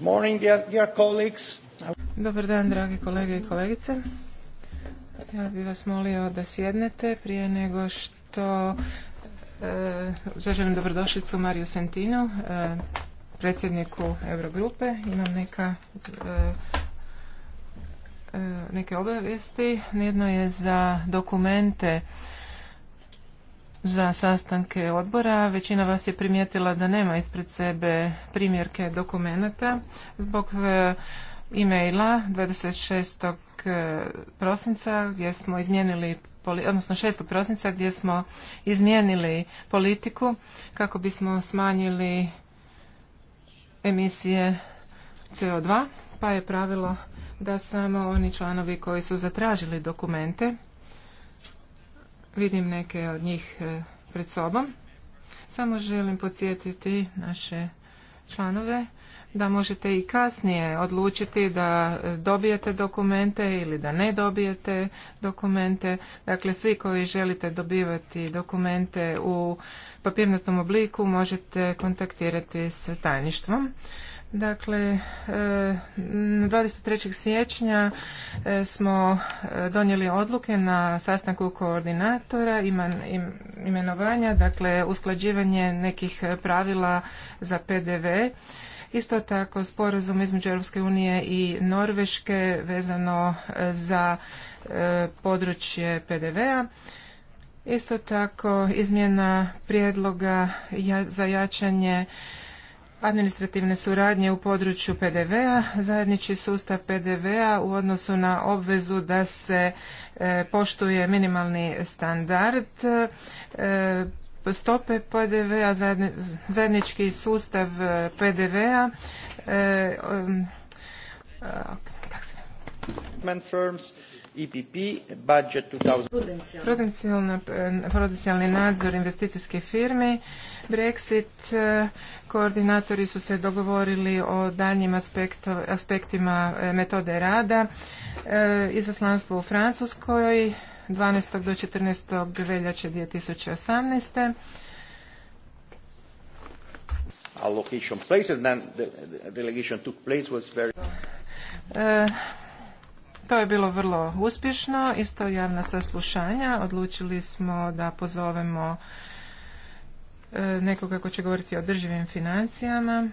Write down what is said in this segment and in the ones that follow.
Dobar dan, dragi kolege i kolegice. Ja bih vas molio da sjednete prije nego što želim zaželim dobrodošlicu Mariju Sentinu, e, predsjedniku Eurogrupe. Imam neka e, e, neke obavijesti. Nijedno je za dokumente za sastanke odbora. Većina vas je primijetila da nema ispred sebe primjerke dokumenata zbog e, e-maila 26. E, prosinca gdje smo izmijenili odnosno 6. prosinca gdje smo izmijenili politiku kako bismo smanjili emisije CO2 pa je pravilo da samo oni članovi koji su zatražili dokumente Vidim neke od njih e, pred sobom. Samo želim podsjetiti naše članove da možete i kasnije odlučiti da e, dobijete dokumente ili da ne dobijete dokumente. Dakle, svi koji želite dobivati dokumente u papirnatom obliku možete kontaktirati s tajništvom. Dakle, 23. E, siječnja e, smo e, donijeli odluke na sastanku koordinatora imenovanja, dakle usklađivanje nekih pravila za PDV. Isto tako sporazum između Europske unije i Norveške vezano za područje PDV-a. Isto tako izmjena prijedloga za jačanje administrativne suradnje u području PDV-a, zajednički sustav PDV-a u odnosu na obvezu da se e, poštuje minimalni standard, e, stope PDV-a, zajednički sustav e, PDV-a, EPP budget 2000. Prudencijalni, eh, prudencijalni nadzor investicijske firme, Brexit, eh, koordinatori su se dogovorili o daljnjim aspektima eh, metode rada, izaslanstvo u Francuskoj 12. do 14. veljače 2018. Allocation places, then the delegation took place was very... To je bilo vrlo uspješno, isto javna saslušanja. Odlučili smo da pozovemo e, nekoga ko će govoriti o održivim financijama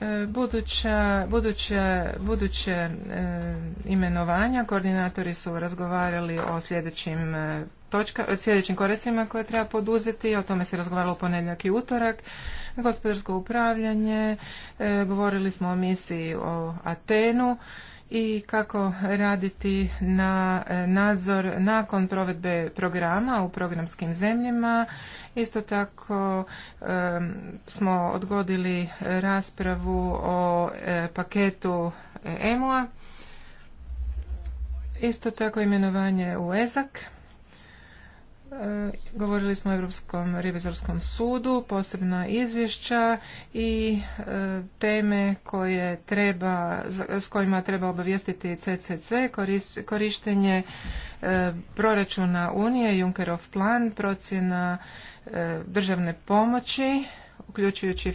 E, buduća, buduće, buduće e, imenovanja koordinatori su razgovarali o sljedećim e, točka, o sljedećim koracima koje treba poduzeti, o tome se razgovaralo u ponedjeljak i utorak, gospodarsko upravljanje, govorili smo o misiji o Atenu, i kako raditi na e, nadzor nakon provedbe programa u programskim zemljama. Isto tako smo odgodili raspravu o e, paketu emo a Isto tako imenovanje u EZAK. E, govorili smo o Europskom revizorskom sudu, posebna izvješća i e, teme koje treba, s kojima treba obavijestiti CCC, korištenje e, proračuna Unije, Junckerov plan, procjena državne pomoći, uključujući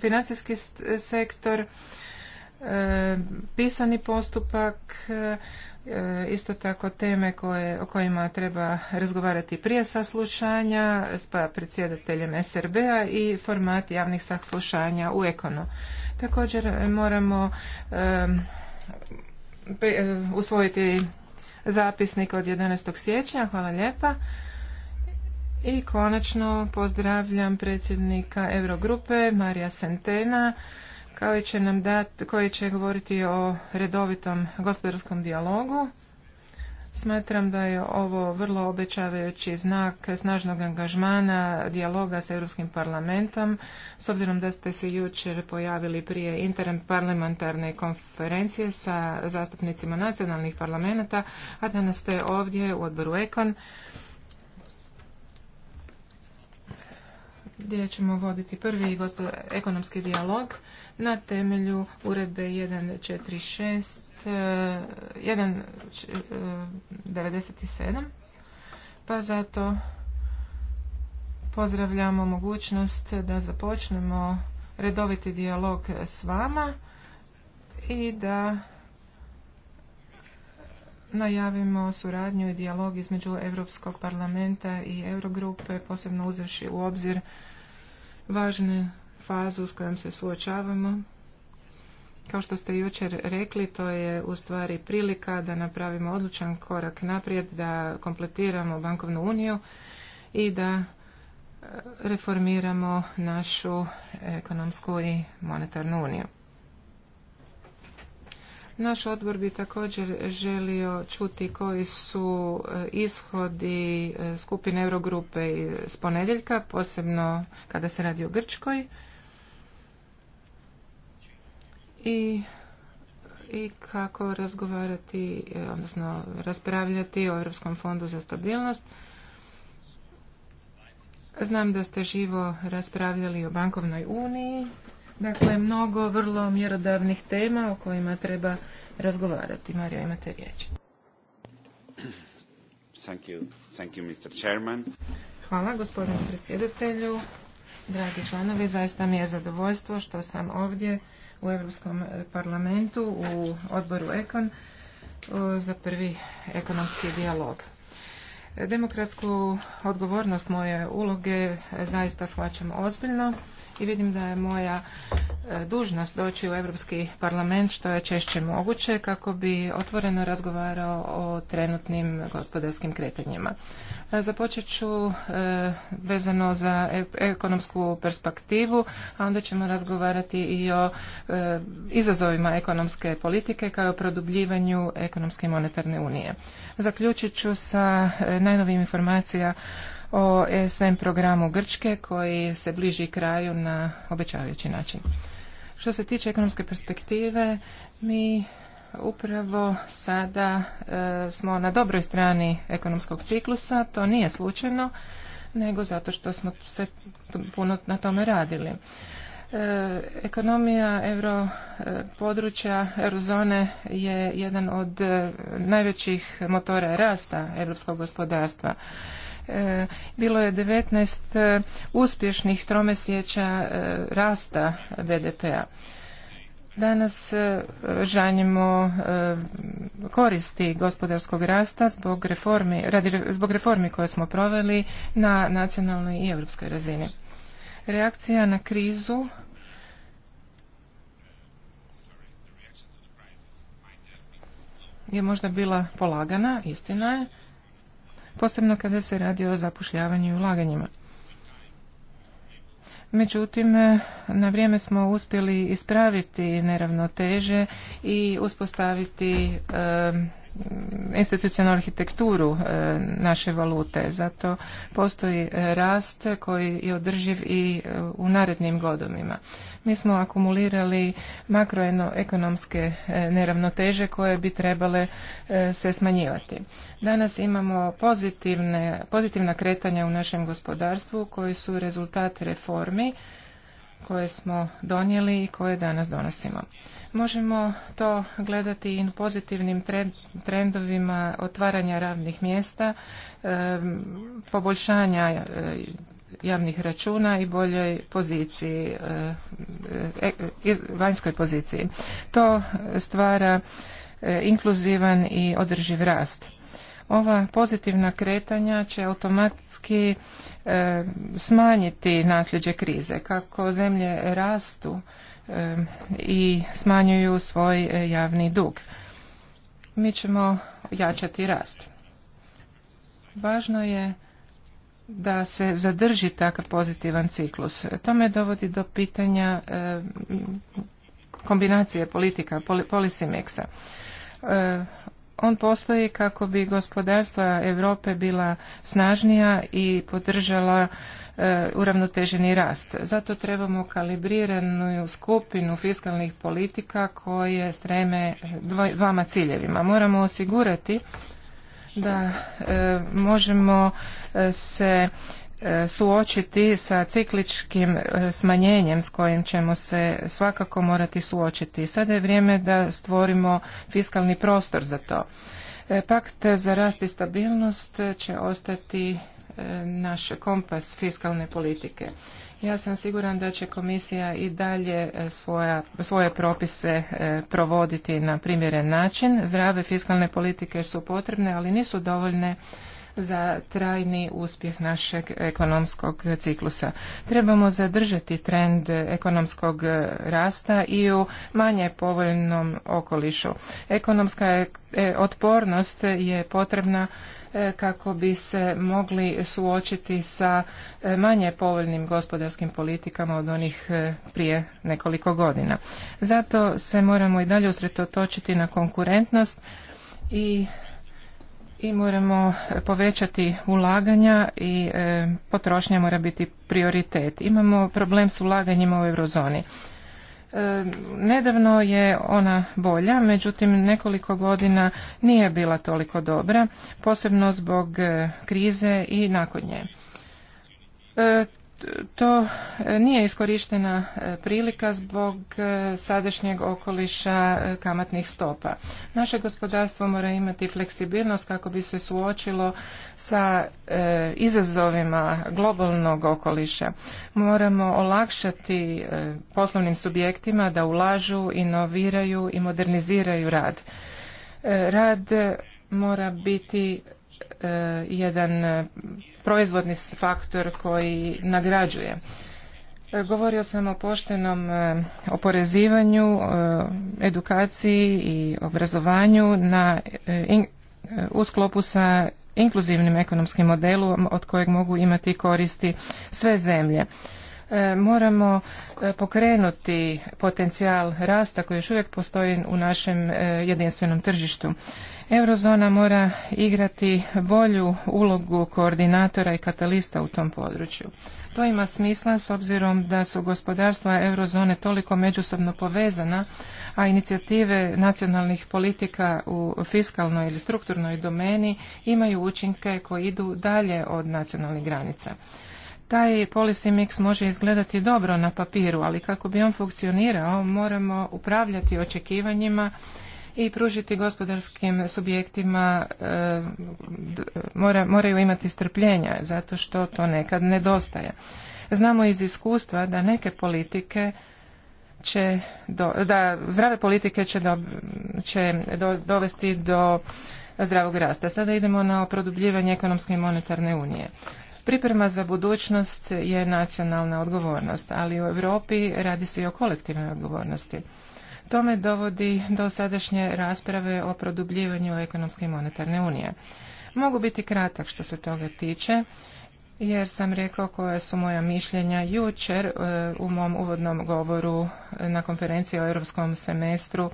financijski sektor, pisani postupak, E, isto tako teme koje, o kojima treba razgovarati prije saslušanja s pa predsjedateljem SRB-a i format javnih saslušanja u Ekonu. Također moramo e, usvojiti zapisnik od 11. siječnja. Hvala lijepa. I konačno pozdravljam predsjednika Eurogrupe Marija Sentena koji će nam dati, koji će govoriti o redovitom gospodarskom dijalogu. Smatram da je ovo vrlo obećavajući znak snažnog angažmana dijaloga s Europskim parlamentom, s obzirom da ste se jučer pojavili prije intern parlamentarne konferencije sa zastupnicima nacionalnih parlamenta, a danas ste ovdje u odboru EKON gdje ćemo voditi prvi ekonomski dijalog na temelju uredbe 146 197 e, e, pa zato pozdravljamo mogućnost da započnemo redoviti dijalog s vama i da najavimo suradnju i dijalog između Europskog parlamenta i Eurogrupe, posebno uzevši u obzir važnu fazu s kojom se suočavamo. Kao što ste jučer rekli, to je u stvari prilika da napravimo odlučan korak naprijed, da kompletiramo bankovnu uniju i da e, reformiramo našu ekonomsku i monetarnu uniju. Naš odbor bi također želio čuti koji su e, ishodi e, skupine Eurogrupe s ponedjeljka, posebno kada se radi o Grčkoj. I i kako razgovarati, e, odnosno raspravljati o Europskom fondu za stabilnost. Znam da ste živo raspravljali o bankovnoj uniji Dakle, mnogo vrlo mjerodavnih tema o kojima treba razgovarati. Mario, imate riječ. Thank you. Thank you, Mr. Chairman. Hvala gospodinu predsjedatelju. Dragi članovi, zaista mi je zadovoljstvo što sam ovdje u Europskom parlamentu u odboru Ekon za prvi ekonomski dijalog. Demokratsku odgovornost moje uloge zaista shvaćam ozbiljno i vidim da je moja e, dužnost doći u Europski parlament što je češće moguće kako bi otvoreno razgovarao o trenutnim gospodarskim kretanjima. E, započet ću e, vezano za ekonomsku perspektivu, a onda ćemo razgovarati i o izazovima ekonomske politike kao i o produbljivanju ekonomske i monetarne unije. Zaključit ću sa najnovim informacijama o e SM programu Grčke koji se bliži kraju na obećavajući način. Što se tiče ekonomske perspektive, mi upravo sada e, smo na dobroj strani ekonomskog ciklusa, to nije slučajno, nego zato što smo se puno na tome radili. E, ekonomija euro e, područja eurozone je jedan od najvećih motora rasta europskog gospodarstva. E, bilo je 19 e, uspješnih tromesjeća e, rasta BDP-a. Danas žanjemo koristi gospodarskog rasta zbog reformi, zbog reformi koje smo proveli na nacionalnoj i europskoj razini. Reakcija na krizu je možda bila polagana, istina je, posebno kada se radi o zapušljavanju i ulaganjima. Međutim, na vrijeme smo uspjeli ispraviti neravnoteže i uspostaviti institucionalnu arhitekturu naše valute. Zato postoji rast koji je održiv i u narednim godinama mi smo akumulirali makroekonomske e, neravnoteže koje bi trebale e, se smanjivati. Danas imamo pozitivne, pozitivna kretanja u našem gospodarstvu koji su rezultat reformi koje smo donijeli i koje danas donosimo. Možemo to gledati i pozitivnim trendovima otvaranja radnih mjesta, e, poboljšanja javnih računa i boljoj poziciji, e, e, e, vanjskoj poziciji. To stvara inkluzivan i održiv rast. Ova pozitivna kretanja će automatski smanjiti nasljeđe krize. Kako zemlje rastu i smanjuju svoj javni dug. Mi ćemo jačati rast. Važno je da se zadrži takav pozitivan ciklus. To me dovodi do pitanja e, kombinacije politika, policy mixa. E, on postoji kako bi gospodarstva Europe bila snažnija i podržala e, uravnoteženi rast. Zato trebamo kalibriranu skupinu fiskalnih politika koje streme dvama ciljevima. Moramo osigurati da e, možemo e, se e, suočiti sa cikličkim smanjenjem s kojim ćemo se svakako morati suočiti. Sada je vrijeme da stvorimo fiskalni prostor za to. Pakt za rast i stabilnost će ostati naš kompas fiskalne politike. Ja sam siguran da će komisija i dalje e, svoja, svoje propise e, provoditi na primjeren način. Zdrave fiskalne politike su potrebne, ali nisu dovoljne za trajni uspjeh našeg ekonomskog ciklusa. Trebamo zadržati trend ekonomskog e, rasta i u manje povoljnom okolišu. Ekonomska otpornost je potrebna E, kako bi se mogli suočiti sa e, manje povoljnim gospodarskim politikama od onih e, prije nekoliko godina. Zato se moramo i dalje usredotočiti na konkurentnost i i moramo povećati ulaganja i potrošnja mora biti prioritet. Imamo problem s ulaganjima u eurozoni. E, nedavno je ona bolja, međutim nekoliko godina nije bila toliko dobra, posebno zbog e, krize i nakon nje. E, to e, nije iskorištena e, prilika zbog e, sadašnjeg okoliša kamatnih stopa. Naše gospodarstvo mora imati fleksibilnost kako bi se suočilo sa izazovima globalnog okoliša. Moramo olakšati poslovnim subjektima da ulažu, inoviraju i moderniziraju rad. Rad mora biti Eh, jedan eh, proizvodni faktor koji nagrađuje. Eh, govorio sam o poštenom oporezivanju, edukaciji i obrazovanju na, u sklopu sa inkluzivnim ekonomskim modelom od kojeg mogu imati koristi sve zemlje. E, moramo e, pokrenuti potencijal rasta koji još uvijek postoji u našem e, jedinstvenom tržištu. Eurozona mora igrati bolju ulogu koordinatora i katalista u tom području. To ima smisla s obzirom da su gospodarstva eurozone toliko međusobno povezana, a inicijative nacionalnih politika u fiskalnoj ili strukturnoj domeni imaju učinke koji idu dalje od nacionalnih granica taj policy mix može izgledati dobro na papiru, ali kako bi on funkcionirao moramo upravljati očekivanjima i pružiti gospodarskim subjektima e, moraju imati strpljenja zato što to nekad nedostaje. Znamo iz iskustva da neke politike će da zdrave politike će, će dovesti do zdravog rasta. Sada idemo na produbljivanje ekonomske i monetarne unije. Priprema za budućnost je nacionalna odgovornost, ali u Europi radi se i o kolektivnoj odgovornosti. Tome dovodi do sadašnje rasprave o produbljivanju ekonomske i monetarne unije. Mogu biti kratak što se toga tiče, jer sam rekao koja su moja mišljenja jučer e, u mom uvodnom govoru na konferenciji o europskom semestru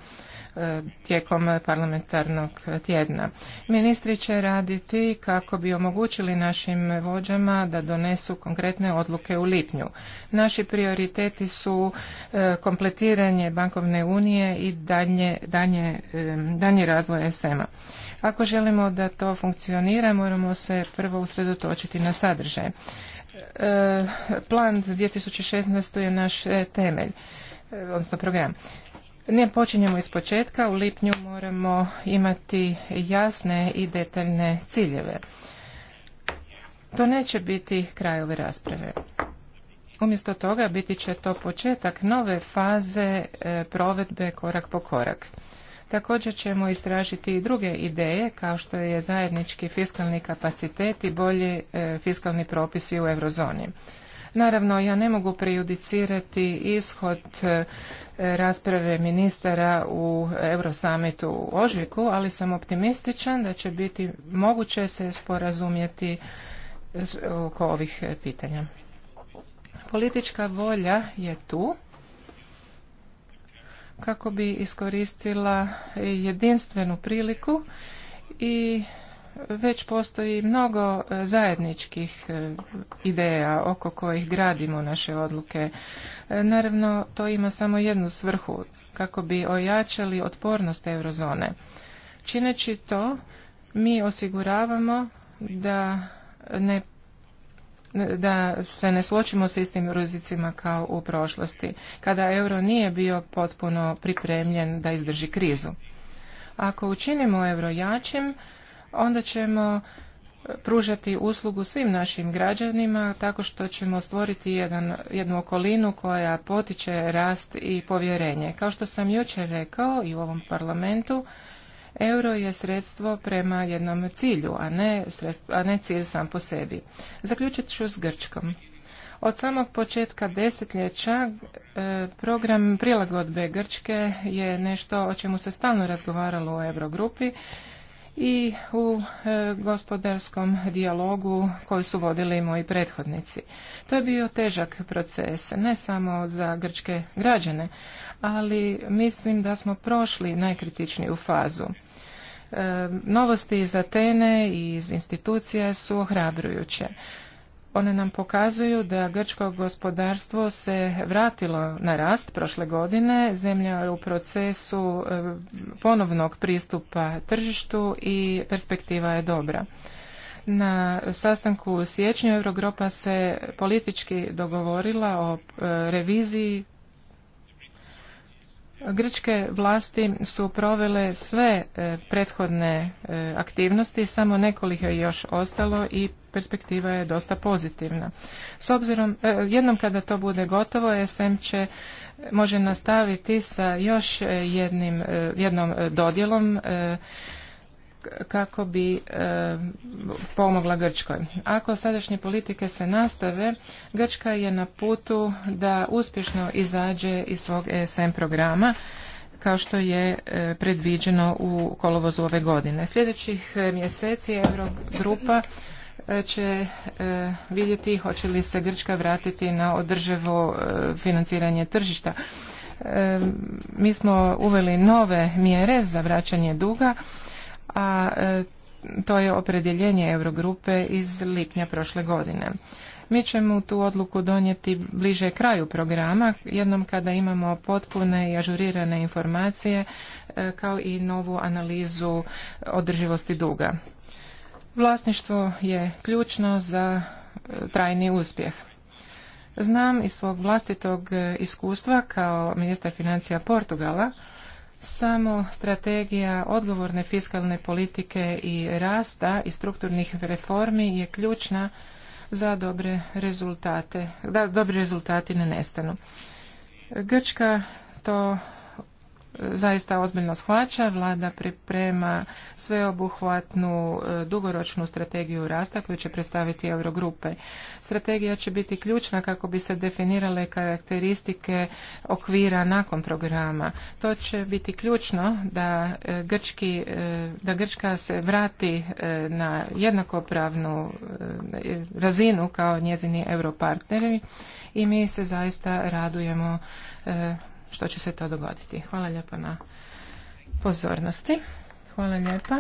E, tijekom parlamentarnog tjedna. Ministri će raditi kako bi omogućili našim vođama da donesu konkretne odluke u lipnju. Naši prioriteti su e, kompletiranje bankovne unije i danje, danje, danje razvoj sm Ako želimo da to funkcionira, moramo se prvo usredotočiti na sadržaj. E, plan 2016. je naš temelj odnosno program. Ne počinjemo iz početka, u lipnju moramo imati jasne i detaljne ciljeve. To neće biti kraj ove rasprave. Umjesto toga biti će to početak nove faze e, provedbe korak po korak. Također ćemo istražiti i druge ideje kao što je zajednički fiskalni kapacitet i bolji e, fiskalni propisi u eurozoni. Naravno, ja ne mogu prejudicirati ishod e, rasprave ministara u Eurosamitu u Ožviku, ali sam optimističan da će biti moguće se sporazumjeti oko ovih pitanja. Politička volja je tu kako bi iskoristila jedinstvenu priliku i već postoji mnogo e, zajedničkih e, ideja oko kojih gradimo naše odluke. E, naravno, to ima samo jednu svrhu, kako bi ojačali otpornost eurozone. Čineći to, mi osiguravamo da ne da se ne suočimo s istim rizicima kao u prošlosti, kada euro nije bio potpuno pripremljen da izdrži krizu. Ako učinimo euro jačim, onda ćemo e, pružati uslugu svim našim građanima tako što ćemo stvoriti jedan, jednu okolinu koja potiče rast i povjerenje. Kao što sam jučer rekao i u ovom parlamentu, euro je sredstvo prema jednom cilju, a ne, a ne cilj sam po sebi. Zaključit ću s Grčkom. Od samog početka desetljeća e, program prilagodbe Grčke je nešto o čemu se stalno razgovaralo u Eurogrupi i u e, gospodarskom dijalogu koji su vodili moji prethodnici. To je bio težak proces, ne samo za grčke građane, ali mislim da smo prošli najkritičniju fazu. E, novosti iz Atene i iz institucija su ohrabrujuće one nam pokazuju da grčko gospodarstvo se vratilo na rast prošle godine. Zemlja je u procesu e, ponovnog pristupa tržištu i perspektiva je dobra. Na sastanku u siječnju se politički dogovorila o e, reviziji Grčke vlasti su provele sve e, prethodne e, aktivnosti, samo nekoliko je još ostalo i perspektiva je dosta pozitivna. S obzirom, e, jednom kada to bude gotovo, SM će može nastaviti sa još jednim, jednom dodjelom kako bi e, pomogla Grčkoj. Ako sadašnje politike se nastave, Grčka je na putu da uspješno izađe iz svog ESM programa kao što je e, predviđeno u kolovozu ove godine. Sljedećih e, mjeseci Eurogrupa će vidjeti hoće li se Grčka vratiti na održivo financiranje tržišta. Mi smo uveli nove mjere za vraćanje duga a e, to je opredjeljenje Eurogrupe iz lipnja prošle godine. Mi ćemo tu odluku donijeti bliže kraju programa, jednom kada imamo potpune i ažurirane informacije e, kao i novu analizu održivosti duga. Vlasništvo je ključno za e, trajni uspjeh. Znam iz svog vlastitog iskustva kao ministar financija Portugala samo strategija odgovorne fiskalne politike i rasta i strukturnih reformi je ključna za dobre rezultate, da dobri rezultati ne nestanu. Grčka to zaista ozbiljno shvaća. Vlada priprema sveobuhvatnu e, dugoročnu strategiju rasta koju će predstaviti Eurogrupe. Strategija će biti ključna kako bi se definirale karakteristike okvira nakon programa. To će biti ključno da, e, grčki, e, da Grčka se vrati na jednakopravnu razinu kao njezini europartneri i mi se zaista radujemo što će se to dogoditi. Hvala lijepa na pozornosti. Hvala lijepa.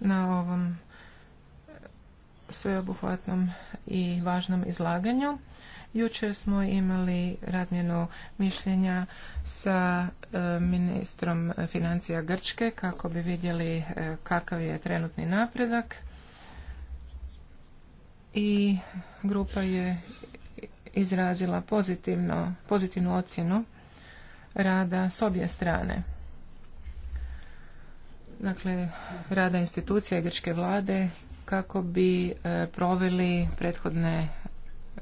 Na ovom sveobuhvatnom i važnom izlaganju. Jučer smo imali razmjenu mišljenja sa e, ministrom financija Grčke kako bi vidjeli e, kakav je trenutni napredak i grupa je izrazila pozitivno, pozitivnu ocjenu rada s obje strane. Dakle, rada institucija i grčke vlade kako bi e, proveli prethodne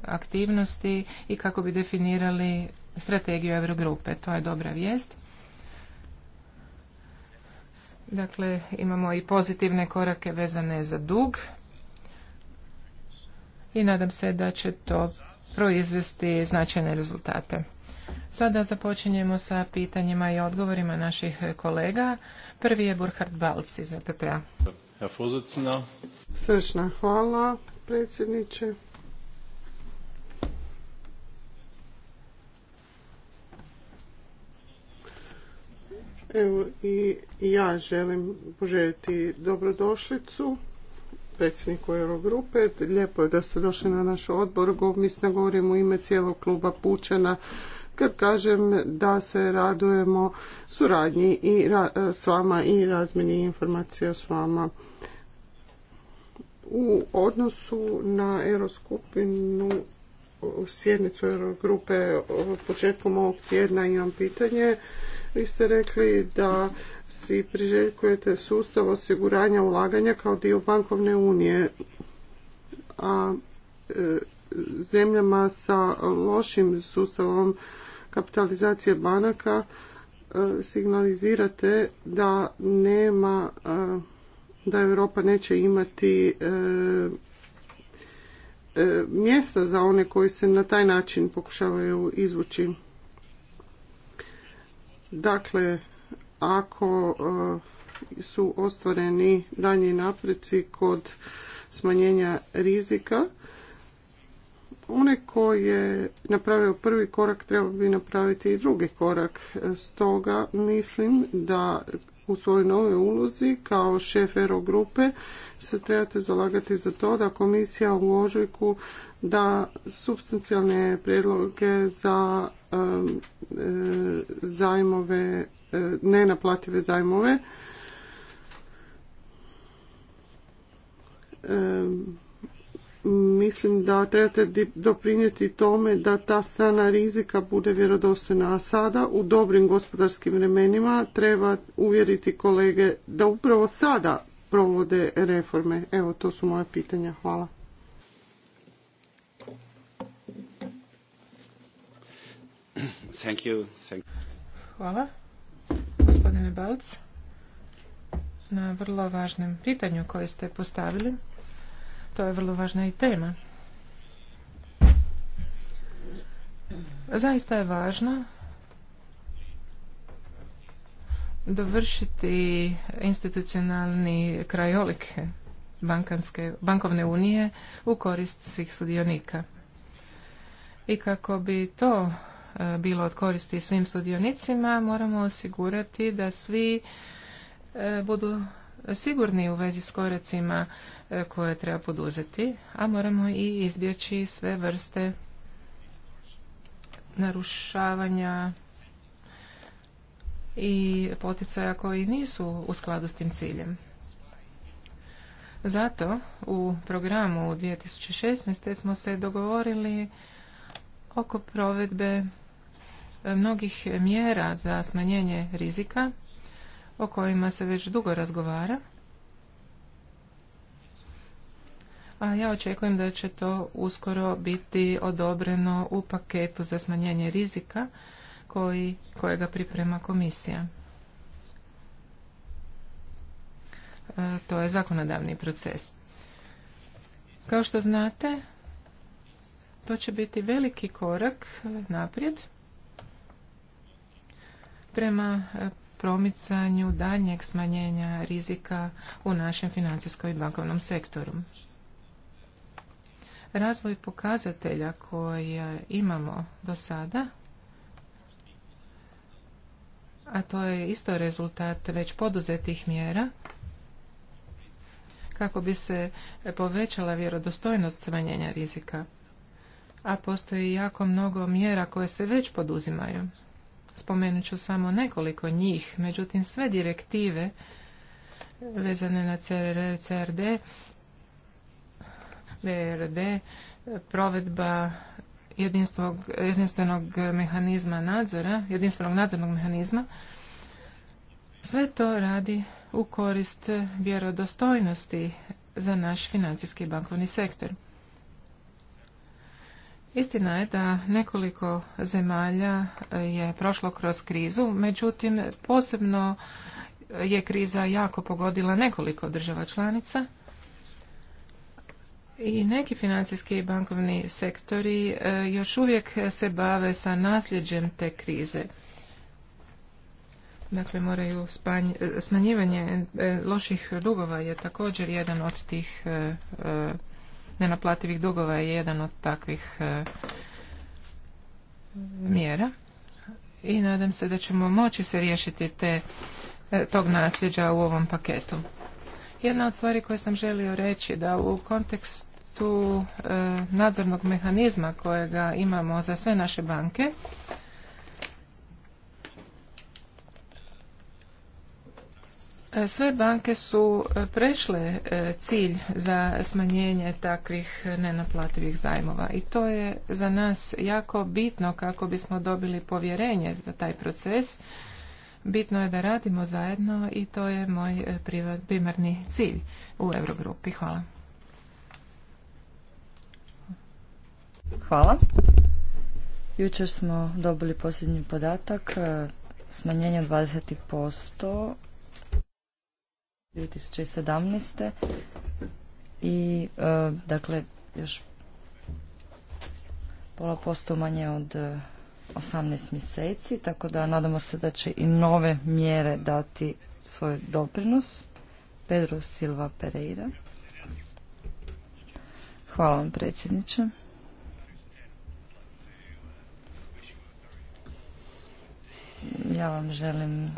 aktivnosti i kako bi definirali strategiju Eurogrupe. To je dobra vijest. Dakle, imamo i pozitivne korake vezane za dug i nadam se da će to proizvesti značajne rezultate. Sada započinjemo sa pitanjima i odgovorima naših kolega. Prvi je Burhard Balc iz EPP-a. Srčna hvala, predsjedniče. Evo i ja želim poželjeti dobrodošlicu predsjedniku Eurogrupe. Lijepo je da ste došli na naš odbor. Mislim da govorim u ime cijelog kluba Pučena kad kažem da se radujemo suradnji i s vama i razmjeni informacija s vama. U odnosu na Euroskupinu sjednicu Eurogrupe početkom ovog tjedna imam pitanje vi ste rekli da si priželjkujete sustav osiguranja ulaganja kao dio bankovne unije, a e, zemljama sa lošim sustavom kapitalizacije banaka e, signalizirate da nema e, da Europa neće imati mjesta za one koji se na taj način pokušavaju izvući. Dakle, ako e, su ostvareni danji napreci kod smanjenja rizika, one je napravio prvi korak treba bi napraviti i drugi korak. Stoga mislim da u svojoj novoj ulozi kao šef Eurogrupe se trebate zalagati za to da komisija u ožujku da substancijalne prijedloge za e, zajmove, e, nenaplative zajmove mislim da trebate doprinijeti tome da ta strana rizika bude vjerodostojna. A sada u dobrim gospodarskim vremenima treba uvjeriti kolege da upravo sada provode reforme. Evo, to su moja pitanja. Hvala. Hvala, gospodine Balc, na vrlo važnom pitanju koje ste postavili to je vrlo važna i tema. Zaista je važno dovršiti institucionalni krajolik bankanske, bankovne unije u korist svih sudionika. I kako bi to e, bilo od koristi svim sudionicima, moramo osigurati da svi e, budu sigurni u vezi s koracima e, koje treba poduzeti, a moramo i izbjeći sve vrste narušavanja i poticaja koji nisu u skladu s tim ciljem. Zato u programu 2016. smo se dogovorili oko provedbe mnogih mjera za smanjenje rizika o kojima se već dugo razgovara. A ja očekujem da će to uskoro biti odobreno u paketu za smanjenje rizika koji, kojega priprema komisija. E, to je zakonodavni proces. Kao što znate, to će biti veliki korak naprijed prema promicanju daljnjeg smanjenja rizika u našem financijskom i bankovnom sektoru. Razvoj pokazatelja koje imamo do sada, a to je isto rezultat već poduzetih mjera, kako bi se povećala vjerodostojnost smanjenja rizika. A postoji jako mnogo mjera koje se već poduzimaju. Spomenut ću samo nekoliko njih, međutim sve direktive vezane na CRR, CRD, BRD, provedba jedinstvenog, jedinstvenog mehanizma nadzora, jedinstvenog nadzornog mehanizma, sve to radi u korist vjerodostojnosti za naš financijski bankovni sektor. Istina je da nekoliko zemalja e, je prošlo kroz krizu, međutim posebno je kriza jako pogodila nekoliko država članica i neki financijski i bankovni sektori e, još uvijek se bave sa nasljeđem te krize. Dakle, moraju e, smanjivanje loših dugova je također jedan od tih nenaplativih dugova je jedan od takvih e, mjera i nadam se da ćemo moći se riješiti te, e, tog nasljeđa u ovom paketu. Jedna od stvari koje sam želio reći da u kontekstu e, nadzornog mehanizma kojega imamo za sve naše banke E, sve banke su e, prešle e, cilj za smanjenje takvih nenaplativih zajmova i to je za nas jako bitno kako bismo dobili povjerenje za taj proces. Bitno je da radimo zajedno i to je moj primarni cilj u Eurogrupi. Hvala. Hvala. Jučer smo dobili posljednji podatak, smanjenje od 20% 2017. i e, dakle još pola posto manje od 18 e, mjeseci, tako da nadamo se da će i nove mjere dati svoj doprinos. Pedro Silva Pereira. Hvala vam predsjedniče. Ja vam želim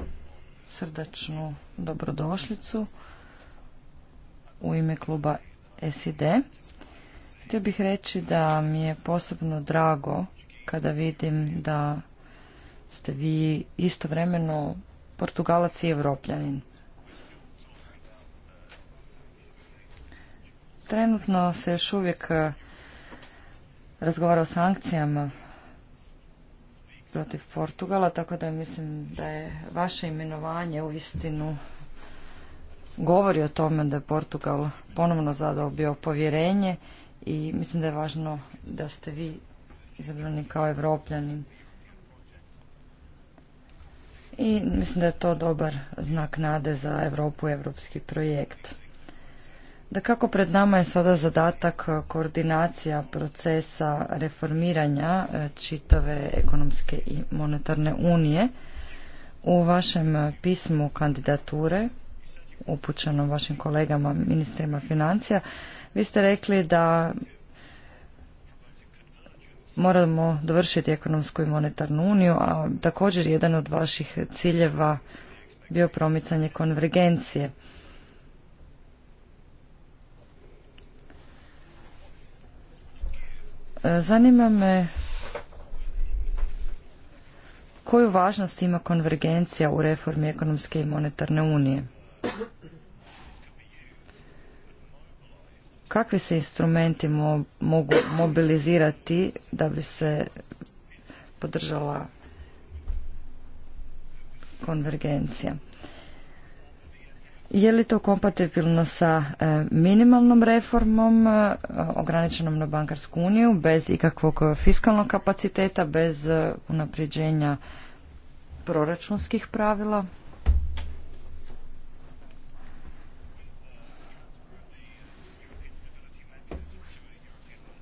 srdačnu dobrodošlicu u ime kluba SID. Htio bih reći da mi je posebno drago kada vidim da ste vi istovremeno Portugalac i Evropljanin. Trenutno se još uvijek razgovara o sankcijama protiv Portugala, tako da mislim da je vaše imenovanje u istinu govori o tome da je Portugal ponovno zadobio povjerenje i mislim da je važno da ste vi izabrani kao evropljanin. I mislim da je to dobar znak nade za Europu i evropski projekt. Da kako pred nama je sada zadatak e, koordinacija procesa reformiranja e, čitave ekonomske i monetarne unije. U vašem e, pismu kandidature, upućenom vašim kolegama ministrima financija, vi ste rekli da moramo dovršiti ekonomsku i monetarnu uniju, a također jedan od vaših ciljeva bio promicanje konvergencije. Zanima me koju važnost ima konvergencija u reformi ekonomske i monetarne unije? Kakvi se instrumenti mogu mobilizirati da bi se podržala konvergencija? Je li to kompatibilno sa e, minimalnom reformom e, ograničenom na bankarsku uniju bez ikakvog fiskalnog kapaciteta, bez e, unapređenja proračunskih pravila?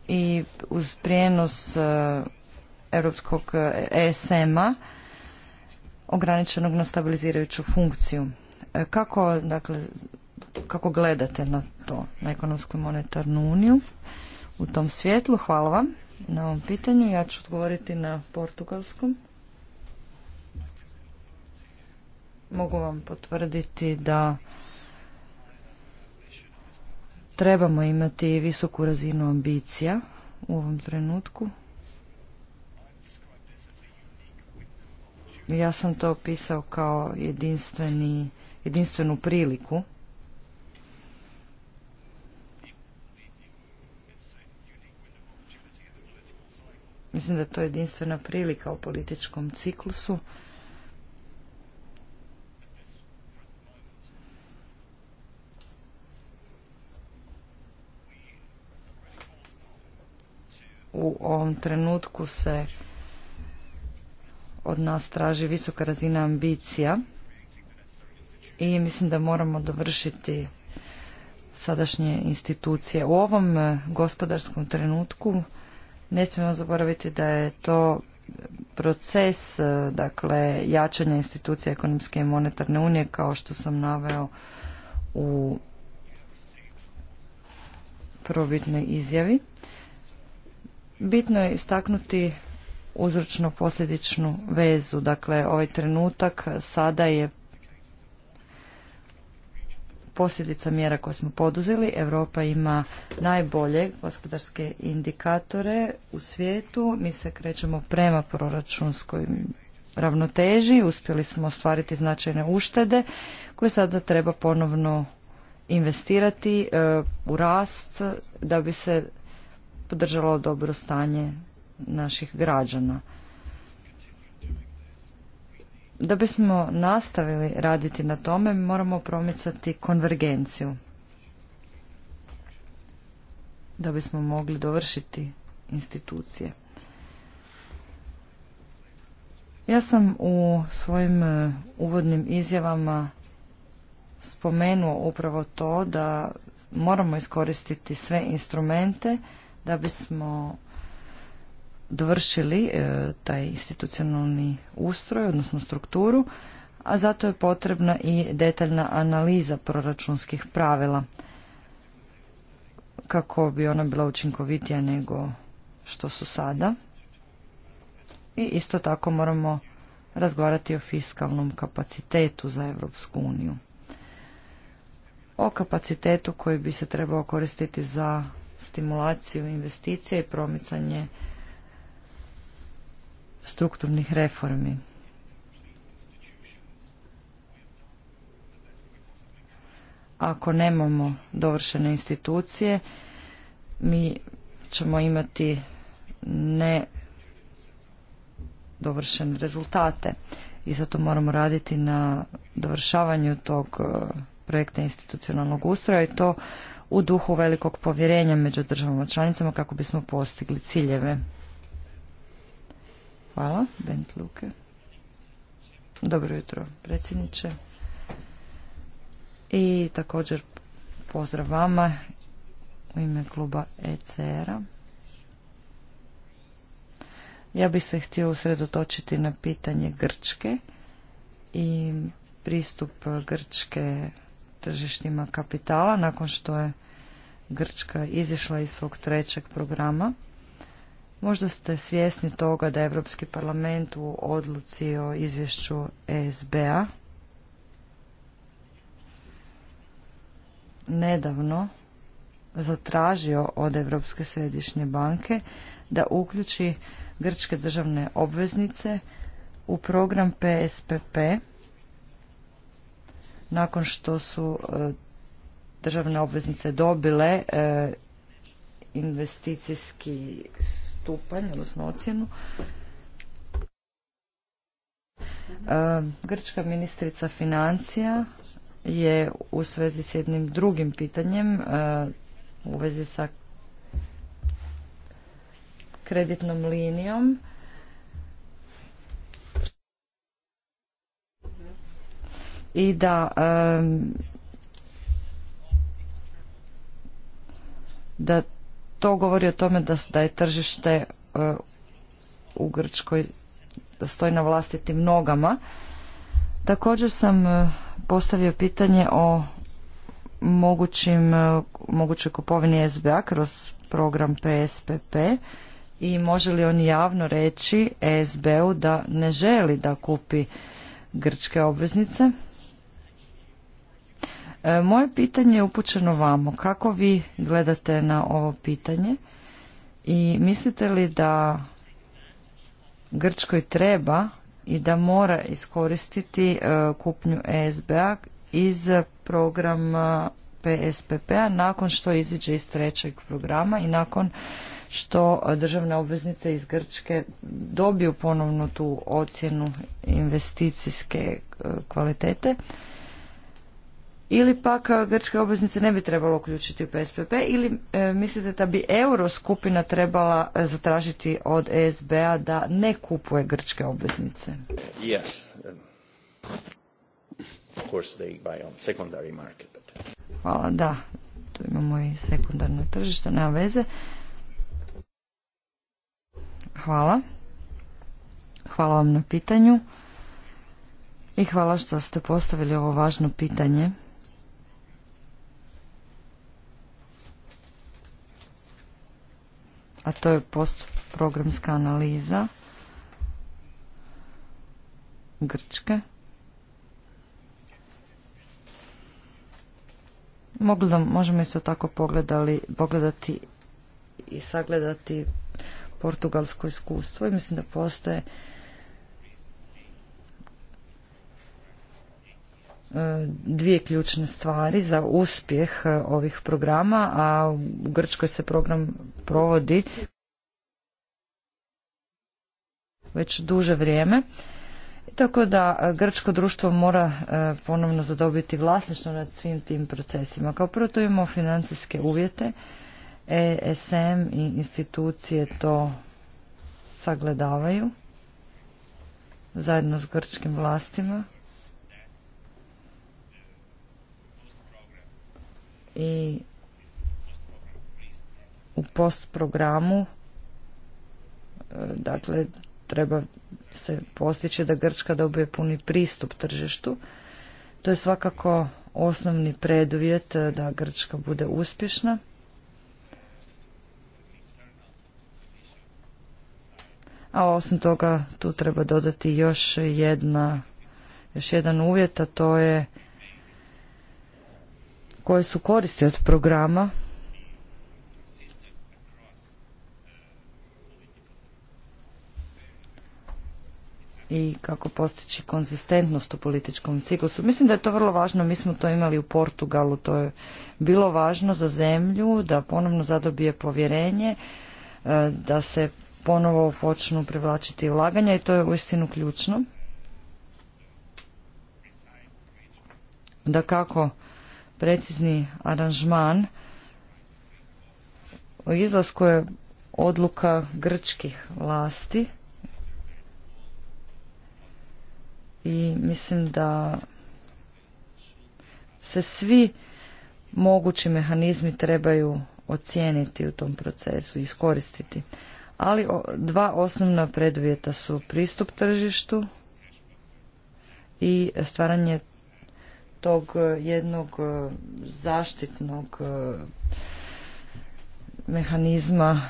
I uz prijenos europskog ESM-a ograničenog na stabilizirajuću funkciju. E, kako, dakle, kako gledate na to, na ekonomsku i monetarnu uniju u tom svjetlu? Hvala vam na ovom pitanju. Ja ću odgovoriti na portugalskom. Mogu vam potvrditi da trebamo imati visoku razinu ambicija u ovom trenutku. Ja sam to opisao kao jedinstveni jedinstvenu priliku Mislim da je to jedinstvena prilika u političkom ciklusu. U ovom trenutku se od nas traži visoka razina ambicija i mislim da moramo dovršiti sadašnje institucije. U ovom e, gospodarskom trenutku ne smijemo zaboraviti da je to proces e, dakle jačanja institucija ekonomske i monetarne unije kao što sam naveo u prvobitnoj izjavi. Bitno je istaknuti uzročno posljedičnu vezu. Dakle, ovaj trenutak sada je posljedica mjera koje smo poduzeli. Europa ima najbolje gospodarske indikatore u svijetu. Mi se krećemo prema proračunskoj ravnoteži. Uspjeli smo ostvariti značajne uštede koje sada treba ponovno investirati e, u rast da bi se podržalo dobro stanje naših građana. Da bismo nastavili raditi na tome, moramo promicati konvergenciju. Da bismo mogli dovršiti institucije. Ja sam u svojim e, uvodnim izjavama spomenuo upravo to da moramo iskoristiti sve instrumente da bismo dovršili e, taj institucionalni ustroj, odnosno strukturu, a zato je potrebna i detaljna analiza proračunskih pravila kako bi ona bila učinkovitija nego što su sada. I isto tako moramo razgovarati o fiskalnom kapacitetu za Europsku uniju. O kapacitetu koji bi se trebao koristiti za stimulaciju investicija i promicanje strukturnih reformi. Ako nemamo dovršene institucije, mi ćemo imati ne dovršene rezultate i zato moramo raditi na dovršavanju tog e, projekta institucionalnog ustroja i to u duhu velikog povjerenja među državama članicama kako bismo postigli ciljeve. Hvala, Bent Luke. Dobro jutro, predsjedniče. I također pozdrav vama u ime kluba ECR-a. Ja bih se htio usredotočiti na pitanje Grčke i pristup Grčke tržištima kapitala nakon što je Grčka izišla iz svog trećeg programa Možda ste svjesni toga da Europski parlament u odluci o izvješću ESB-a nedavno zatražio od Europske središnje banke da uključi grčke državne obveznice u program PSPP nakon što su e, državne obveznice dobile e, investicijski stupanj, odnosno ocjenu. E, grčka ministrica financija je u svezi s jednim drugim pitanjem e, u vezi sa kreditnom linijom. I da e, da to govori o tome da, da je tržište e, u Grčkoj da stoji na vlastitim nogama. Također sam e, postavio pitanje o mogućim, e, mogućoj kupovini SBA kroz program PSPP i može li on javno reći SBU da ne želi da kupi grčke obveznice E, moje pitanje je upućeno vamo. Kako vi gledate na ovo pitanje i mislite li da Grčkoj treba i da mora iskoristiti e, kupnju ESB-a iz programa PSPP-a nakon što iziđe iz trećeg programa i nakon što državne obveznice iz Grčke dobiju ponovno tu ocjenu investicijske e, kvalitete ili pak grčke obveznice ne bi trebalo uključiti u PSPP ili e, mislite da bi euro skupina trebala e, zatražiti od ESB-a da ne kupuje grčke obveznice? Hvala, da. Tu imamo i sekundarno tržište, nema veze. Hvala. Hvala vam na pitanju i hvala što ste postavili ovo važno pitanje. a to je post-programska analiza Grčke. možemo isto tako pogledali, pogledati i sagledati portugalsko iskustvo i mislim da postoje E, dvije ključne stvari za uspjeh e, ovih programa, a u Grčkoj se program provodi već duže vrijeme. Tako da e, grčko društvo mora ponovno zadobiti vlasništvo nad svim tim procesima. Kao prvo to imamo financijske uvjete, ESM i institucije to sagledavaju zajedno s grčkim vlastima. i u post programu e, dakle treba se postići da Grčka dobije puni pristup tržištu. To je svakako osnovni preduvjet e, da Grčka bude uspješna. A osim toga tu treba dodati još jedna još jedan uvjet, a to je koje su koristi od programa i kako postići konzistentnost u političkom ciklusu. Mislim da je to vrlo važno, mi smo to imali u Portugalu, to je bilo važno za zemlju da ponovno zadobije povjerenje, e, da se ponovo počnu privlačiti ulaganja i to je uistinu ključno. Da kako precizni aranžman o izlasku je odluka grčkih vlasti i mislim da se svi mogući mehanizmi trebaju ocijeniti u tom procesu i iskoristiti. Ali dva osnovna preduvjeta su pristup tržištu i stvaranje tog e, jednog e, zaštitnog e, mehanizma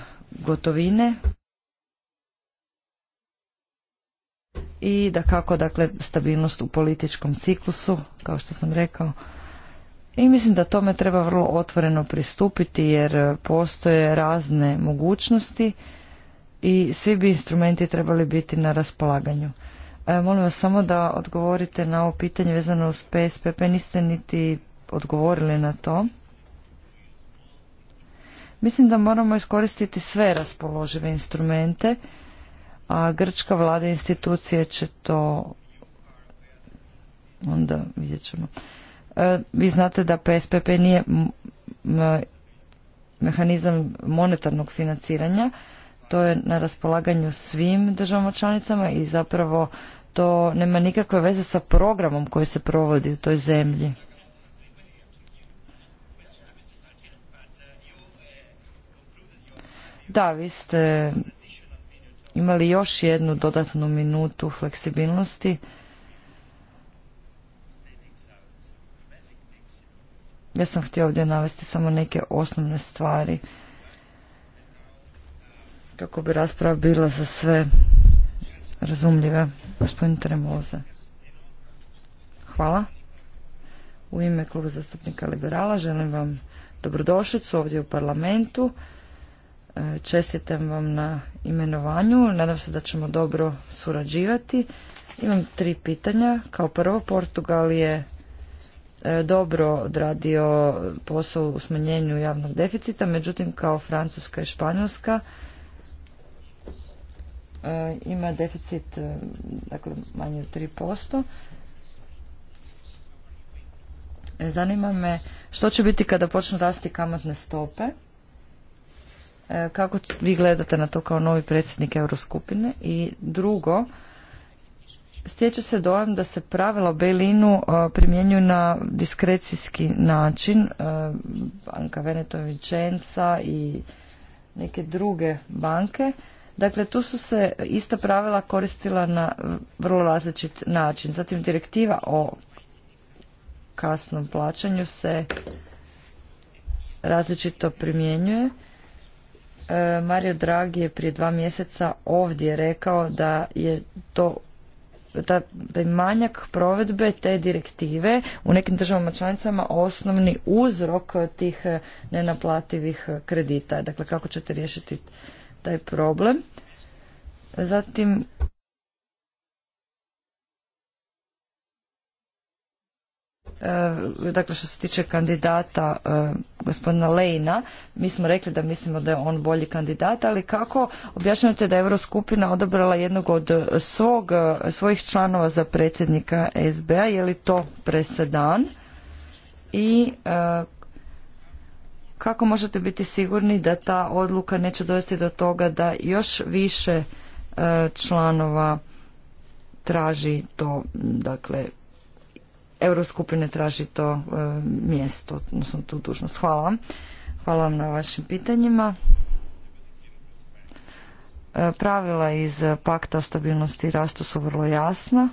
gotovine i da kako dakle stabilnost u političkom ciklusu kao što sam rekao i mislim da tome treba vrlo otvoreno pristupiti jer postoje razne mogućnosti i svi bi instrumenti trebali biti na raspolaganju. E, molim vas samo da odgovorite na ovo pitanje vezano uz PSPP. Niste niti odgovorili na to. Mislim da moramo iskoristiti sve raspoložive instrumente, a grčka vlada i institucije će to onda vidjet ćemo. E, vi znate da PSPP nije mehanizam monetarnog financiranja, to je na raspolaganju svim državama članicama i zapravo to nema nikakve veze sa programom koji se provodi u toj zemlji. Da, vi ste imali još jednu dodatnu minutu fleksibilnosti. Ja sam htio ovdje navesti samo neke osnovne stvari kako bi rasprava bila za sve Razumljiva Gospodin Tremoza. Hvala. U ime Kluba zastupnika Liberala želim vam dobrodošlicu ovdje u parlamentu. E, čestitam vam na imenovanju. Nadam se da ćemo dobro surađivati. Imam tri pitanja. Kao prvo, Portugal je e, dobro odradio posao u smanjenju javnog deficita, međutim kao Francuska i Španjolska E, ima deficit e, dakle, manje od 3%. E, zanima me što će biti kada počnu rasti kamatne stope. Kako vi gledate na to kao novi predsjednik Euroskupine? I drugo, stječe se dojam da se pravila o Bejlinu primjenjuju na diskrecijski način. Banka Veneto i neke druge banke Dakle, tu su se ista pravila koristila na vrlo različit način. Zatim direktiva o kasnom plaćanju se različito primjenjuje. E, Mario Dragi je prije dva mjeseca ovdje rekao da je to da, da je manjak provedbe te direktive u nekim državama članicama osnovni uzrok tih nenaplativih kredita. Dakle, kako ćete riješiti taj problem. Zatim e, dakle što se tiče kandidata e, gospodina Lejna, mi smo rekli da mislimo da je on bolji kandidat, ali kako objašnjate da je Euroskupina odabrala jednog od svog, e, svojih članova za predsjednika SBA, je li to presedan i kako možete biti sigurni da ta odluka neće dovesti do toga da još više e, članova traži to, dakle, Euroskupine traži to e, mjesto, odnosno tu dužnost. Hvala vam. Hvala vam na vašim pitanjima. E, pravila iz pakta o stabilnosti i rastu su vrlo jasna.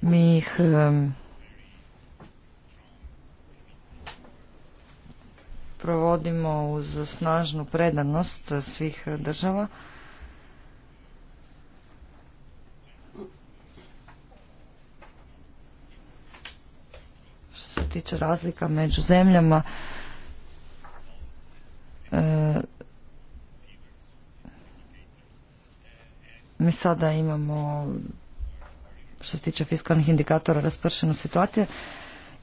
Mi ih provodimo uz snažnu predanost svih država. Što se tiče razlika među zemljama, e, mi sada imamo što se tiče fiskalnih indikatora raspršenu situaciju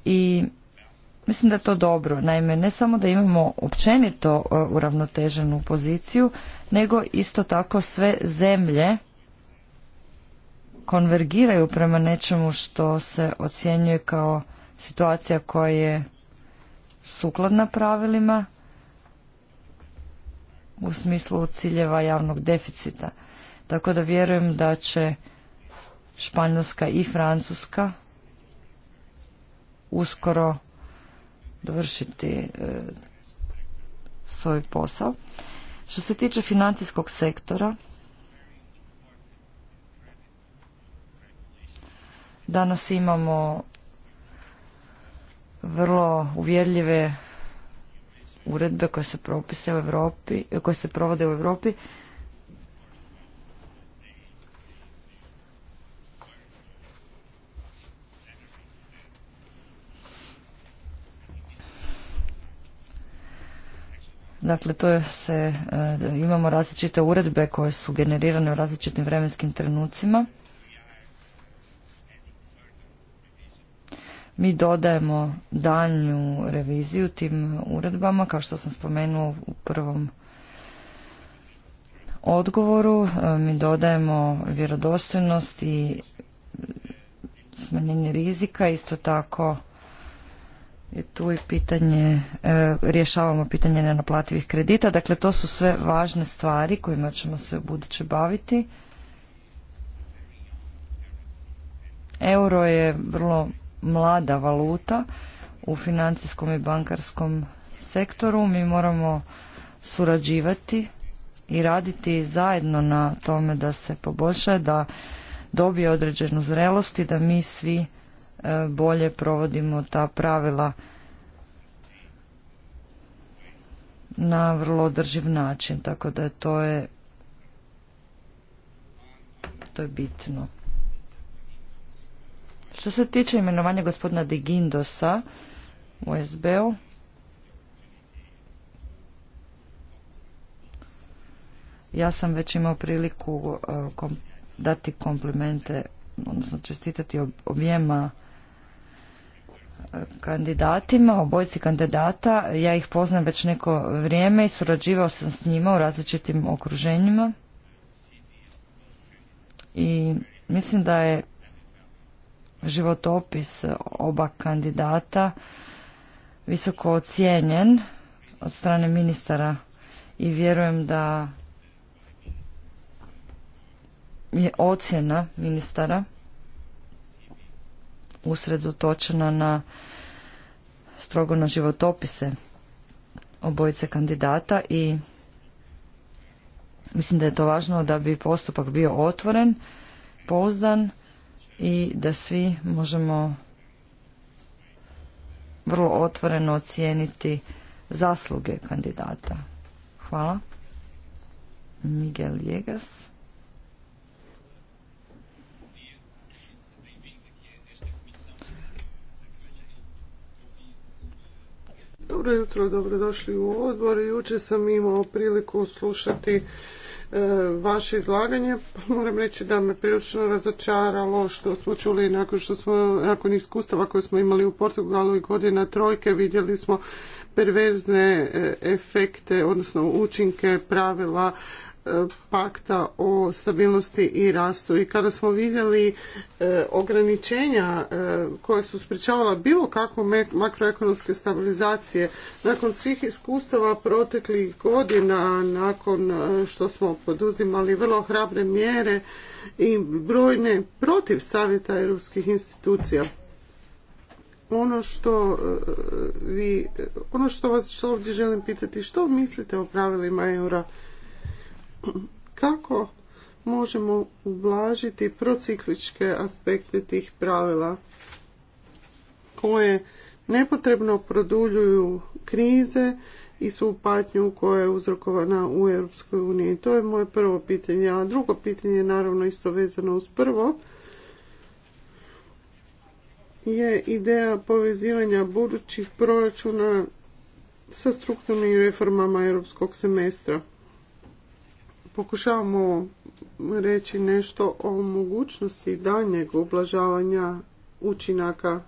i Mislim da je to dobro. Naime, ne samo da imamo općenito e, uravnoteženu poziciju, nego isto tako sve zemlje konvergiraju prema nečemu što se ocjenjuje kao situacija koja je sukladna pravilima u smislu ciljeva javnog deficita. Tako da vjerujem da će Španjolska i Francuska uskoro dovršiti e, svoj posao. Što se tiče financijskog sektora, danas imamo vrlo uvjerljive uredbe koje se propise u Europi, koje se provode u Europi Dakle, to je se, e, imamo različite uredbe koje su generirane u različitim vremenskim trenucima. Mi dodajemo daljnju reviziju tim uredbama, kao što sam spomenuo u prvom odgovoru. E, mi dodajemo vjerodostojnost i smanjenje rizika, isto tako i tu i pitanje, e, rješavamo pitanje nenaplativih kredita. Dakle, to su sve važne stvari kojima ćemo se u buduće baviti. Euro je vrlo mlada valuta u financijskom i bankarskom sektoru. Mi moramo surađivati i raditi zajedno na tome da se poboljša, da dobije određenu zrelost i da mi svi E, bolje provodimo ta pravila na vrlo održiv način, tako da to je to je bitno. Što se tiče imenovanja gospodina De Gindosa u SB-u, ja sam već imao priliku e, dati komplimente, odnosno čestitati objema kandidatima, obojci kandidata. Ja ih poznam već neko vrijeme i surađivao sam s njima u različitim okruženjima. I mislim da je životopis oba kandidata visoko ocijenjen od strane ministara i vjerujem da je ocjena ministara usredotočena na strogo na životopise obojice kandidata i mislim da je to važno da bi postupak bio otvoren, pouzdan i da svi možemo vrlo otvoreno ocijeniti zasluge kandidata. Hvala. Miguel Viegas. Dobro jutro, dobrodošli u odbor. Juče sam imao priliku slušati e, vaše izlaganje. Pa moram reći da me prilično razočaralo što smo čuli nakon što smo, nakon iskustava koje smo imali u Portugalu i godina trojke, vidjeli smo perverzne e, efekte, odnosno učinke pravila pakta o stabilnosti i rastu i kada smo vidjeli e, ograničenja e, koje su sprečavala bilo kakvu makroekonomske stabilizacije nakon svih iskustava proteklih godina nakon e, što smo poduzimali vrlo hrabre mjere i brojne protiv savjeta europskih institucija ono što vi ono što vas ovdje želim pitati što mislite o pravilima eura kako možemo ublažiti procikličke aspekte tih pravila koje nepotrebno produljuju krize i su patnju koja je uzrokovana u Europskoj uniji. To je moje prvo pitanje. A drugo pitanje, naravno isto vezano uz prvo, je ideja povezivanja budućih proračuna sa strukturnim reformama europskog semestra pokušavamo reći nešto o mogućnosti danjeg ublažavanja učinaka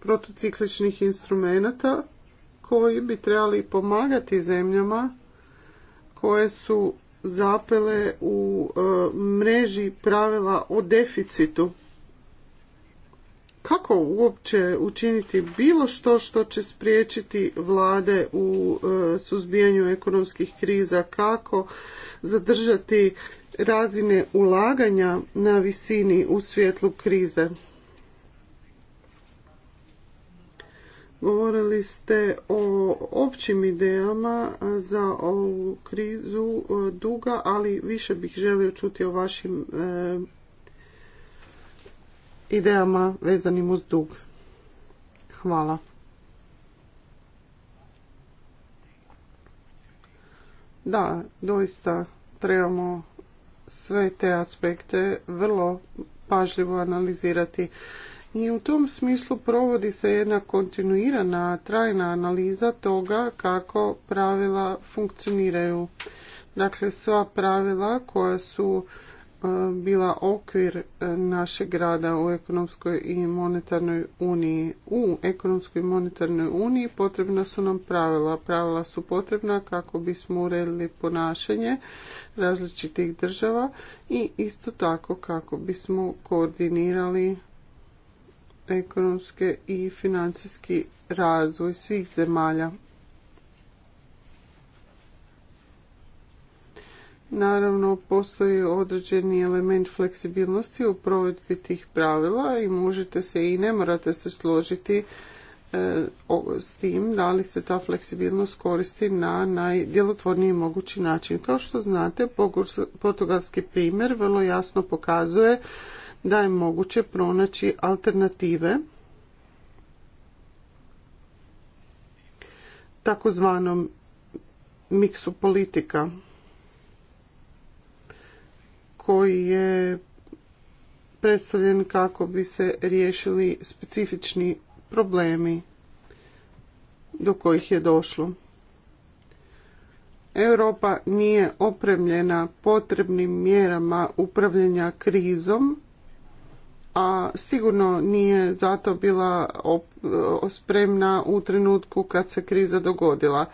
protocikličnih instrumenata koji bi trebali pomagati zemljama koje su zapele u e, mreži pravila o deficitu kako uopće učiniti bilo što što će spriječiti vlade u e, suzbijanju ekonomskih kriza, kako zadržati razine ulaganja na visini u svjetlu krize. Govorili ste o općim idejama za ovu krizu e, duga, ali više bih želio čuti o vašim e, idejama vezanim uz dug. Hvala. Da, doista trebamo sve te aspekte vrlo pažljivo analizirati. I u tom smislu provodi se jedna kontinuirana, trajna analiza toga kako pravila funkcioniraju. Dakle, sva pravila koja su E, bila okvir e, našeg rada u ekonomskoj i monetarnoj uniji. U ekonomskoj i monetarnoj uniji potrebna su nam pravila. Pravila su potrebna kako bismo uredili ponašanje različitih država i isto tako kako bismo koordinirali ekonomske i financijski razvoj svih zemalja Naravno, postoji određeni element fleksibilnosti u provedbi tih pravila i možete se i ne morate se složiti e, s tim da li se ta fleksibilnost koristi na najdjelotvorniji mogući način. Kao što znate, portugalski primjer vrlo jasno pokazuje da je moguće pronaći alternative takozvanom miksu politika koji je predstavljen kako bi se riješili specifični problemi do kojih je došlo. Europa nije opremljena potrebnim mjerama upravljanja krizom, a sigurno nije zato bila spremna u trenutku kad se kriza dogodila.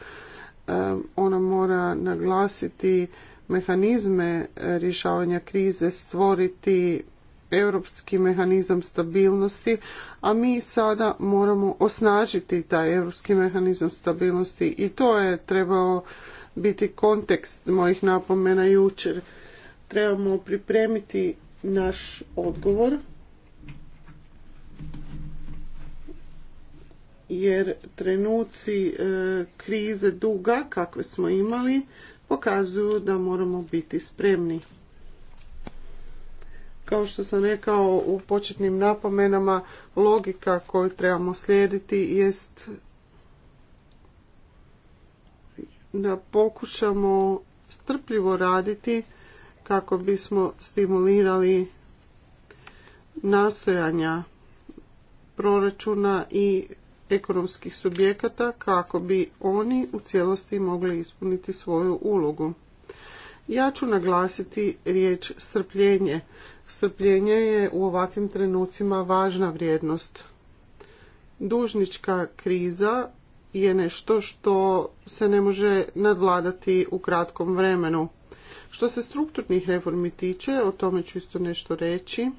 Ehm, ona mora naglasiti mehanizme eh, rješavanja krize stvoriti europski mehanizam stabilnosti, a mi sada moramo osnažiti taj europski mehanizam stabilnosti i to je trebao biti kontekst mojih napomena jučer. Trebamo pripremiti naš odgovor jer trenuci eh, krize duga kakve smo imali pokazuju da moramo biti spremni. Kao što sam rekao u početnim napomenama, logika koju trebamo slijediti jest da pokušamo strpljivo raditi kako bismo stimulirali nastojanja proračuna i ekonomskih subjekata kako bi oni u cijelosti mogli ispuniti svoju ulogu. Ja ću naglasiti riječ strpljenje. Strpljenje je u ovakvim trenucima važna vrijednost. Dužnička kriza je nešto što se ne može nadvladati u kratkom vremenu. Što se strukturnih reformi tiče, o tome ću isto nešto reći.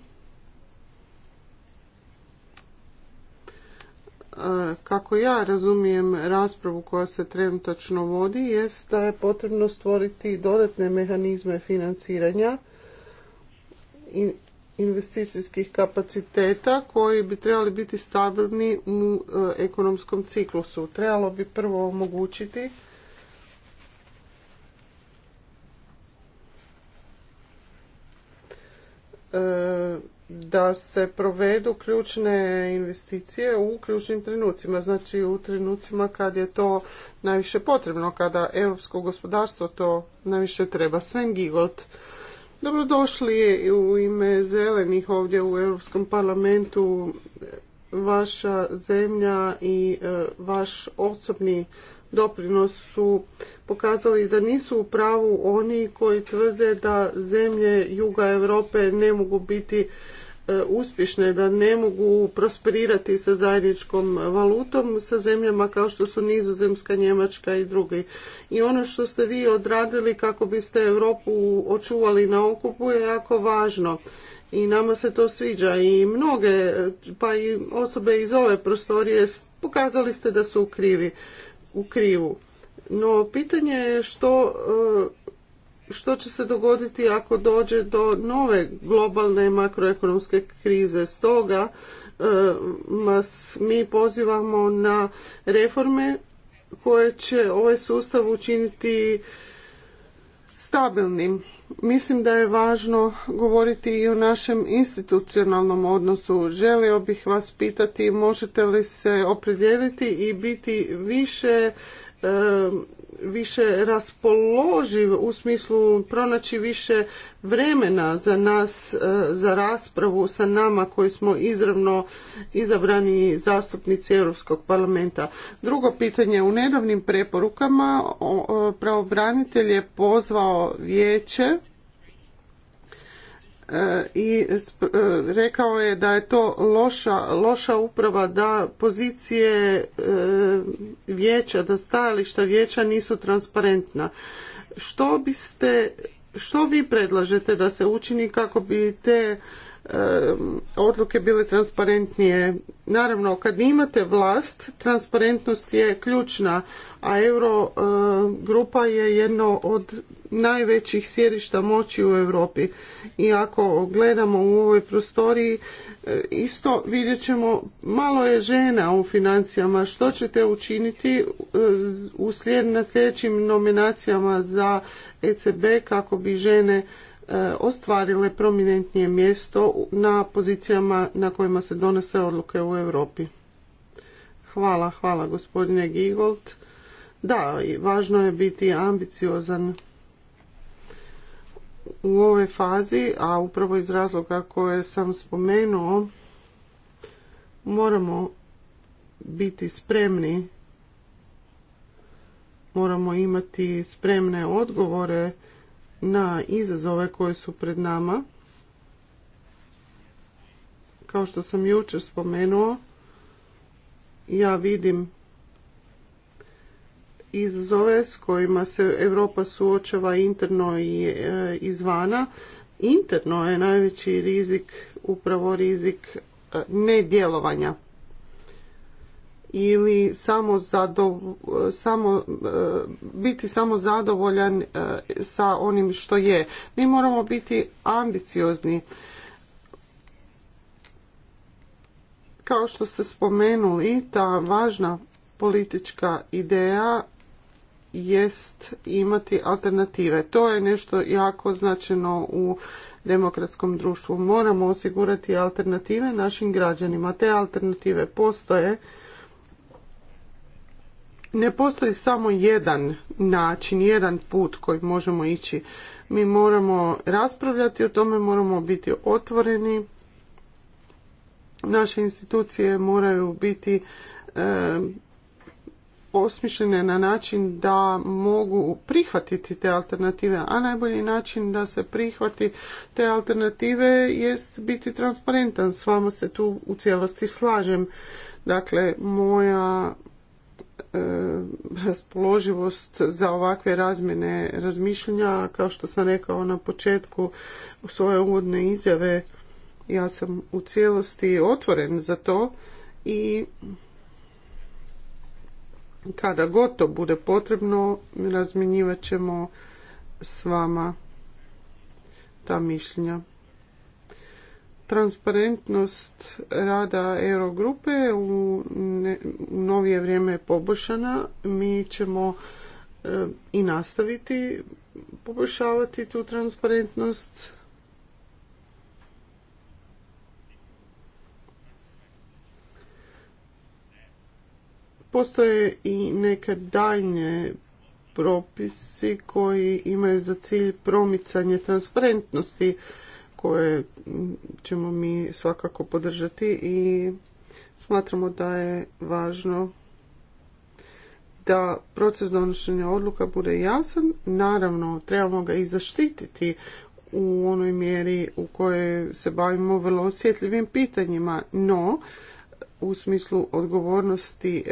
kako ja razumijem raspravu koja se trenutačno vodi jest da je potrebno stvoriti dodatne mehanizme financiranja investicijskih kapaciteta koji bi trebali biti stabilni u e, ekonomskom ciklusu. Trebalo bi prvo omogućiti e, da se provedu ključne investicije u ključnim trenucima, znači u trenucima kad je to najviše potrebno, kada europsko gospodarstvo to najviše treba. Sven Gigot, dobrodošli u ime zelenih ovdje u Europskom parlamentu vaša zemlja i e, vaš osobni doprinos su pokazali da nisu u pravu oni koji tvrde da zemlje juga Europe ne mogu biti E, uspješne, da ne mogu prosperirati sa zajedničkom valutom sa zemljama kao što su Nizozemska, Njemačka i drugi. I ono što ste vi odradili kako biste Europu očuvali na okupu je jako važno. I nama se to sviđa i mnoge, pa i osobe iz ove prostorije pokazali ste da su u u krivu. No pitanje je što e, što će se dogoditi ako dođe do nove globalne makroekonomske krize. Stoga e, mi pozivamo na reforme koje će ovaj sustav učiniti stabilnim. Mislim da je važno govoriti i o našem institucionalnom odnosu. Želio bih vas pitati možete li se opredijeliti i biti više e, više raspoloživ u smislu pronaći više vremena za nas e, za raspravu sa nama koji smo izravno izabrani zastupnici Europskog parlamenta. Drugo pitanje u nedavnim preporukama e, pravobranitelj je pozvao vijeće E, i e, rekao je da je to loša, loša uprava, da pozicije e, vijeća, da stajališta vijeća nisu transparentna. Što biste, što vi predlažete da se učini kako bi te E, odluke bile transparentnije. Naravno, kad imate vlast, transparentnost je ključna, a Euro e, grupa je jedno od najvećih sjedišta moći u Europi. I ako gledamo u ovoj prostoriji, e, isto vidjet ćemo, malo je žena u financijama. Što ćete učiniti na sljedećim nominacijama za ECB kako bi žene E, ostvarile prominentnije mjesto na pozicijama na kojima se donose odluke u Europi. Hvala, hvala gospodine Gigold. Da, i važno je biti ambiciozan u ovoj fazi, a upravo iz razloga koje sam spomenuo, moramo biti spremni, moramo imati spremne odgovore na izazove koje su pred nama. Kao što sam jučer spomenuo, ja vidim izazove s kojima se Europa suočava interno i e, izvana. Interno je najveći rizik, upravo rizik e, nedjelovanja ili samo, samo e, biti samo zadovoljan e, sa onim što je. Mi moramo biti ambiciozni. Kao što ste spomenuli, ta važna politička ideja jest imati alternative. To je nešto jako značeno u demokratskom društvu. Moramo osigurati alternative našim građanima. Te alternative postoje ne postoji samo jedan način, jedan put koji možemo ići. Mi moramo raspravljati o tome, moramo biti otvoreni. Naše institucije moraju biti e, osmišljene na način da mogu prihvatiti te alternative, a najbolji način da se prihvati te alternative jest biti transparentan. S vama se tu u cijelosti slažem. Dakle, moja, E, raspoloživost za ovakve razmjene razmišljanja. Kao što sam rekao na početku u svoje uvodne izjave, ja sam u cijelosti otvoren za to i kada god to bude potrebno, razmjenjivat ćemo s vama ta mišljenja transparentnost rada Eurogrupe u, u novije vrijeme je poboljšana. Mi ćemo e, i nastaviti poboljšavati tu transparentnost. Postoje i neke daljnje propisi koji imaju za cilj promicanje transparentnosti koje ćemo mi svakako podržati i smatramo da je važno da proces donošenja odluka bude jasan. Naravno, trebamo ga i zaštititi u onoj mjeri u kojoj se bavimo vrlo osjetljivim pitanjima, no u smislu odgovornosti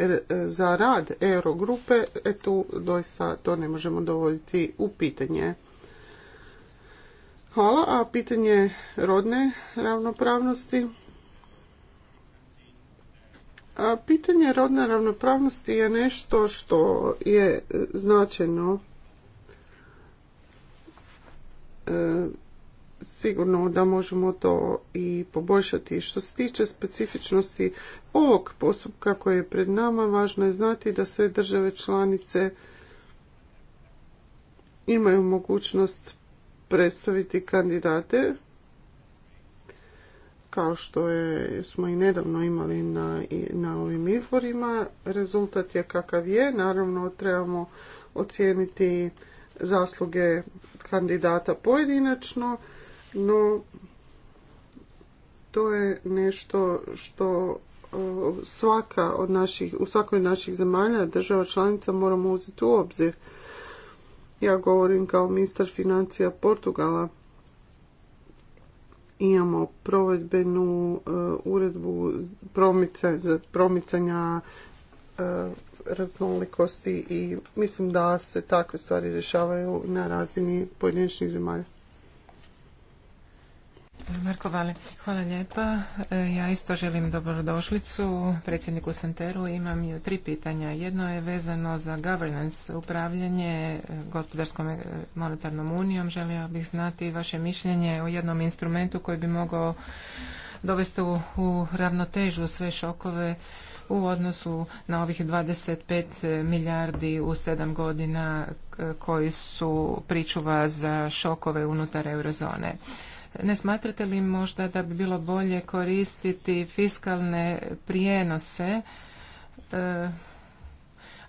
za rad Eurogrupe, e tu doista to ne možemo dovoljiti u pitanje. Hvala. A pitanje rodne ravnopravnosti? pitanje rodne ravnopravnosti je nešto što je značajno e, sigurno da možemo to i poboljšati. Što se tiče specifičnosti ovog postupka koji je pred nama, važno je znati da sve države članice imaju mogućnost predstaviti kandidate kao što je, smo i nedavno imali na, na ovim izborima. Rezultat je kakav je. Naravno trebamo ocijeniti zasluge kandidata pojedinačno, no to je nešto što svaka od naših, u svakoj od naših zemalja država članica moramo uzeti u obzir. Ja govorim kao ministar financija Portugala. Imamo provedbenu e, uredbu za promicanja e, raznolikosti i mislim da se takve stvari rješavaju na razini pojedinačnih zemalja. Marko Vale, hvala lijepa. E, ja isto želim dobrodošlicu predsjedniku Santeru. Imam tri pitanja. Jedno je vezano za governance, upravljanje e, gospodarskom e, monetarnom unijom. Želio bih znati vaše mišljenje o jednom instrumentu koji bi mogao dovesti u ravnotežu sve šokove u odnosu na ovih 25 milijardi u sedam godina koji su pričuva za šokove unutar eurozone. Ne smatrate li možda da bi bilo bolje koristiti fiskalne prijenose, e,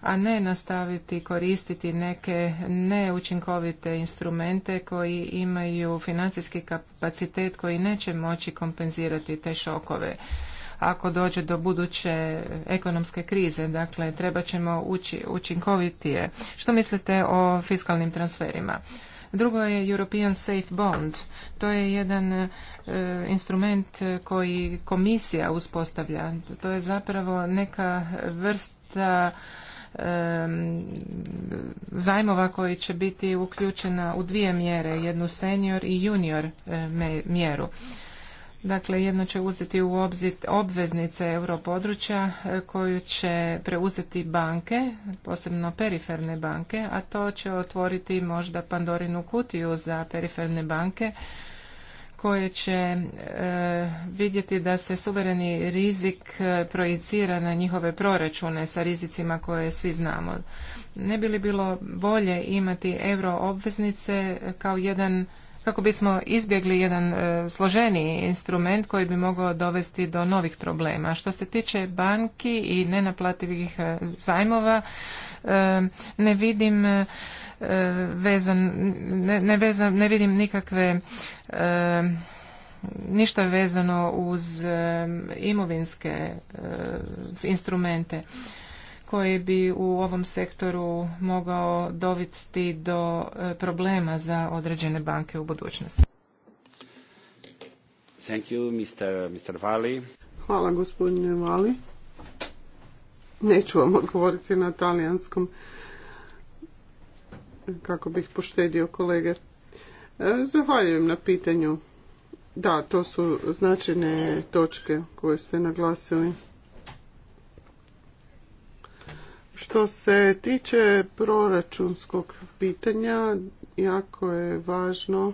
a ne nastaviti koristiti neke neučinkovite instrumente koji imaju financijski kapacitet koji neće moći kompenzirati te šokove ako dođe do buduće ekonomske krize. Dakle, treba ćemo ući učinkovitije. Što mislite o fiskalnim transferima? Drugo je European Safe Bond. To je jedan e, instrument koji komisija uspostavlja. To je zapravo neka vrsta e, zajmova koji će biti uključena u dvije mjere, jednu senior i junior e, mjeru. Dakle, jedno će uzeti u obzir obveznice europodručja e, koju će preuzeti banke, posebno periferne banke, a to će otvoriti možda Pandorinu kutiju za periferne banke koje će e, vidjeti da se suvereni rizik e, projicira na njihove proračune sa rizicima koje svi znamo. Ne bi li bilo bolje imati euro obveznice kao jedan kako bismo izbjegli jedan e, složeni instrument koji bi mogao dovesti do novih problema. Što se tiče banki i nenaplativih e, zajmova, e, ne vidim vezan, ne, vezan, ne vidim nikakve ništa vezano uz imovinske instrumente koji bi u ovom sektoru mogao dovesti do e, problema za određene banke u budućnosti. Thank you, Mr. Hvala gospodine Vali. Neću vam odgovoriti na talijanskom kako bih poštedio kolege. E, zahvaljujem na pitanju. Da, to su značajne točke koje ste naglasili. Što se tiče proračunskog pitanja, jako je važno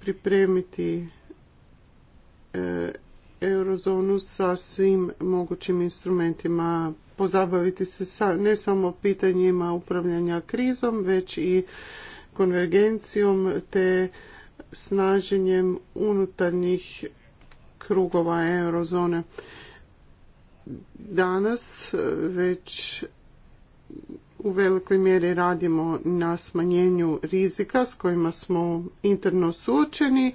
pripremiti e, eurozonu sa svim mogućim instrumentima, pozabaviti se sa, ne samo pitanjima upravljanja krizom, već i konvergencijom te snaženjem unutarnjih krugova eurozone. Danas već u velikoj mjeri radimo na smanjenju rizika s kojima smo interno suočeni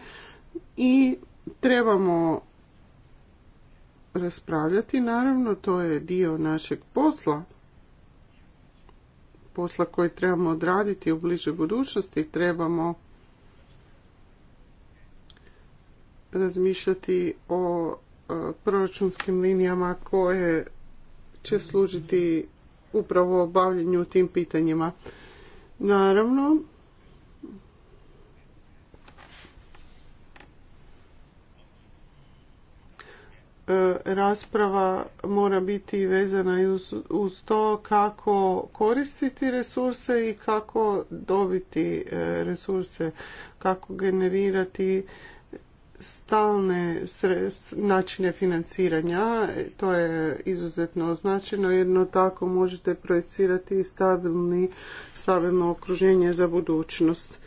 i trebamo raspravljati, naravno to je dio našeg posla, posla koji trebamo odraditi u bližoj budućnosti, trebamo razmišljati o e, proračunskim linijama koje će služiti upravo o bavljenju tim pitanjima. Naravno, e, rasprava mora biti vezana uz, uz to kako koristiti resurse i kako dobiti e, resurse, kako generirati stalne načine financiranja. To je izuzetno označeno, jedno tako možete projecirati i stabilni, stabilno okruženje za budućnost.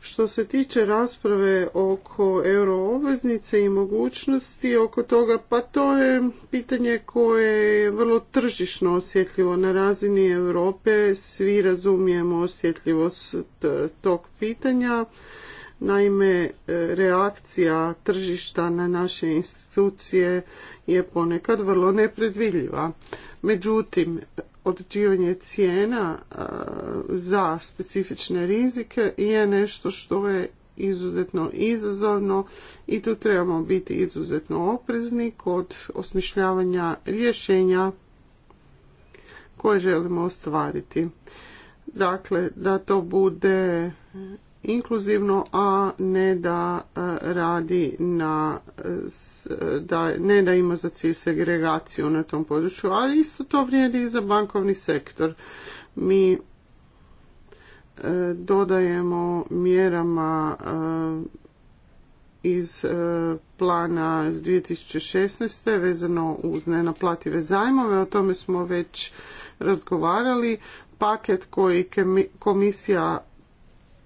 Što se tiče rasprave oko euroobveznice i mogućnosti oko toga, pa to je pitanje koje je vrlo tržišno osjetljivo na razini Europe. Svi razumijemo osjetljivost tog pitanja Naime, e, reakcija tržišta na naše institucije je ponekad vrlo nepredvidljiva. Međutim, određivanje cijena e, za specifične rizike je nešto što je izuzetno izazovno i tu trebamo biti izuzetno oprezni kod osmišljavanja rješenja koje želimo ostvariti. Dakle, da to bude inkluzivno, a ne da e, radi na, e, da, ne da ima za cilj segregaciju na tom području, a isto to vrijedi i za bankovni sektor. Mi e, dodajemo mjerama iz plana iz 2016. vezano uz nenaplative zajmove, o tome smo već razgovarali. Paket koji komisija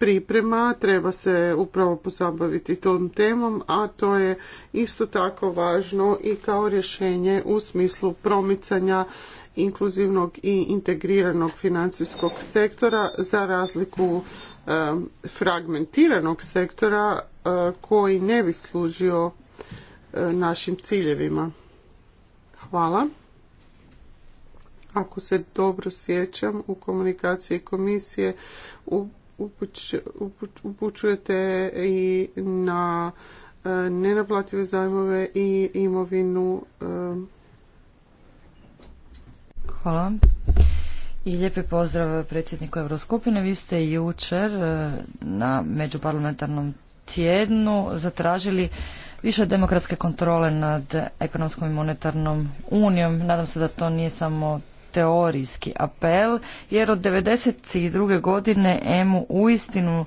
priprema, treba se upravo pozabaviti tom temom, a to je isto tako važno i kao rješenje u smislu promicanja inkluzivnog i integriranog financijskog sektora za razliku fragmentiranog sektora e, koji ne bi služio e, našim ciljevima. Hvala. Ako se dobro sjećam, u komunikaciji komisije u upuć, upućujete i na e, nenaplative zajmove i imovinu. E. Hvala. I lijepi pozdrav predsjedniku Euroskupine. Vi ste jučer e, na međuparlamentarnom tjednu zatražili više demokratske kontrole nad ekonomskom i monetarnom unijom. Nadam se da to nije samo teorijski apel jer od 1992. godine EMU uistinu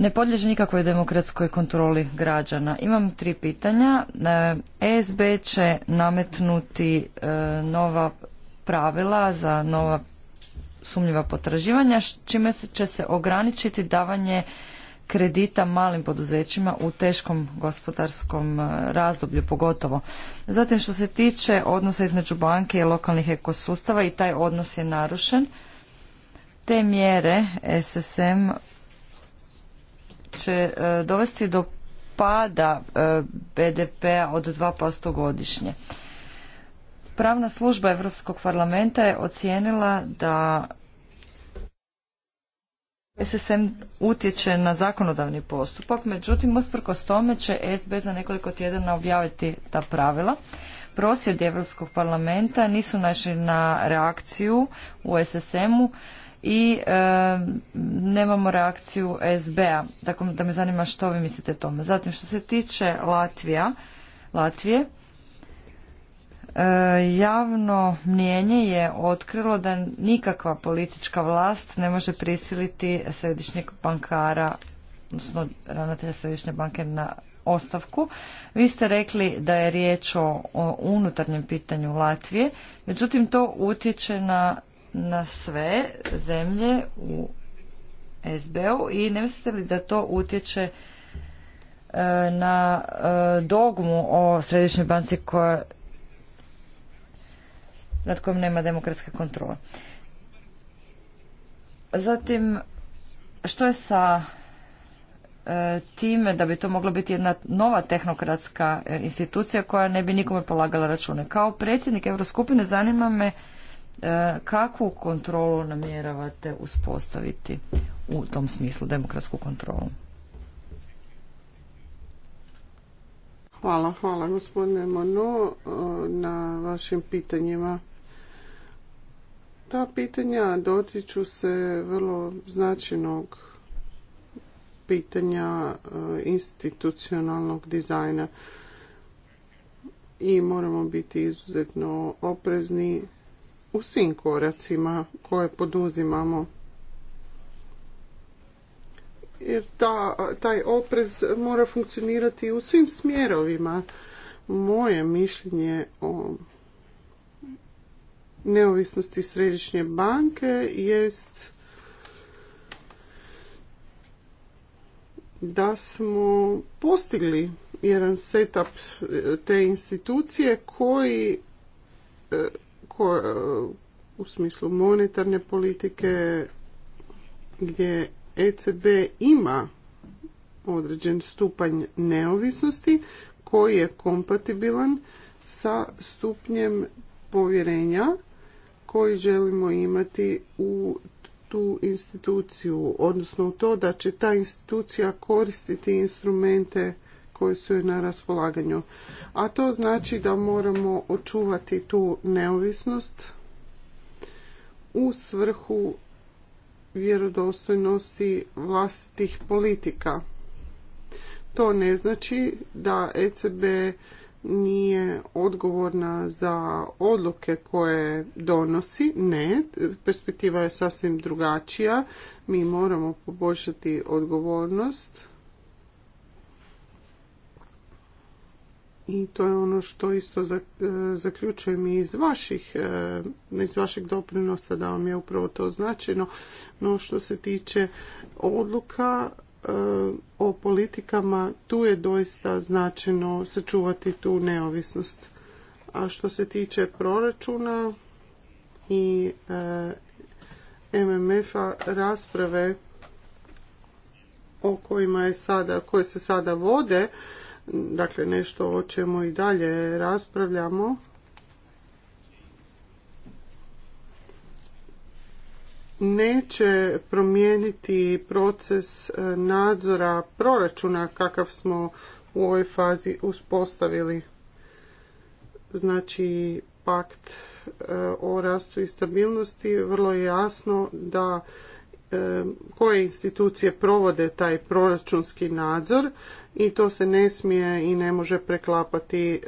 ne podliježe nikakvoj demokratskoj kontroli građana. Imam tri pitanja. ESB će nametnuti e, nova pravila za nova sumnjiva potraživanja, čime će se ograničiti davanje kredita malim poduzećima u teškom gospodarskom e, razdoblju pogotovo. Zatim što se tiče odnosa između banke i lokalnih ekosustava i taj odnos je narušen. Te mjere SSM će e, dovesti do pada e, BDP-a od 2% godišnje. Pravna služba Europskog parlamenta je ocijenila da SSM utječe na zakonodavni postupak, međutim, usprkos tome će SB za nekoliko tjedana objaviti ta pravila. Prosvjedi Europskog parlamenta nisu našli na reakciju u SSM-u i e, nemamo reakciju SB-a. Dakle, da me zanima što vi mislite o tome. Zatim, što se tiče Latvija, Latvije, E, javno mnijenje je otkrilo da nikakva politička vlast ne može prisiliti središnjeg bankara, odnosno ravnatelja središnje banke na ostavku. Vi ste rekli da je riječ o, unutarnjem pitanju Latvije, međutim to utječe na, na sve zemlje u sb i ne mislite li da to utječe e, na e, dogmu o središnjoj banci koja nad kojom nema demokratske kontrole. Zatim, što je sa e, time da bi to mogla biti jedna nova tehnokratska e, institucija koja ne bi nikome polagala račune? Kao predsjednik Euroskupine zanima me e, kakvu kontrolu namjeravate uspostaviti u tom smislu, demokratsku kontrolu? Hvala, hvala gospodine Mono na vašim pitanjima. Ta pitanja dotiču se vrlo značajnog pitanja e, institucionalnog dizajna i moramo biti izuzetno oprezni u svim koracima koje poduzimamo. Jer ta, taj oprez mora funkcionirati u svim smjerovima. Moje mišljenje o neovisnosti središnje banke jest da smo postigli jedan setup eh, te institucije koji eh, ko, eh, u smislu monetarne politike gdje ECB ima određen stupanj neovisnosti koji je kompatibilan sa stupnjem povjerenja koji želimo imati u tu instituciju, odnosno u to da će ta institucija koristiti instrumente koji su joj na raspolaganju. A to znači da moramo očuvati tu neovisnost u svrhu vjerodostojnosti vlastitih politika. To ne znači da ECB nije odgovorna za odluke koje donosi, ne, perspektiva je sasvim drugačija, mi moramo poboljšati odgovornost i to je ono što isto e, zaključujem i iz, vaših, e, iz vašeg doprinosa da vam je upravo to značajno, no što se tiče odluka E, o politikama, tu je doista značajno sačuvati tu neovisnost. A što se tiče proračuna i e, MMF-a rasprave o kojima je sada, koje se sada vode, dakle nešto o čemu i dalje raspravljamo, neće promijeniti proces e, nadzora proračuna kakav smo u ovoj fazi uspostavili. Znači, pakt e, o rastu i stabilnosti vrlo je jasno da E, koje institucije provode taj proračunski nadzor i to se ne smije i ne može preklapati e,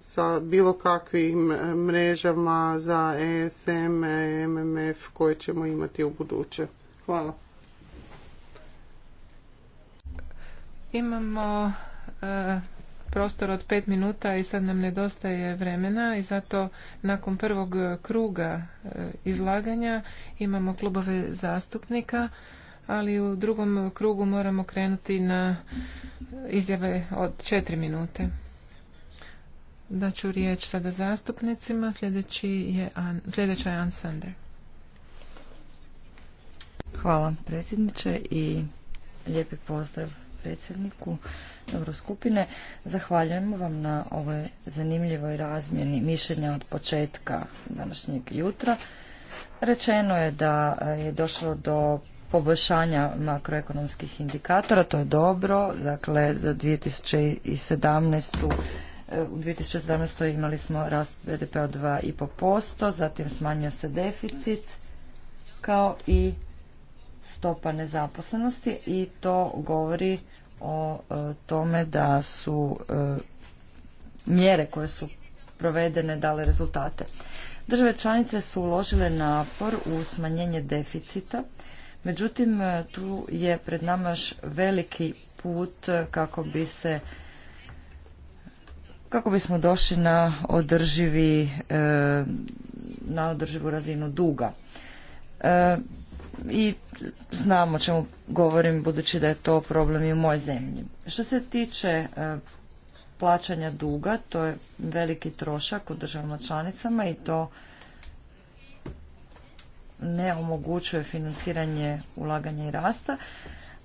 sa bilo kakvim e, mrežama za ESM, MMF koje ćemo imati u buduće. Hvala. Imamo prostor od pet minuta i sad nam nedostaje vremena i zato nakon prvog e, kruga e, izlaganja imamo klubove zastupnika, ali u drugom krugu moramo krenuti na izjave od četiri minute. ću riječ sada zastupnicima. Sljedeći je An, sljedeća je Ann Sander. Hvala predsjedniče i lijepi pozdrav predsjedniku skupine, Zahvaljujem vam na ovoj zanimljivoj razmjeni mišljenja od početka današnjeg jutra. Rečeno je da e, je došlo do poboljšanja makroekonomskih indikatora, to je dobro. Dakle, za 2017. E, u 2017. imali smo rast BDP od 2,5%, zatim smanjio se deficit, kao i stopa nezaposlenosti i to govori o e, tome da su e, mjere koje su provedene dale rezultate. Države članice su uložile napor u smanjenje deficita, međutim e, tu je pred nama još veliki put kako bi se kako bismo došli na održivi na održivu razinu duga i znamo o čemu govorim budući da je to problem i u mojoj zemlji. Što se tiče e, plaćanja duga, to je veliki trošak u državama članicama i to ne omogućuje financiranje ulaganja i rasta.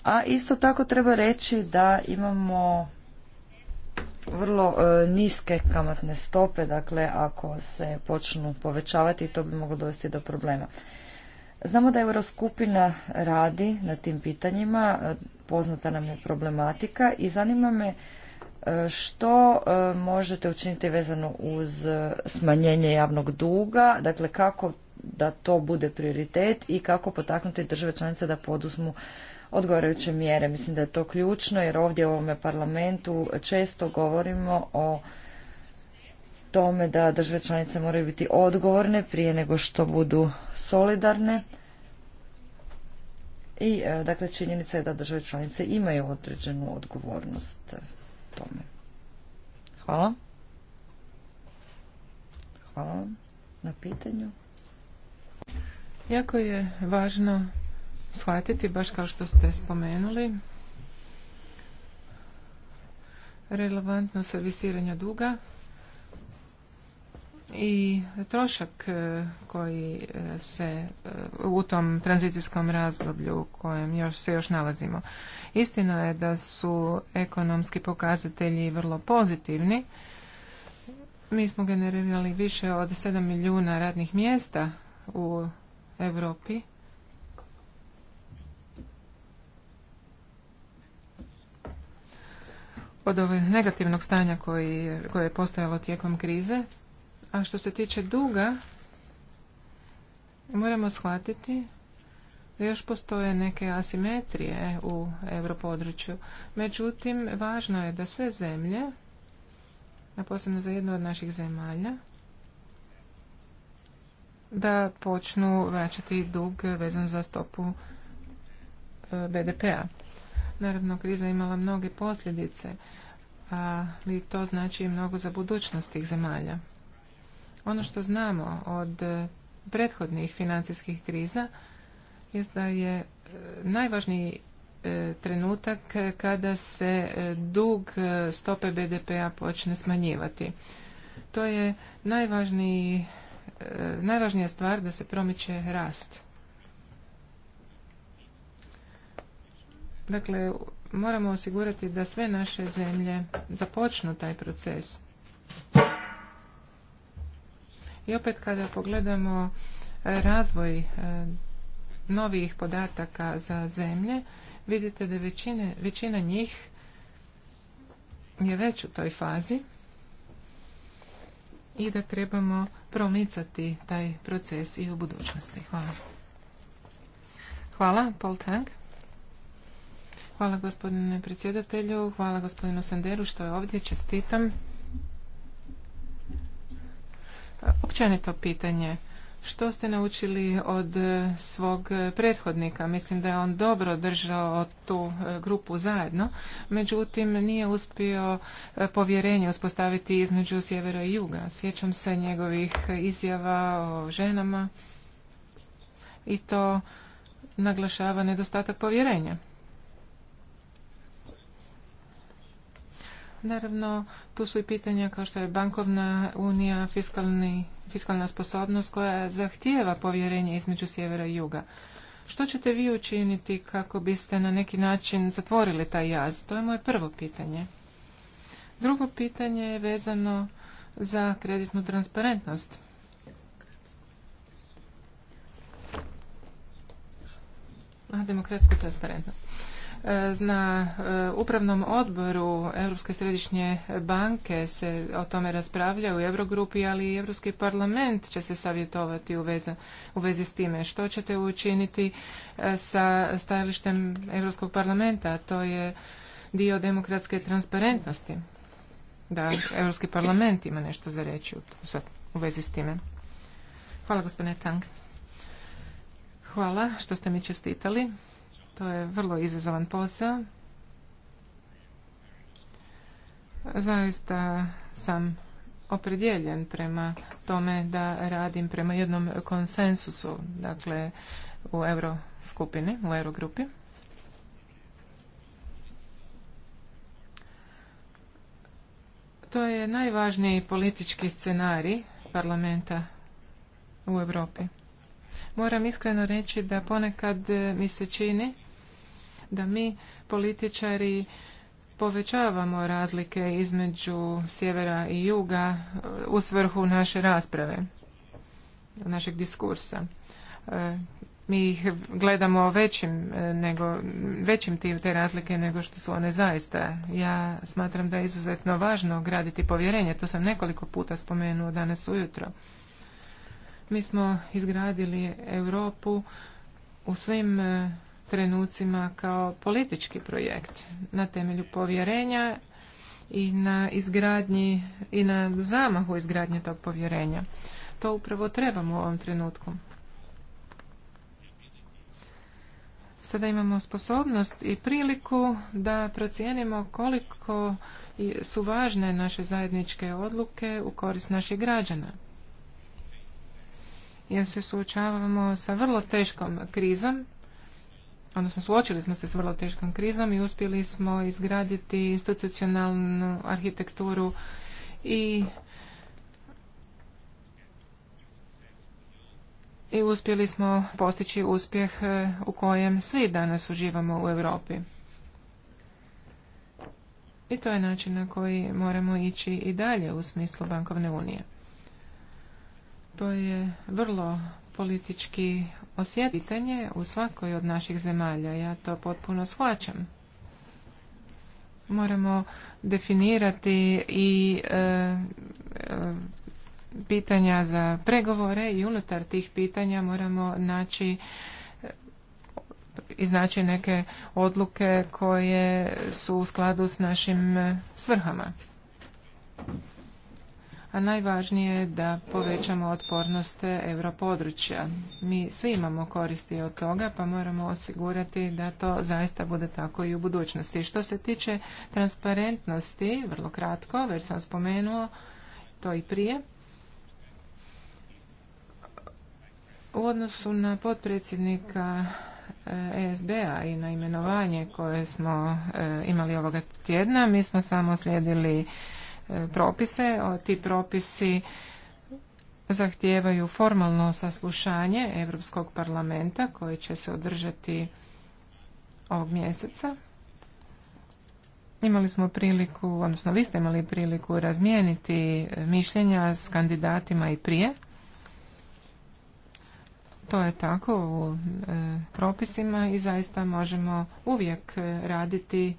A isto tako treba reći da imamo vrlo e, niske kamatne stope, dakle ako se počnu povećavati to bi moglo dovesti do problema. Znamo da Euroskupina radi na tim pitanjima, e, poznata nam je problematika i zanima me e, što e, možete učiniti vezano uz smanjenje javnog duga, dakle kako da to bude prioritet i kako potaknuti države članice da poduzmu odgovarajuće mjere. Mislim da je to ključno jer ovdje u ovome parlamentu često govorimo o tome da države članice moraju biti odgovorne prije nego što budu solidarne. I e, dakle činjenica je da države članice imaju određenu odgovornost tome. Hvala. Hvala vam na pitanju. Jako je važno shvatiti, baš kao što ste spomenuli, relevantno servisiranja duga i trošak e, koji e, se e, u tom tranzicijskom razdoblju u kojem još se još nalazimo. Istina je da su ekonomski pokazatelji vrlo pozitivni. Mi smo generirali više od 7 milijuna radnih mjesta u Europi. Od ovog negativnog stanja koji, koje je postojalo tijekom krize, a što se tiče duga, moramo shvatiti da još postoje neke asimetrije u europodručju. Međutim, važno je da sve zemlje, a posebno za jednu od naših zemalja, da počnu vraćati dug vezan za stopu e, BDP-a. Naravno, kriza imala mnoge posljedice, ali to znači mnogo za budućnost tih zemalja. Ono što znamo od e, prethodnih financijskih kriza jest da je e, najvažniji e, trenutak kada se dug stope BDP-a počne smanjivati. To je najvažnija stvar da se promiče rast. Dakle, moramo osigurati da sve naše zemlje započnu taj proces. I opet kada pogledamo e, razvoj e, novijih podataka za zemlje, vidite da većine, većina njih je već u toj fazi i da trebamo promicati taj proces i u budućnosti. Hvala. Hvala, Paul Tang. Hvala gospodine predsjedatelju, hvala gospodinu Sanderu što je ovdje, čestitam općenito pitanje. Što ste naučili od svog prethodnika? Mislim da je on dobro držao tu e, grupu zajedno, međutim nije uspio e, povjerenje uspostaviti između sjevera i juga. Sjećam se njegovih izjava o ženama i to naglašava nedostatak povjerenja. Naravno, tu su i pitanja kao što je bankovna unija, fiskalni, fiskalna sposobnost koja zahtijeva povjerenje između sjevera i juga. Što ćete vi učiniti kako biste na neki način zatvorili taj jaz? To je moje prvo pitanje. Drugo pitanje je vezano za kreditnu transparentnost. demokratsku transparentnost. E, na e, upravnom odboru Europske središnje banke se o tome raspravlja u Eurogrupi, ali i Europski parlament će se savjetovati u, u vezi s time. Što ćete učiniti e, sa stajalištem Europskog parlamenta? To je dio demokratske transparentnosti. Da, Europski parlament ima nešto za reći u vezi s time. Hvala gospodine Tang. Hvala što ste mi čestitali. To je vrlo izazovan posao. Zaista sam opredjeljen prema tome da radim prema jednom konsensusu, dakle u euro skupini, u grupi. To je najvažniji politički scenarij parlamenta u Europi. Moram iskreno reći da ponekad mi se čini da mi političari povećavamo razlike između sjevera i juga e, u svrhu naše rasprave, našeg diskursa. E, mi ih gledamo većim, e, nego, većim tim te razlike nego što su one zaista. Ja smatram da je izuzetno važno graditi povjerenje. To sam nekoliko puta spomenuo danas ujutro. Mi smo izgradili Europu u svim trenucima kao politički projekt na temelju povjerenja i na izgradnji i na zamahu izgradnje tog povjerenja. To upravo trebamo u ovom trenutku. Sada imamo sposobnost i priliku da procijenimo koliko su važne naše zajedničke odluke u korist naših građana. Jer se suočavamo sa vrlo teškom krizom odnosno suočili smo se s vrlo teškom krizom i uspjeli smo izgraditi institucionalnu arhitekturu i i uspjeli smo postići uspjeh e, u kojem svi danas uživamo u Europi. I to je način na koji moramo ići i dalje u smislu bankovne unije. To je vrlo politički osjetitelje u svakoj od naših zemalja. Ja to potpuno shvaćam. Moramo definirati i e, e, pitanja za pregovore i unutar tih pitanja moramo naći e, iznaći neke odluke koje su u skladu s našim svrhama a najvažnije je da povećamo otpornost europodručja. Mi svi imamo koristi od toga, pa moramo osigurati da to zaista bude tako i u budućnosti. Što se tiče transparentnosti, vrlo kratko, već sam spomenuo to i prije, u odnosu na potpredsjednika ESB-a i na imenovanje koje smo e, imali ovoga tjedna, mi smo samo slijedili E, propise. ti propisi zahtijevaju formalno saslušanje Europskog parlamenta koji će se održati ovog mjeseca. Imali smo priliku, odnosno vi ste imali priliku razmijeniti e, mišljenja s kandidatima i prije. To je tako u e, propisima i zaista možemo uvijek raditi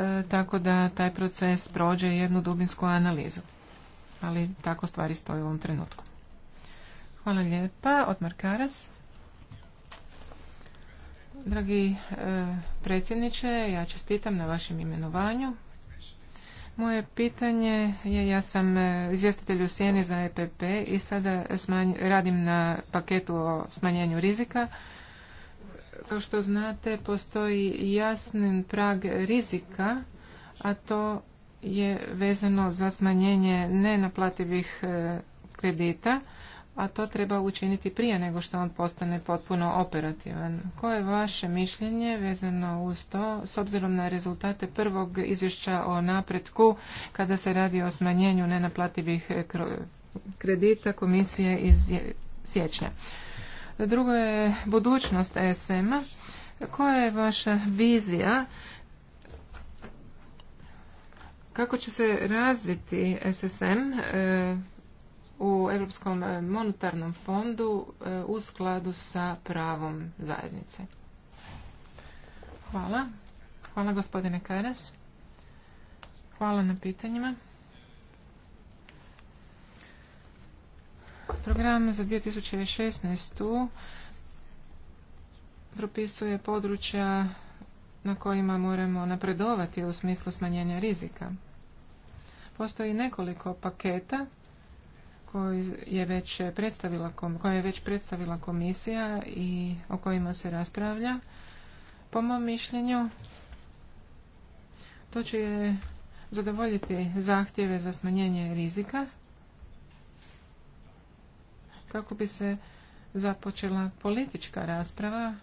E, tako da taj proces prođe jednu dubinsku analizu. Ali tako stvari stoje u ovom trenutku. Hvala lijepa. Otmar Karas. Dragi e, predsjedniče, ja čestitam na vašem imenovanju. Moje pitanje je, ja sam e, izvjestitelj u Sjeni za EPP i sada radim na paketu o smanjenju rizika kao što znate, postoji jasni prag rizika, a to je vezano za smanjenje nenaplativih e, kredita, a to treba učiniti prije nego što on postane potpuno operativan. Koje je vaše mišljenje vezano uz to, s obzirom na rezultate prvog izvješća o napretku, kada se radi o smanjenju nenaplativih e, kredita komisije iz siječnja? Drugo je budućnost ESM-a. Koja je vaša vizija kako će se razviti SSM e, u Europskom monetarnom fondu e, u skladu sa pravom zajednice? Hvala. Hvala gospodine Karas. Hvala na pitanjima. Program za 2016. propisuje područja na kojima moramo napredovati u smislu smanjenja rizika. Postoji nekoliko paketa koji je već koje je već predstavila komisija i o kojima se raspravlja. Po mom mišljenju, to će zadovoljiti zahtjeve za smanjenje rizika kako bi se započela politička rasprava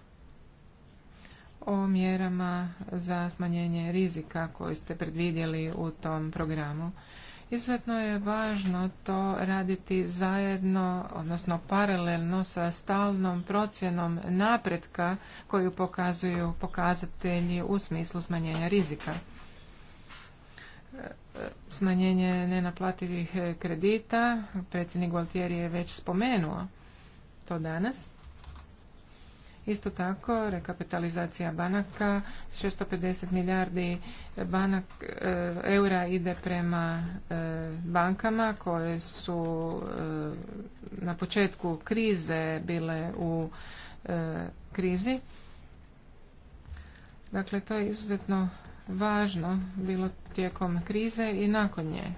o mjerama za smanjenje rizika koje ste predvidjeli u tom programu. Izuzetno je važno to raditi zajedno, odnosno paralelno sa stalnom procjenom napretka koju pokazuju pokazatelji u smislu smanjenja rizika smanjenje nenaplativih kredita. Predsjednik Gualtieri je već spomenuo to danas. Isto tako, rekapitalizacija banaka, 650 milijardi eh, eura ide prema eh, bankama koje su eh, na početku krize bile u krizi. Dakle, to je izuzetno važno bilo tijekom krize i nakon nje.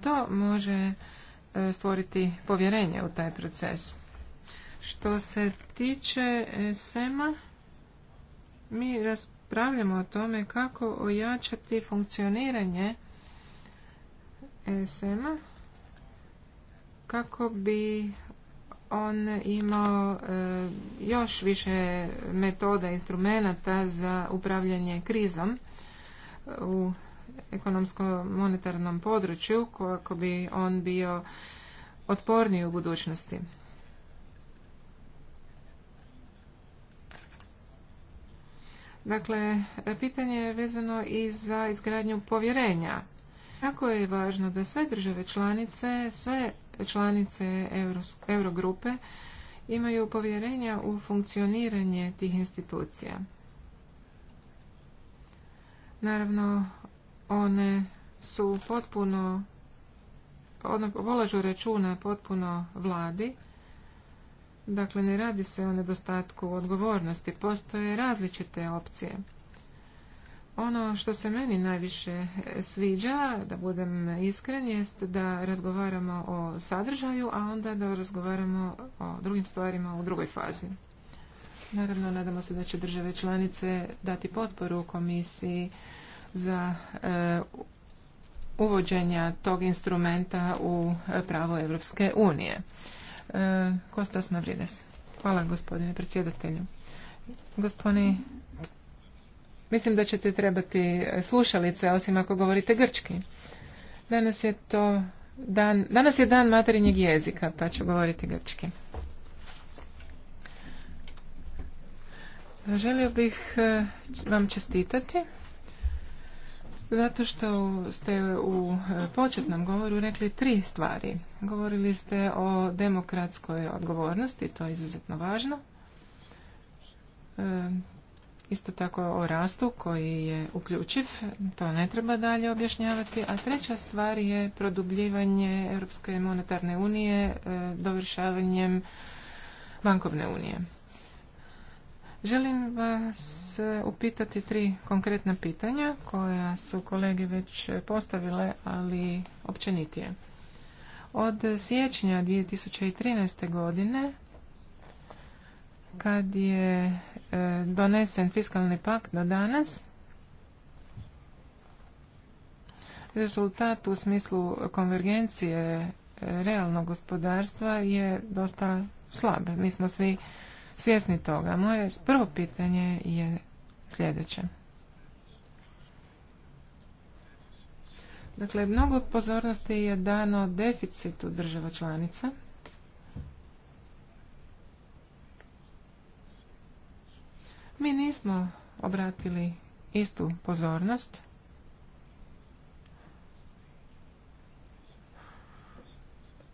To može e, stvoriti povjerenje u taj proces. Što se tiče e, SEMA, mi raspravljamo o tome kako ojačati funkcioniranje e, SMA kako bi on imao e, još više metoda, instrumenata za upravljanje krizom e, u ekonomsko-monetarnom području kako bi on bio otporniji u budućnosti. Dakle, pitanje je vezano i za izgradnju povjerenja. Kako je važno da sve države članice, sve članice Eurogrupe imaju povjerenja u funkcioniranje tih institucija. Naravno, one su potpuno, one polažu računa potpuno vladi, dakle ne radi se o nedostatku odgovornosti, postoje različite opcije. Ono što se meni najviše sviđa, da budem iskren, jest da razgovaramo o sadržaju, a onda da razgovaramo o drugim stvarima u drugoj fazi. Naravno, nadamo se da će države članice dati potporu komisiji za e, uvođenja tog instrumenta u pravo Evropske unije. E, Kostas Mavrides. Hvala gospodine predsjedatelju. Gospodine Mislim da ćete trebati e, slušalice, osim ako govorite grčki. Danas je to dan, danas je dan materinjeg jezika, pa ću govoriti grčki. Želio bih e, vam čestitati zato što ste u e, početnom govoru rekli tri stvari. Govorili ste o demokratskoj odgovornosti, to je izuzetno važno isto tako o rastu koji je uključiv, to ne treba dalje objašnjavati, a treća stvar je produbljivanje Europske monetarne unije e, dovršavanjem bankovne unije. Želim vas upitati tri konkretna pitanja koja su kolege već postavile, ali općenitije. Od siječnja 2013. godine kad je e, donesen fiskalni pakt do danas, rezultat u smislu konvergencije e, realnog gospodarstva je dosta slab. Mi smo svi svjesni toga. Moje prvo pitanje je sljedeće. Dakle, mnogo pozornosti je dano deficitu država članica – Mi nismo obratili istu pozornost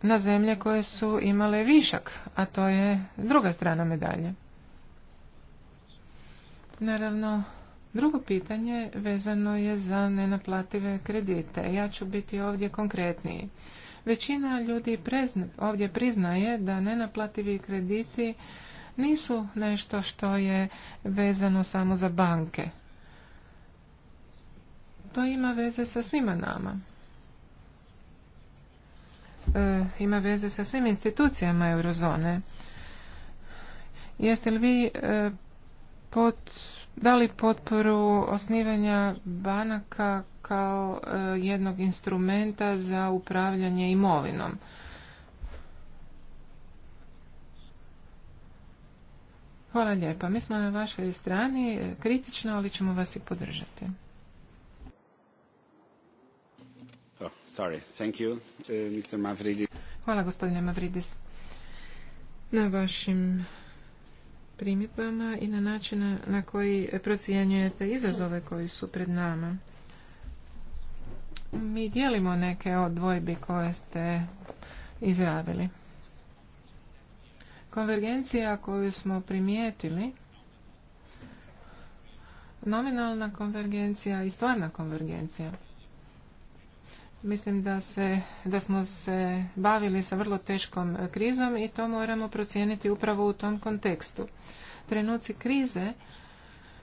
na zemlje koje su imale višak, a to je druga strana medalje. Naravno, drugo pitanje vezano je za nenaplative kredite. Ja ću biti ovdje konkretniji. Većina ljudi ovdje priznaje da nenaplativi krediti nisu nešto što je vezano samo za banke. To ima veze sa svima nama. E, ima veze sa svim institucijama eurozone. Jeste li vi e, dali potporu osnivanja banaka kao e, jednog instrumenta za upravljanje imovinom? Hvala lijepa. Mi smo na vašoj strani e, kritično, ali ćemo vas i podržati. Oh, e, Hvala gospodine Mavridis na vašim primjedbama i na način na koji procijenjujete izazove koji su pred nama. Mi dijelimo neke od dvojbi koje ste izravili. Konvergencija koju smo primijetili, nominalna konvergencija i stvarna konvergencija. Mislim da, se, da smo se bavili sa vrlo teškom krizom i to moramo procijeniti upravo u tom kontekstu. Trenuci krize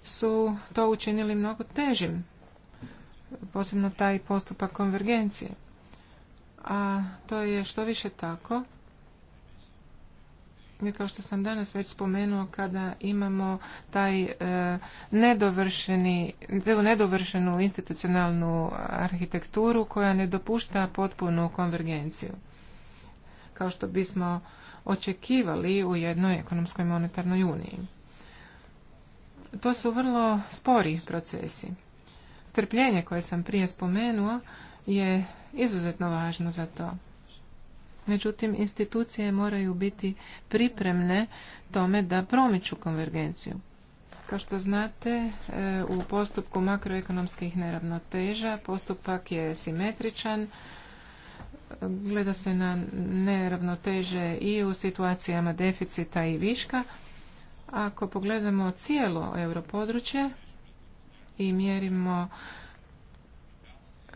su to učinili mnogo težim, posebno taj postupak konvergencije. A to je što više tako kao što sam danas već spomenuo, kada imamo taj e, nedovršeni, nedovršenu institucionalnu arhitekturu koja ne dopušta potpunu konvergenciju. Kao što bismo očekivali u jednoj ekonomskoj monetarnoj uniji. To su vrlo spori procesi. Strpljenje koje sam prije spomenuo je izuzetno važno za to. Međutim, institucije moraju biti pripremne tome da promiču konvergenciju. Kao što znate, e, u postupku makroekonomskih neravnoteža postupak je simetričan, gleda se na neravnoteže i u situacijama deficita i viška. Ako pogledamo cijelo europodručje i mjerimo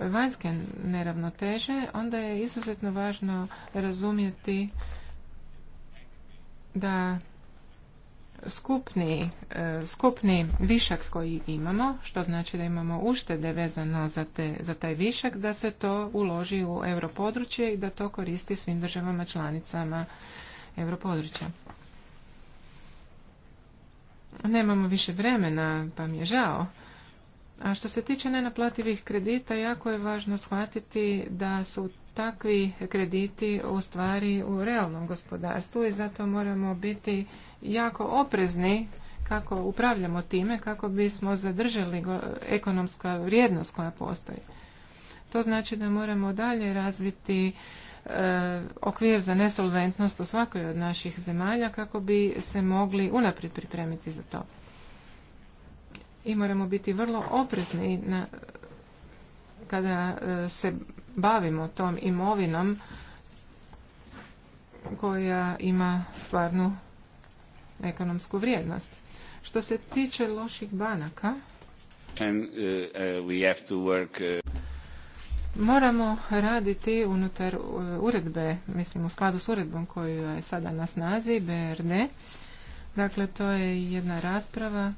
vanjske neravnoteže, onda je izuzetno važno razumjeti da skupni, e, skupni višak koji imamo, što znači da imamo uštede vezano za, za taj višak, da se to uloži u europodručje i da to koristi svim državama članicama europodručja. Nemamo više vremena, pa mi je žao. A što se tiče nenaplativih kredita, jako je važno shvatiti da su takvi krediti u stvari u realnom gospodarstvu i zato moramo biti jako oprezni kako upravljamo time, kako bismo zadržali ekonomska vrijednost koja postoji. To znači da moramo dalje razviti e, okvir za nesolventnost u svakoj od naših zemalja kako bi se mogli unaprijed pripremiti za to i moramo biti vrlo oprezni na, kada e, se bavimo tom imovinom koja ima stvarnu ekonomsku vrijednost. Što se tiče loših banaka, e, e, we have to work, moramo raditi unutar uredbe, mislim u skladu s uredbom koju je sada na snazi, BRD. Dakle, to je jedna rasprava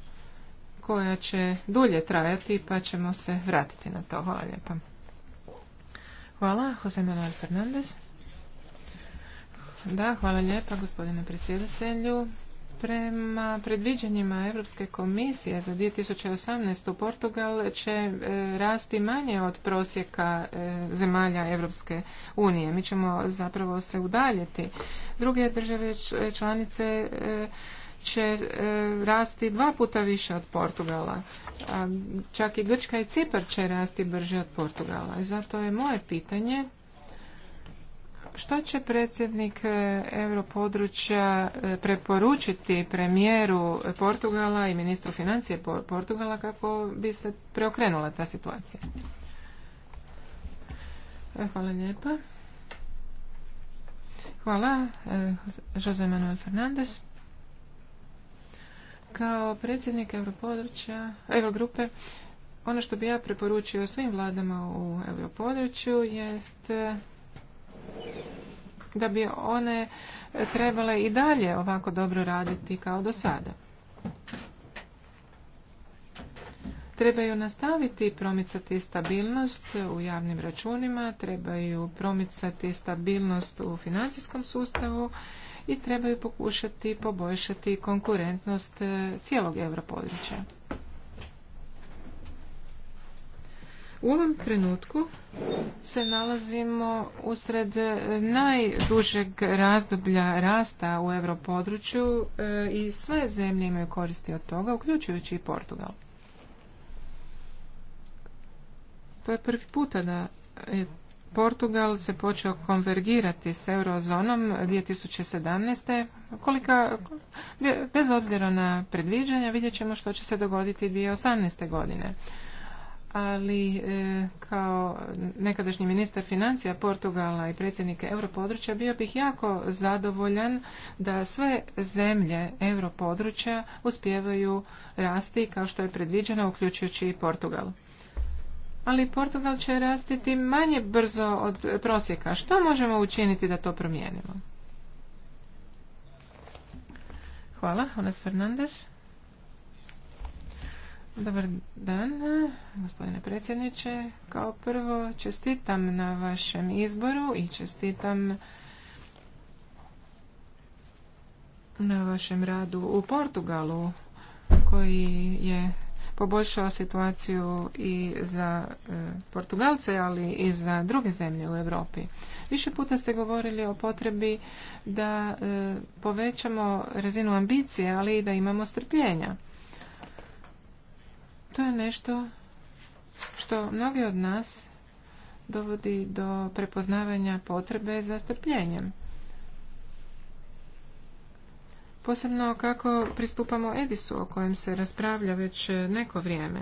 koja će dulje trajati pa ćemo se vratiti na to. Hvala lijepa. Hvala, Jose Manuel Fernandez. Da, hvala lijepa gospodine predsjedatelju. Prema predviđanjima Europske komisije za 2018. Portugal će e, rasti manje od prosjeka e, zemalja Europske unije. Mi ćemo zapravo se udaljiti. Druge države članice e, će e, rasti dva puta više od Portugala. A čak i Grčka i Cipar će rasti brže od Portugala. Zato je moje pitanje što će predsjednik e, europodručja e, preporučiti premijeru Portugala i ministru financije Portugala kako bi se preokrenula ta situacija? Hvala lijepa. Hvala, Jose Manuel Fernandez. Kao predsjednik Europodručja, Eurogrupe, ono što bi ja preporučio svim vladama u Europodručju jest eh, da bi one trebale i dalje ovako dobro raditi kao do sada. Trebaju nastaviti promicati stabilnost u javnim računima, trebaju promicati stabilnost u financijskom sustavu i trebaju pokušati poboljšati konkurentnost e, cijelog europodručja. U ovom trenutku se nalazimo usred e, najdužeg razdoblja rasta u europodručju e, i sve zemlje imaju koristi od toga, uključujući i Portugal. To je prvi puta da je Portugal se počeo konvergirati s eurozonom 2017. Kolika, bez obzira na predviđanja vidjet ćemo što će se dogoditi 2018. godine. Ali e, kao nekadašnji ministar financija Portugala i predsjednik europodručja bio bih jako zadovoljan da sve zemlje europodručja uspijevaju rasti kao što je predviđeno uključujući i Portugal ali Portugal će rastiti manje brzo od prosjeka. Što možemo učiniti da to promijenimo? Hvala, Ones Fernandez. Dobar dan, gospodine predsjedniče. Kao prvo, čestitam na vašem izboru i čestitam na vašem radu u Portugalu, koji je poboljšao situaciju i za e, Portugalce, ali i za druge zemlje u Europi. Više puta ste govorili o potrebi da e, povećamo razinu ambicije, ali i da imamo strpljenja. To je nešto što mnogi od nas dovodi do prepoznavanja potrebe za strpljenjem posebno kako pristupamo Edisu o kojem se raspravlja već e, neko vrijeme.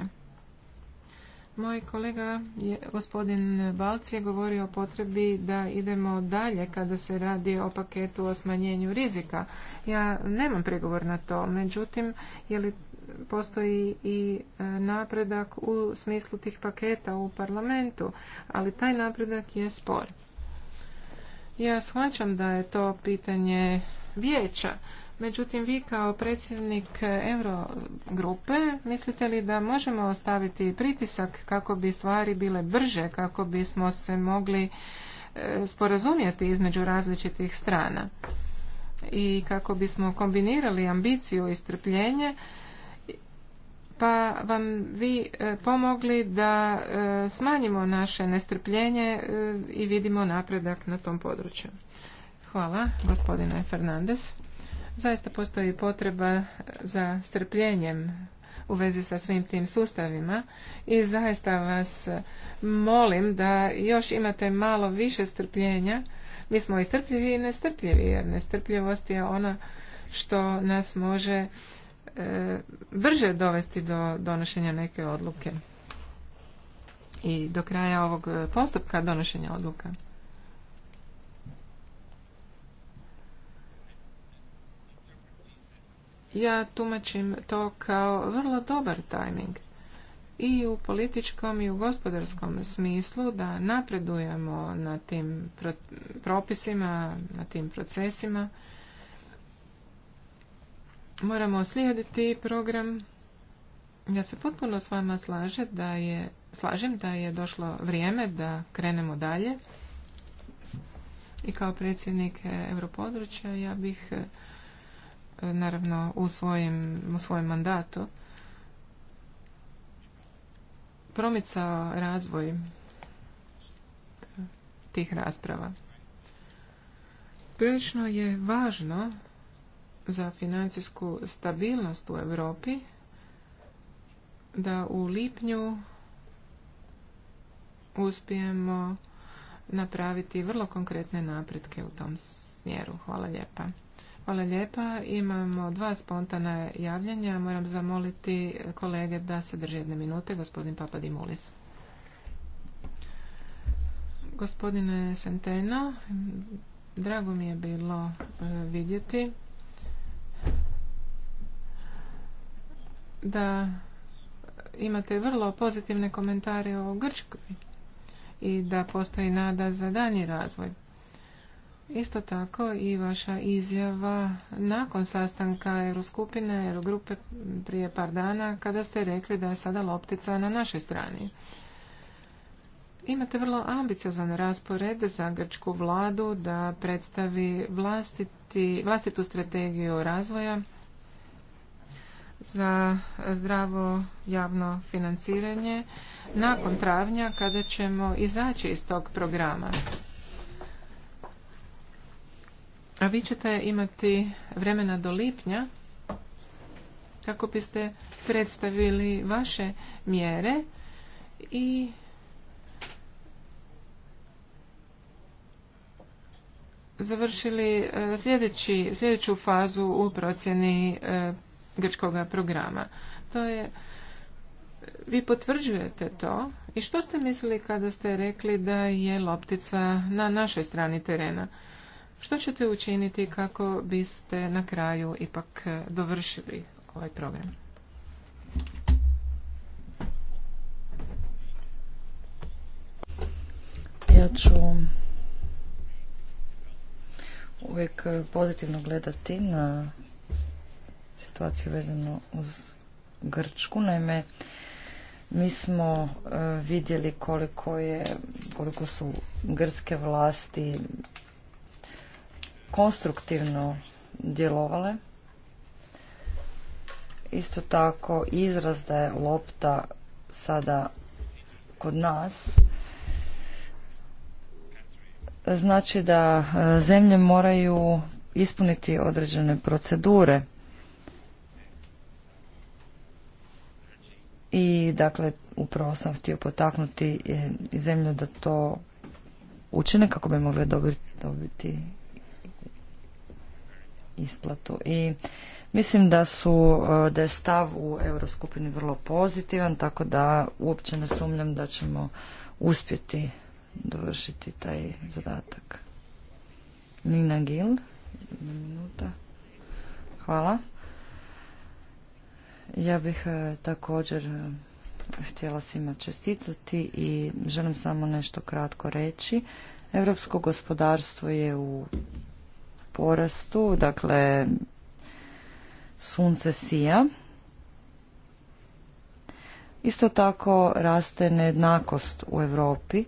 Moj kolega, je, gospodin Balc, je govorio o potrebi da idemo dalje kada se radi o paketu o smanjenju rizika. Ja nemam prigovor na to, međutim, je li postoji i e, napredak u smislu tih paketa u parlamentu, ali taj napredak je spor. Ja shvaćam da je to pitanje vijeća, Međutim, vi kao predsjednik Eurogrupe, mislite li da možemo ostaviti pritisak kako bi stvari bile brže, kako bismo se mogli e, sporazumjeti između različitih strana i kako bismo kombinirali ambiciju i strpljenje pa vam vi e, pomogli da e, smanjimo naše nestrpljenje i vidimo napredak na tom području. Hvala, gospodine Fernandez. Zaista postoji potreba za strpljenjem u vezi sa svim tim sustavima i zaista vas molim da još imate malo više strpljenja. Mi smo i strpljivi i nestrpljivi jer nestrpljivost je ona što nas može e, brže dovesti do donošenja neke odluke i do kraja ovog postupka donošenja odluka. Ja tumačim to kao vrlo dobar tajming i u političkom i u gospodarskom smislu da napredujemo na tim propisima, na tim procesima. Moramo slijediti program. Ja se potpuno s vama slažem da je, slažem da je došlo vrijeme da krenemo dalje. I kao predsjednik Europodručja ja bih naravno u svojem, u mandatu promicao razvoj tih rasprava. Prilično je važno za financijsku stabilnost u Europi da u lipnju uspijemo napraviti vrlo konkretne napretke u tom smjeru. Hvala lijepa. Hvala lijepa. Imamo dva spontana javljanja. Moram zamoliti kolege da se drže jedne minute. Gospodin Papadimulis. Gospodine Senteno, drago mi je bilo e, vidjeti da imate vrlo pozitivne komentare o Grčkoj i da postoji nada za danji razvoj. Isto tako i vaša izjava nakon sastanka Euroskupine, Eurogrupe prije par dana, kada ste rekli da je sada loptica na našoj strani. Imate vrlo ambiciozan raspored za grčku vladu da predstavi vlastiti, vlastitu strategiju razvoja za zdravo javno financiranje nakon travnja kada ćemo izaći iz tog programa. A vi ćete imati vremena do lipnja kako biste predstavili vaše mjere i završili e, sljedeći, sljedeću fazu u procjeni e, grčkog programa. To je, vi potvrđujete to i što ste mislili kada ste rekli da je loptica na našoj strani terena? Što ćete učiniti kako biste na kraju ipak e, dovršili ovaj program? Ja ću uvijek pozitivno gledati na situaciju vezano uz Grčku. Naime, mi smo e, vidjeli koliko je, koliko su grčke vlasti konstruktivno djelovale. Isto tako izraz da je lopta sada kod nas znači da e, zemlje moraju ispuniti određene procedure i dakle upravo sam htio potaknuti e, zemlju da to učine kako bi mogli dobiti, dobiti isplatu. I mislim da su, e, da je stav u Euroskupini vrlo pozitivan, tako da uopće ne sumnjam da ćemo uspjeti dovršiti taj zadatak. Nina Gil, minuta. Hvala. Ja bih e, također e, htjela svima čestitati i želim samo nešto kratko reći. Europsko gospodarstvo je u porastu, dakle sunce sija. Isto tako raste nejednakost u Europi.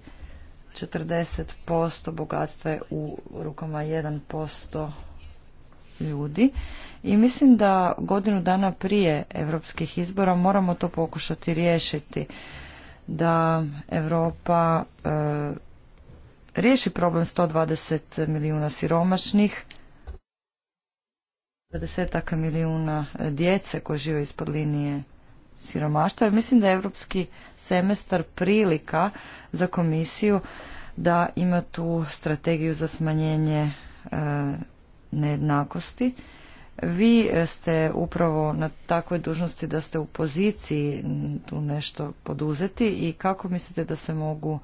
40% bogatstva je u rukama 1% ljudi i mislim da godinu dana prije europskih izbora moramo to pokušati riješiti da Europa e, riješi problem 120 milijuna siromašnih, 20 milijuna djece koje žive ispod linije siromaštva. Mislim da je europski semestar prilika za komisiju da ima tu strategiju za smanjenje e, nejednakosti. Vi ste upravo na takvoj dužnosti da ste u poziciji tu nešto poduzeti i kako mislite da se mogu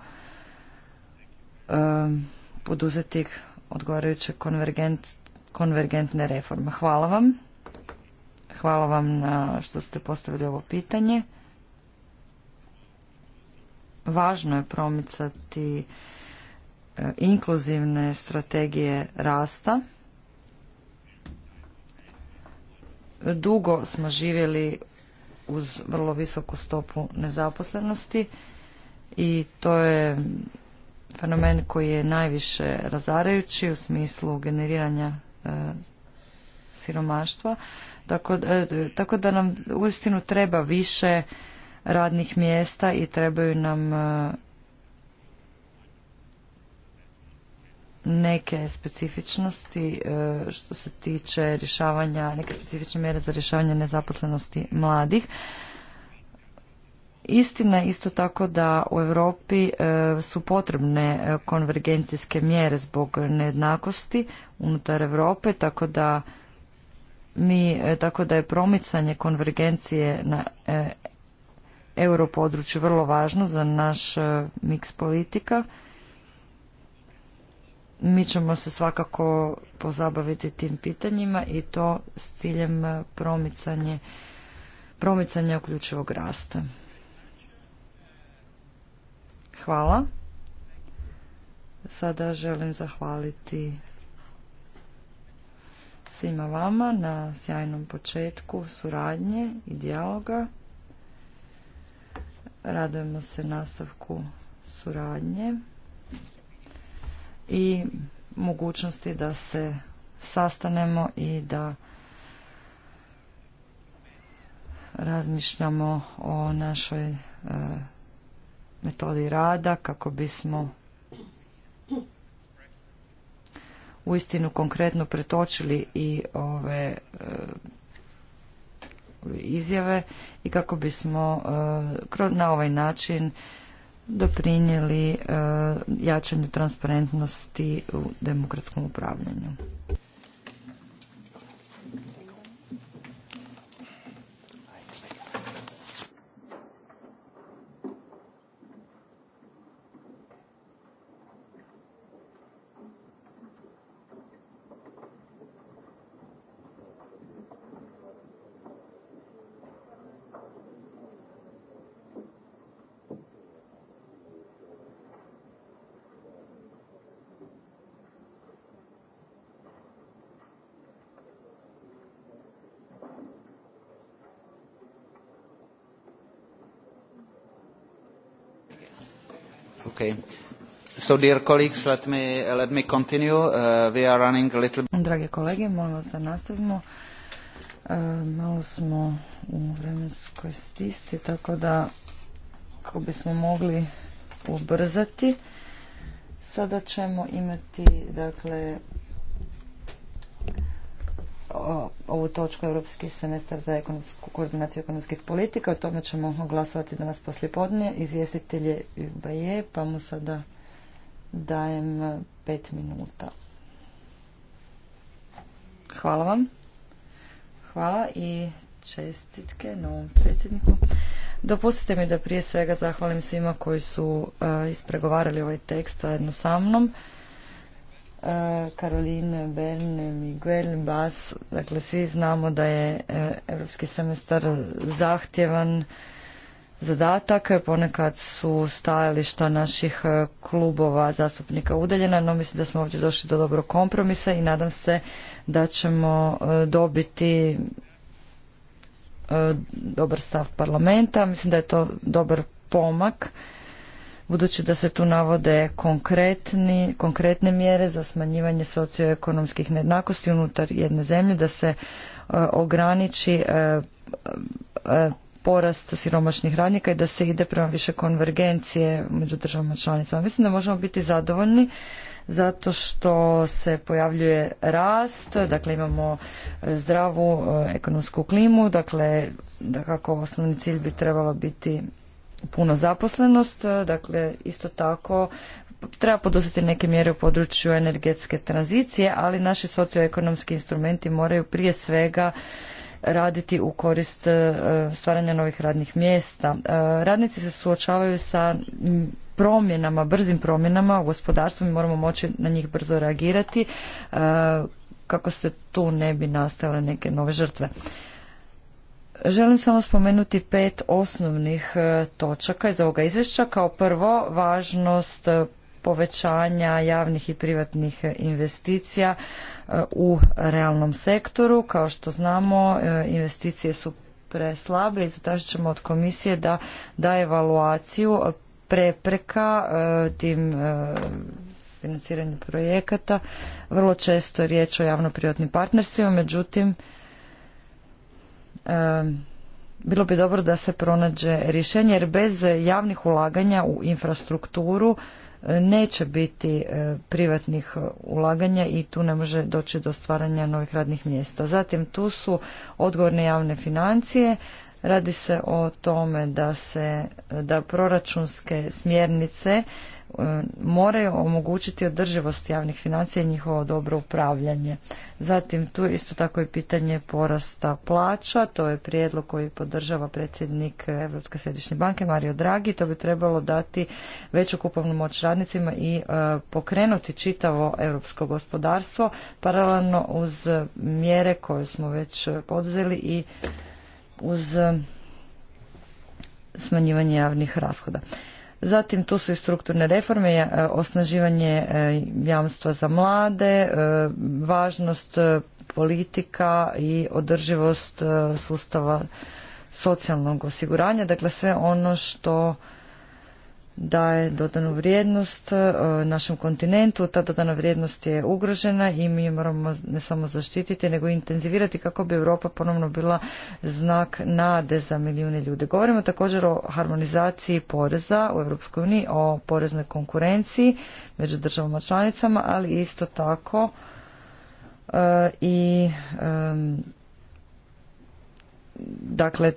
Um, poduzeti odgovarajuće konvergentne reforme. Hvala vam. Hvala vam na što ste postavili ovo pitanje. Važno je promicati uh, inkluzivne strategije rasta. Dugo smo živjeli uz vrlo visoku stopu nezaposlenosti i to je fenomen koji je najviše razarajući u smislu generiranja e, siromaštva. Tako, e, tako da nam uistinu treba više radnih mjesta i trebaju nam e, neke specifičnosti što se tiče rješavanja, neke specifične mjere za rješavanje nezaposlenosti mladih. Istina je isto tako da u Europi e, su potrebne e, konvergencijske mjere zbog nejednakosti unutar Europe, tako da mi, e, tako da je promicanje konvergencije na euro europodručju vrlo važno za naš miks politika. Mi ćemo se svakako pozabaviti tim pitanjima i to s ciljem promicanje, promicanja uključivog rasta. Hvala. Sada želim zahvaliti svima vama na sjajnom početku suradnje i dijaloga. Radujemo se nastavku suradnje i mogućnosti da se sastanemo i da razmišljamo o našoj e, metodi rada kako bismo uistinu konkretno pretočili i ove e, izjave i kako bismo e, na ovaj način doprinijeli e, jačanju transparentnosti u demokratskom upravljanju. Uh, Drage kolege, molim vas da nastavimo. Uh, malo smo u vremenskoj stisci, tako da kako bismo mogli ubrzati. Sada ćemo imati dakle ovu točku Europski semestar za ekonomsku koordinaciju ekonomskih politika. O tome ćemo glasovati danas poslije podne. Izvjestitelj je Baje, pa mu sada dajem pet minuta. Hvala vam. Hvala i čestitke novom predsjedniku. Dopustite mi da prije svega zahvalim svima koji su eh, ispregovarali ovaj tekst zajedno sa mnom. Karoline, eh, Berne, Miguel, Bas, dakle svi znamo da je eh, europski semestar zahtjevan zadatak. Ponekad su stajališta naših e, klubova zastupnika udaljena, no mislim da smo ovdje došli do dobrog kompromisa i nadam se da ćemo e, dobiti e, dobar stav parlamenta. Mislim da je to dobar pomak budući da se tu navode konkretni, konkretne mjere za smanjivanje socioekonomskih nejednakosti unutar jedne zemlje, da se ograniči porast siromašnih radnika i da se ide prema više konvergencije među državama članicama. Mislim da možemo biti zadovoljni zato što se pojavljuje rast, dakle imamo e, zdravu e, ekonomsku klimu, dakle da kako osnovni cilj bi trebalo biti puno zaposlenost, e, dakle isto tako treba poduzeti neke mjere u području energetske tranzicije, ali naši socioekonomski instrumenti moraju prije svega raditi u korist e, stvaranja novih radnih mjesta. E, radnici se suočavaju sa promjenama, brzim promjenama u gospodarstvu, i moramo moći na njih brzo reagirati e, kako se tu ne bi nastale neke nove žrtve. Želim samo spomenuti pet osnovnih točaka iz ovoga izvješća. Kao prvo, važnost povećanja javnih i privatnih investicija u realnom sektoru. Kao što znamo, e, investicije su preslabe i zatražit ćemo od komisije da da evaluaciju e, prepreka e, tim financiranju projekata. Vrlo često je riječ o javno-privatnim partnerstvima, međutim, bilo bi dobro da se pronađe rješenje, jer bez javnih ulaganja u infrastrukturu neće biti e, privatnih e, ulaganja i tu ne može doći do stvaranja novih radnih mjesta. Zatim tu su odgovorne javne financije, radi se o tome da se da proračunske smjernice E, moraju omogućiti održivost javnih financija i njihovo dobro upravljanje. Zatim tu isto tako i pitanje porasta plaća, to je prijedlog koji podržava predsjednik Europske središnje banke Mario Draghi, to bi trebalo dati veću kupovnu moć radnicima i e, pokrenuti čitavo europsko gospodarstvo paralelno uz mjere koje smo već poduzeli i uz smanjivanje javnih rashoda. Zatim tu su i strukturne reforme, e, osnaživanje e, jamstva za mlade, e, važnost politika i održivost sustava socijalnog osiguranja, dakle sve ono što daje dodanu vrijednost e, našem kontinentu. Ta dodana vrijednost je ugrožena i mi je moramo ne samo zaštititi, nego intenzivirati kako bi Europa ponovno bila znak nade za milijune ljude. Govorimo također o harmonizaciji poreza u Europskoj uniji, o poreznoj konkurenciji među državama članicama, ali isto tako e, i dakle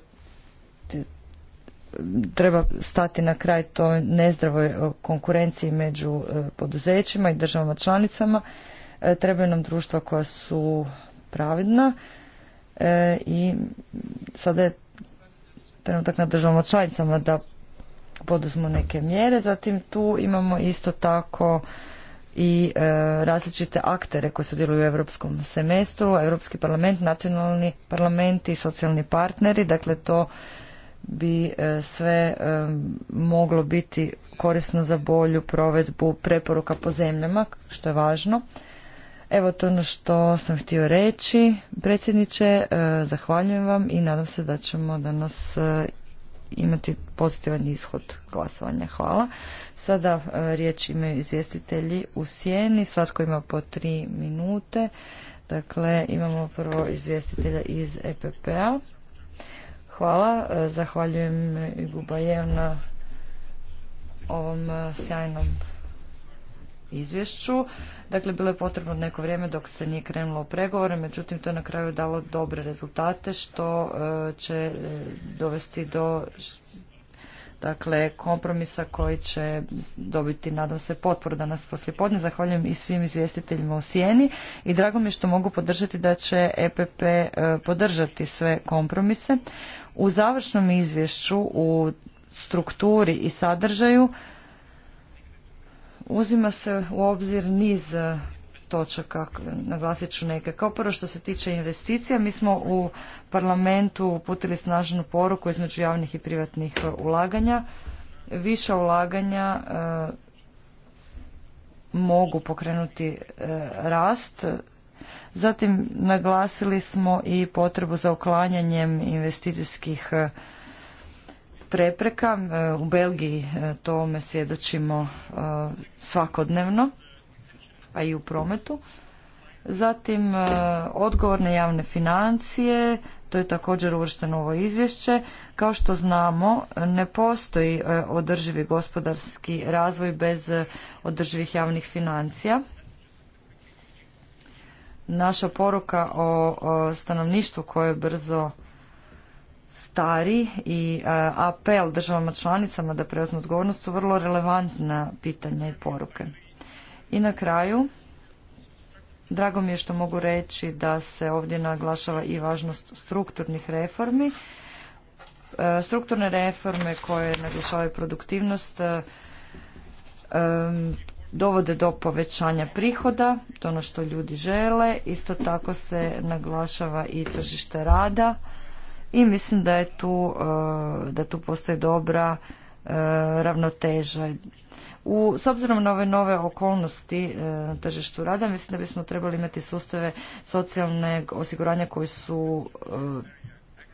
treba stati na kraj toj nezdravoj e, konkurenciji među e, poduzećima i državama članicama. E, trebaju nam društva koja su pravidna i sada je trenutak na državama članicama da poduzmu neke mjere. Zatim tu imamo isto tako i različite aktere koji sudjeluju u europskom semestru, Europski parlament, nacionalni parlamenti, socijalni partneri, dakle to bi e, sve e, moglo biti korisno za bolju provedbu preporuka po zemljama, što je važno. Evo to ono što sam htio reći. Predsjedniče, e, zahvaljujem vam i nadam se da ćemo danas imati pozitivan ishod glasovanja. Hvala. Sada riječ imaju izvjestitelji u sjeni. Svatko ima po tri minute. Dakle, imamo prvo izvjestitelja iz EPP-a. Hvala. Zahvaljujem Gubajev na ovom e, sjajnom izvješću. Dakle, bilo je potrebno neko vrijeme dok se nije krenulo u pregovore, međutim to je na kraju dalo dobre rezultate što e, će e, dovesti do dakle kompromisa koji će dobiti nadam se potporu danas podne. Zahvaljujem i svim izvjestiteljima u sjeni i drago mi je što mogu podržati da će EPP e, podržati sve kompromise. U završnom izvješću u strukturi i sadržaju uzima se u obzir niz točaka, naglasit ću neke. Kao prvo što se tiče investicija, mi smo u parlamentu uputili snažnu poruku između javnih i privatnih e, ulaganja. Viša ulaganja e, mogu pokrenuti e, rast. Zatim naglasili smo i potrebu za uklanjanjem investicijskih prepreka. U Belgiji tome svjedočimo svakodnevno a i u prometu. Zatim e, odgovorne javne financije, to je također uvršteno u ovo izvješće. Kao što znamo, ne postoji e, održivi gospodarski razvoj bez e, održivih javnih financija. Naša poruka o stanovništvu koje je brzo stari i apel državama članicama da preuzmu odgovornost su vrlo relevantna pitanja i poruke. I na kraju, drago mi je što mogu reći da se ovdje naglašava i važnost strukturnih reformi. E, strukturne reforme koje naglašavaju produktivnost e, dovode do povećanja prihoda, to ono što ljudi žele, isto tako se naglašava i tržište rada i mislim da je tu, e, da tu postoji dobra ravnoteža u, s obzirom na ove nove okolnosti e, na tržištu rada, mislim da bismo trebali imati sustave socijalnog osiguranja koji su e,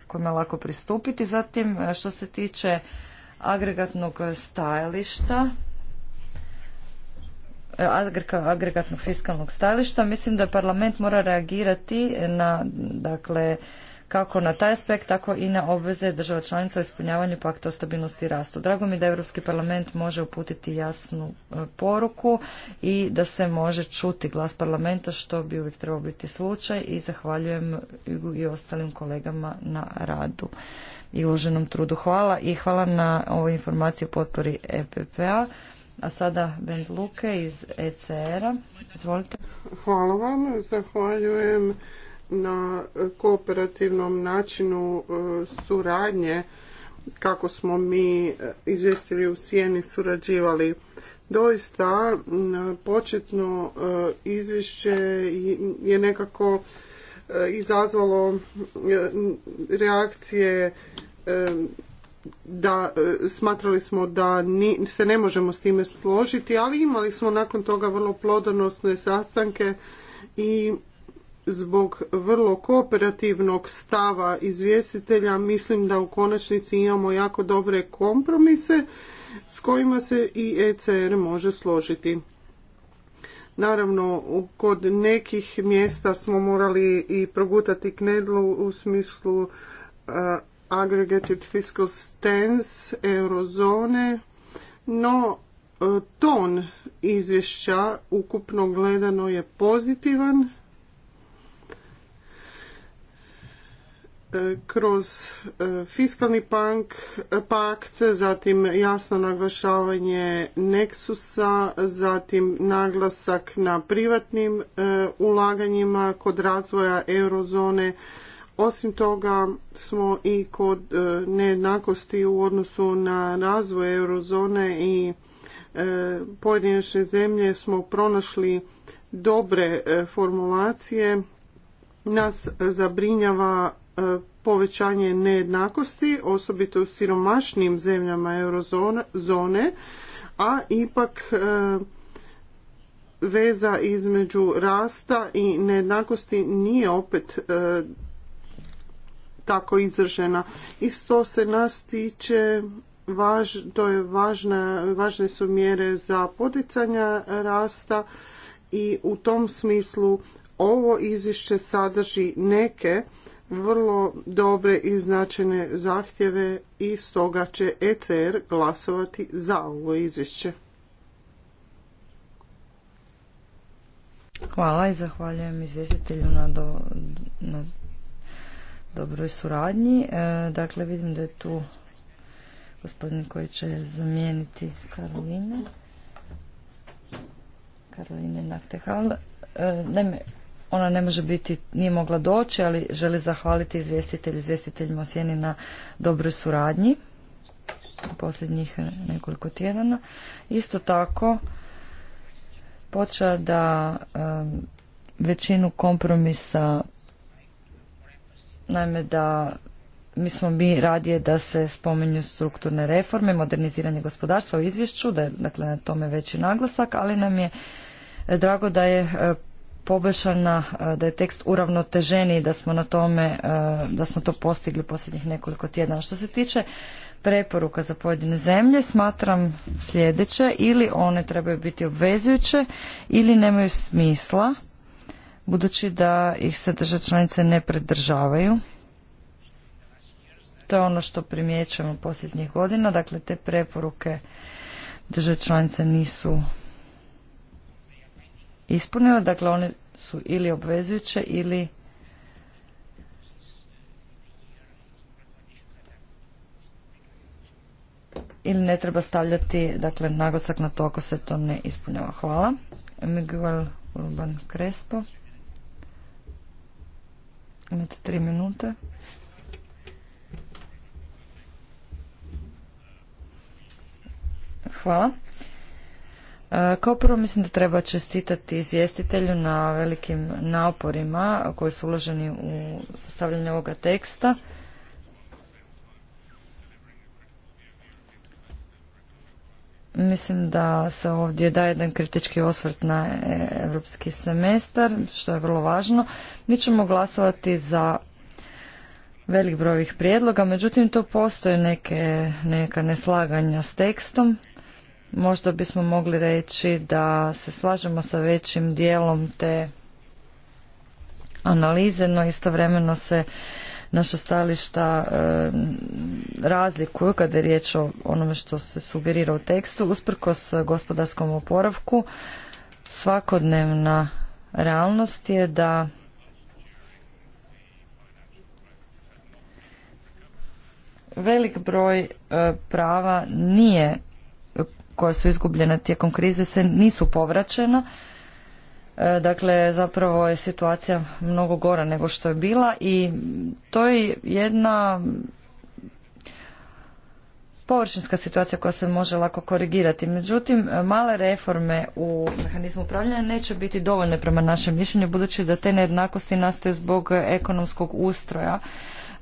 kojima je lako pristupiti. Zatim, e, što se tiče agregatnog stajališta, agregatnog fiskalnog stajališta, mislim da parlament mora reagirati na, dakle, kako na taj aspekt, tako i na obveze država članica o ispunjavanju pakta o stabilnosti i rastu. Drago mi da Europski parlament može uputiti jasnu e, poruku i da se može čuti glas parlamenta što bi uvijek trebao biti slučaj i zahvaljujem i ostalim kolegama na radu i uloženom trudu. Hvala i hvala na ovoj informaciji o potpori EPP-a. A sada bernd Luke iz ECR-a. Hvala vam. Zahvaljujem na kooperativnom načinu e, suradnje kako smo mi izvjestili u sjeni surađivali. Doista početno e, izvješće je nekako e, izazvalo reakcije da smatrali smo da se ne možemo s time složiti, ali imali smo nakon toga vrlo plodonosne sastanke i zbog vrlo kooperativnog stava izvjestitelja mislim da u konačnici imamo jako dobre kompromise s kojima se i ECR može složiti. Naravno, kod nekih mjesta smo morali i progutati knedlu u smislu uh, aggregated fiscal stance eurozone, no e, ton izvješća ukupno gledano je pozitivan E, kroz e, fiskalni pank, e, pakt, zatim jasno naglašavanje neksusa, zatim naglasak na privatnim ulaganjima kod razvoja eurozone. Osim toga smo i kod nejednakosti u odnosu na razvoj eurozone i pojedinačne zemlje smo pronašli dobre formulacije. Nas zabrinjava E, povećanje nejednakosti, osobito u siromašnim zemljama eurozone, a ipak e, veza između rasta i nejednakosti nije opet e, tako izražena. Isto se nas tiče Važ, to je važna, važne su mjere za poticanja rasta i u tom smislu ovo izvješće sadrži neke vrlo dobre i značajne zahtjeve i stoga će ECR glasovati za ovo izvješće. Hvala i zahvaljujem izvjestitelju na, do, na dobroj suradnji. E, dakle, vidim da je tu gospodin koji će zamijeniti Karoline. Karoline Naktehal. E, ona ne može biti, nije mogla doći, ali želi zahvaliti izvjestitelju, izvjestiteljima sjeni na dobroj suradnji posljednjih nekoliko tjedana. Isto tako počeo da većinu kompromisa naime da mi smo mi radije da se spominju strukturne reforme, moderniziranje gospodarstva u izvješću, da je dakle, na tome veći naglasak, ali nam je drago da je poboljšana, e, da je tekst uravnoteženiji, da smo na tome, e, da smo to postigli posljednjih nekoliko tjedana. Što se tiče preporuka za pojedine zemlje, smatram sljedeće, ili one trebaju biti obvezujuće, ili nemaju smisla, budući da ih se države članice ne pridržavaju. To je ono što primjećujemo posljednjih godina, dakle te preporuke države članice nisu ispunila, dakle one su ili obvezujuće ili ili ne treba stavljati dakle naglasak na to ako se to ne ispunjava. Hvala. Miguel Urban Crespo. Imate tri minute. Hvala. E, kao prvo mislim da treba čestitati izvjestitelju na velikim naporima koji su uloženi u sastavljanje ovoga teksta. Mislim da se ovdje daje jedan kritički osvrt na europski semestar, što je vrlo važno. Mi ćemo glasovati za velik broj ovih prijedloga, međutim to postoje neke, neka neslaganja s tekstom možda bismo mogli reći da se slažemo sa većim dijelom te analize, no istovremeno se naša stališta e, razlikuju kada je riječ o onome što se sugerira u tekstu. Usprkos gospodarskom oporavku svakodnevna realnost je da velik broj e, prava nije koja su izgubljena tijekom krize se nisu povraćena. E, dakle, zapravo je situacija mnogo gora nego što je bila i to je jedna površinska situacija koja se može lako korigirati. Međutim, male reforme u mehanizmu upravljanja neće biti dovoljne prema našem mišljenju, budući da te nejednakosti nastaju zbog ekonomskog ustroja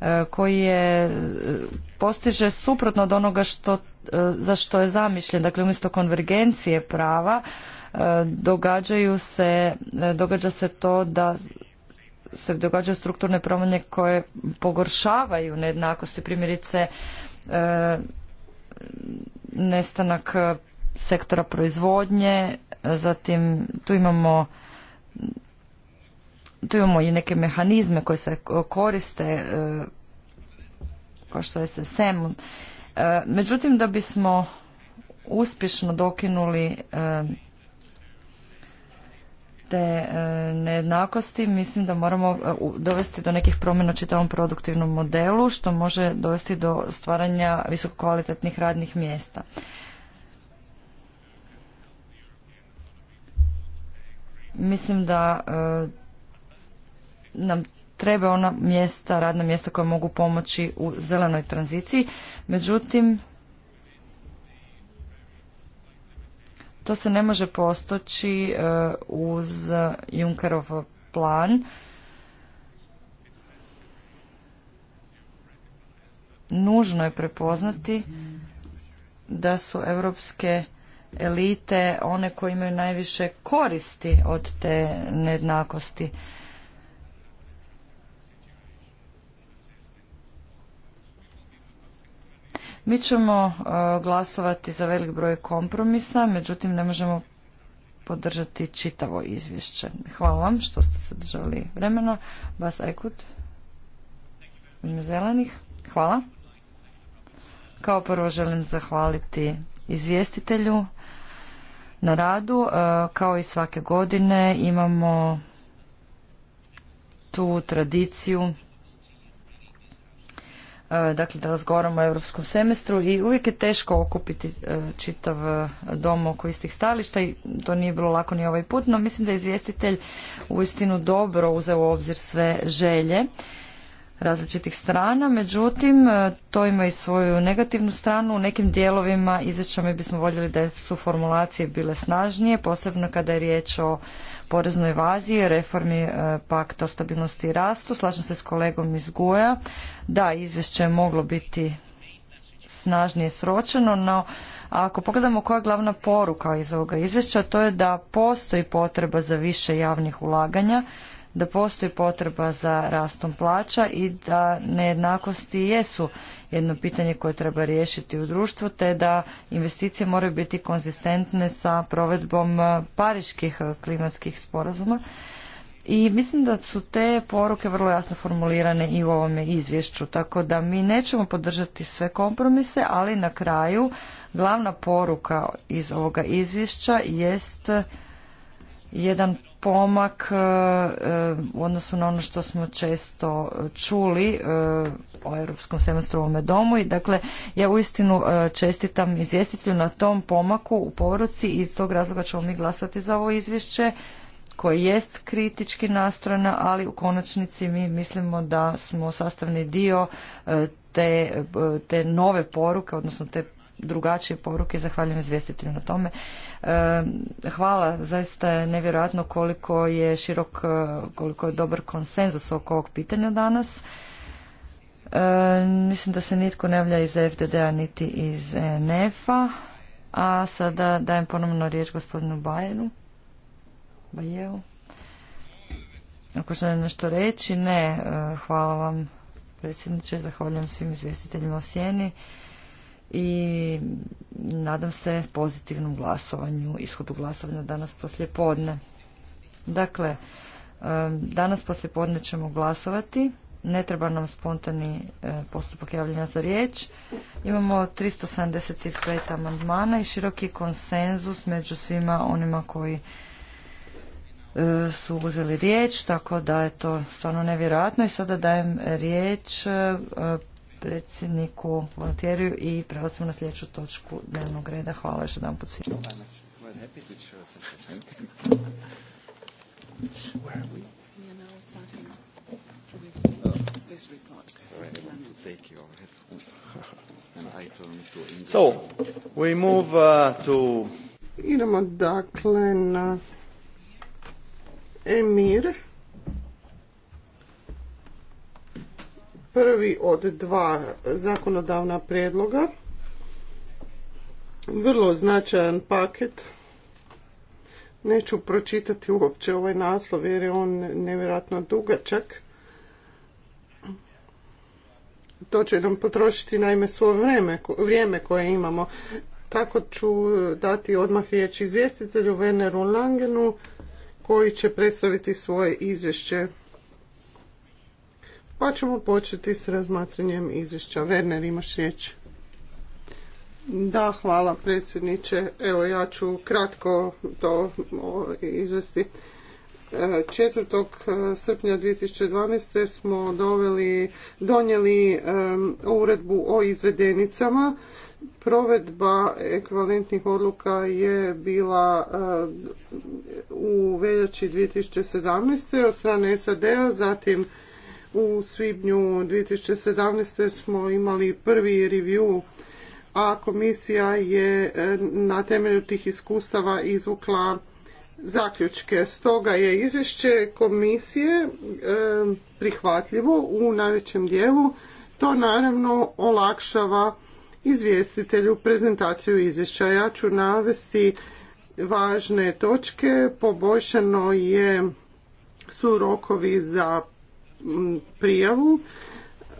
e, koji je e, postiže suprotno od onoga što E, za što je zamišljen. Dakle, umjesto konvergencije prava e, događaju se, e, događa se to da se događaju strukturne promjene koje pogoršavaju nejednakosti. Primjerice, nestanak sektora proizvodnje, zatim tu imamo tu imamo i neke mehanizme koje se koriste kao što je SSM Međutim, da bismo uspješno dokinuli e, te e, nejednakosti, mislim da moramo e, dovesti do nekih promjena u čitavom produktivnom modelu, što može dovesti do stvaranja visokokvalitetnih radnih mjesta. Mislim da nam treba ona mjesta, radna mjesta koja mogu pomoći u zelenoj tranziciji. Međutim, to se ne može postoći e, uz Junkerov plan. Nužno je prepoznati da su europske elite one koje imaju najviše koristi od te nejednakosti. Mi ćemo e, glasovati za velik broj kompromisa, međutim ne možemo podržati čitavo izvješće. Hvala vam što ste se držali vremena. Bas Ekut, ime zelenih. Hvala. Kao prvo želim zahvaliti izvjestitelju na radu. E, kao i svake godine imamo tu tradiciju E, dakle da razgovaramo o europskom semestru i uvijek je teško okupiti e, čitav e, dom oko istih stališta i to nije bilo lako ni ovaj put, no mislim da je izvjestitelj uistinu dobro uzeo u obzir sve želje različitih strana, međutim e, to ima i svoju negativnu stranu. U nekim dijelovima izvješća mi bismo voljeli da su formulacije bile snažnije, posebno kada je riječ o poreznoj vaziji, reformi e, pakta o stabilnosti i rastu. Slažem se s kolegom iz Guja. Da, izvješće je moglo biti snažnije sročeno, no ako pogledamo koja je glavna poruka iz ovoga izvješća, to je da postoji potreba za više javnih ulaganja da postoji potreba za rastom plaća i da nejednakosti jesu jedno pitanje koje treba riješiti u društvu, te da investicije moraju biti konzistentne sa provedbom e, pariških e, klimatskih sporazuma. I mislim da su te poruke vrlo jasno formulirane i u ovome izvješću, tako da mi nećemo podržati sve kompromise, ali na kraju glavna poruka iz ovoga izvješća jest jedan pomak e, e, u odnosu na ono što smo često čuli e, o Europskom semestru u ovome domu i dakle ja uistinu čestitam izvjestitelju na tom pomaku u poruci i iz tog razloga ćemo mi glasati za ovo izvješće koje jest kritički nastrojena, ali u konačnici mi mislimo da smo sastavni dio te, te nove poruke, odnosno te drugačije poruke. Zahvaljujem izvjestitelju na tome. E, hvala, zaista je nevjerojatno koliko je širok, e, koliko je dobar konsenzus oko ovog pitanja danas. E, mislim da se nitko ne javlja iz FDD-a niti iz NF-a. A sada dajem ponovno riječ gospodinu Bajenu. Bajevu. Ako želim nešto reći, ne. Hvala vam predsjedniče, zahvaljujem svim izvjestiteljima o sjeni i nadam se pozitivnom glasovanju, ishodu glasovanja danas poslije podne. Dakle, danas poslije podne ćemo glasovati. Ne treba nam spontani e, postupak javljanja za riječ. Imamo 375 amandmana i široki konsenzus među svima onima koji e, su uzeli riječ, tako da je to stvarno nevjerojatno. I sada dajem riječ e, predsjedniku Valtjeriju i prelazimo na sljedeću točku dnevnog reda. Hvala još jedan put svima. So, we move uh, Idemo dakle na Emir. prvi od dva zakonodavna predloga, Vrlo značajan paket. Neću pročitati uopće ovaj naslov jer je on nevjerojatno dugačak. To će nam potrošiti naime svoje vrijeme, vrijeme koje imamo. Tako ću e, dati odmah riječ izvjestitelju Veneru Langenu koji će predstaviti svoje izvješće. Pa ćemo početi s razmatranjem izvješća. Werner, imaš riječ? Da, hvala predsjedniče. Evo ja ću kratko to izvesti. 4. E, e, srpnja 2012. smo doveli, donijeli e, uredbu o izvedenicama. Provedba ekvivalentnih odluka je bila u veljači 2017. od strane SAD-a, zatim u svibnju 2017. smo imali prvi review a komisija je e, na temelju tih iskustava izvukla zaključke. Stoga je izvješće komisije e, prihvatljivo u najvećem dijelu. To naravno olakšava izvjestitelju prezentaciju izvješća. Ja ću navesti važne točke. Poboljšano je su rokovi za Mm, prijavu.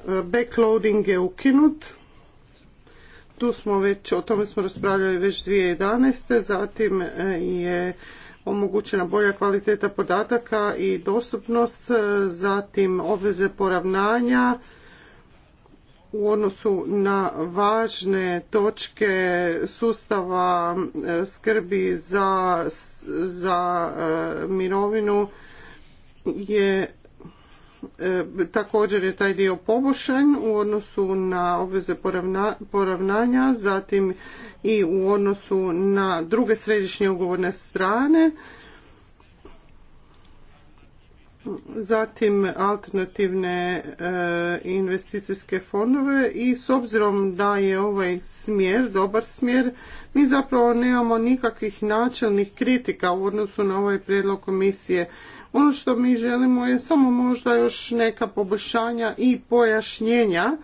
E, backloading je ukinut. Tu smo već, o tome smo raspravljali već 2011. Zatim e, je omogućena bolja kvaliteta podataka i dostupnost, e, zatim obveze poravnanja u odnosu na važne točke sustava skrbi za, za mirovinu je E, također je taj dio poboljšan u odnosu na obveze poravnanja, zatim i u odnosu na druge središnje ugovorne strane, zatim alternativne e, investicijske fondove i s obzirom da je ovaj smjer, dobar smjer, mi zapravo nemamo nikakvih načelnih kritika u odnosu na ovaj prijedlog komisije ono što mi želimo je samo možda još neka poboljšanja i pojašnjenja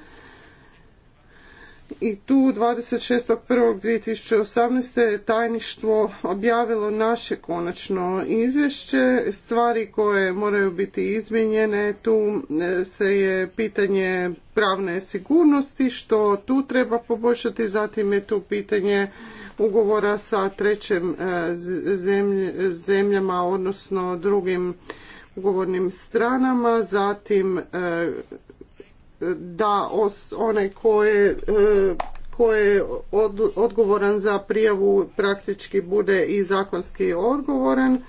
i tu 26.1.2018. tajništvo objavilo naše konačno izvješće. Stvari koje moraju biti izmijenjene, tu e, se je pitanje pravne sigurnosti, što tu treba poboljšati, zatim je tu pitanje ugovora sa trećim e, zemljama, odnosno drugim ugovornim stranama, zatim e, da onaj koje e, koje je odgovoran za prijavu praktički bude i zakonski odgovoran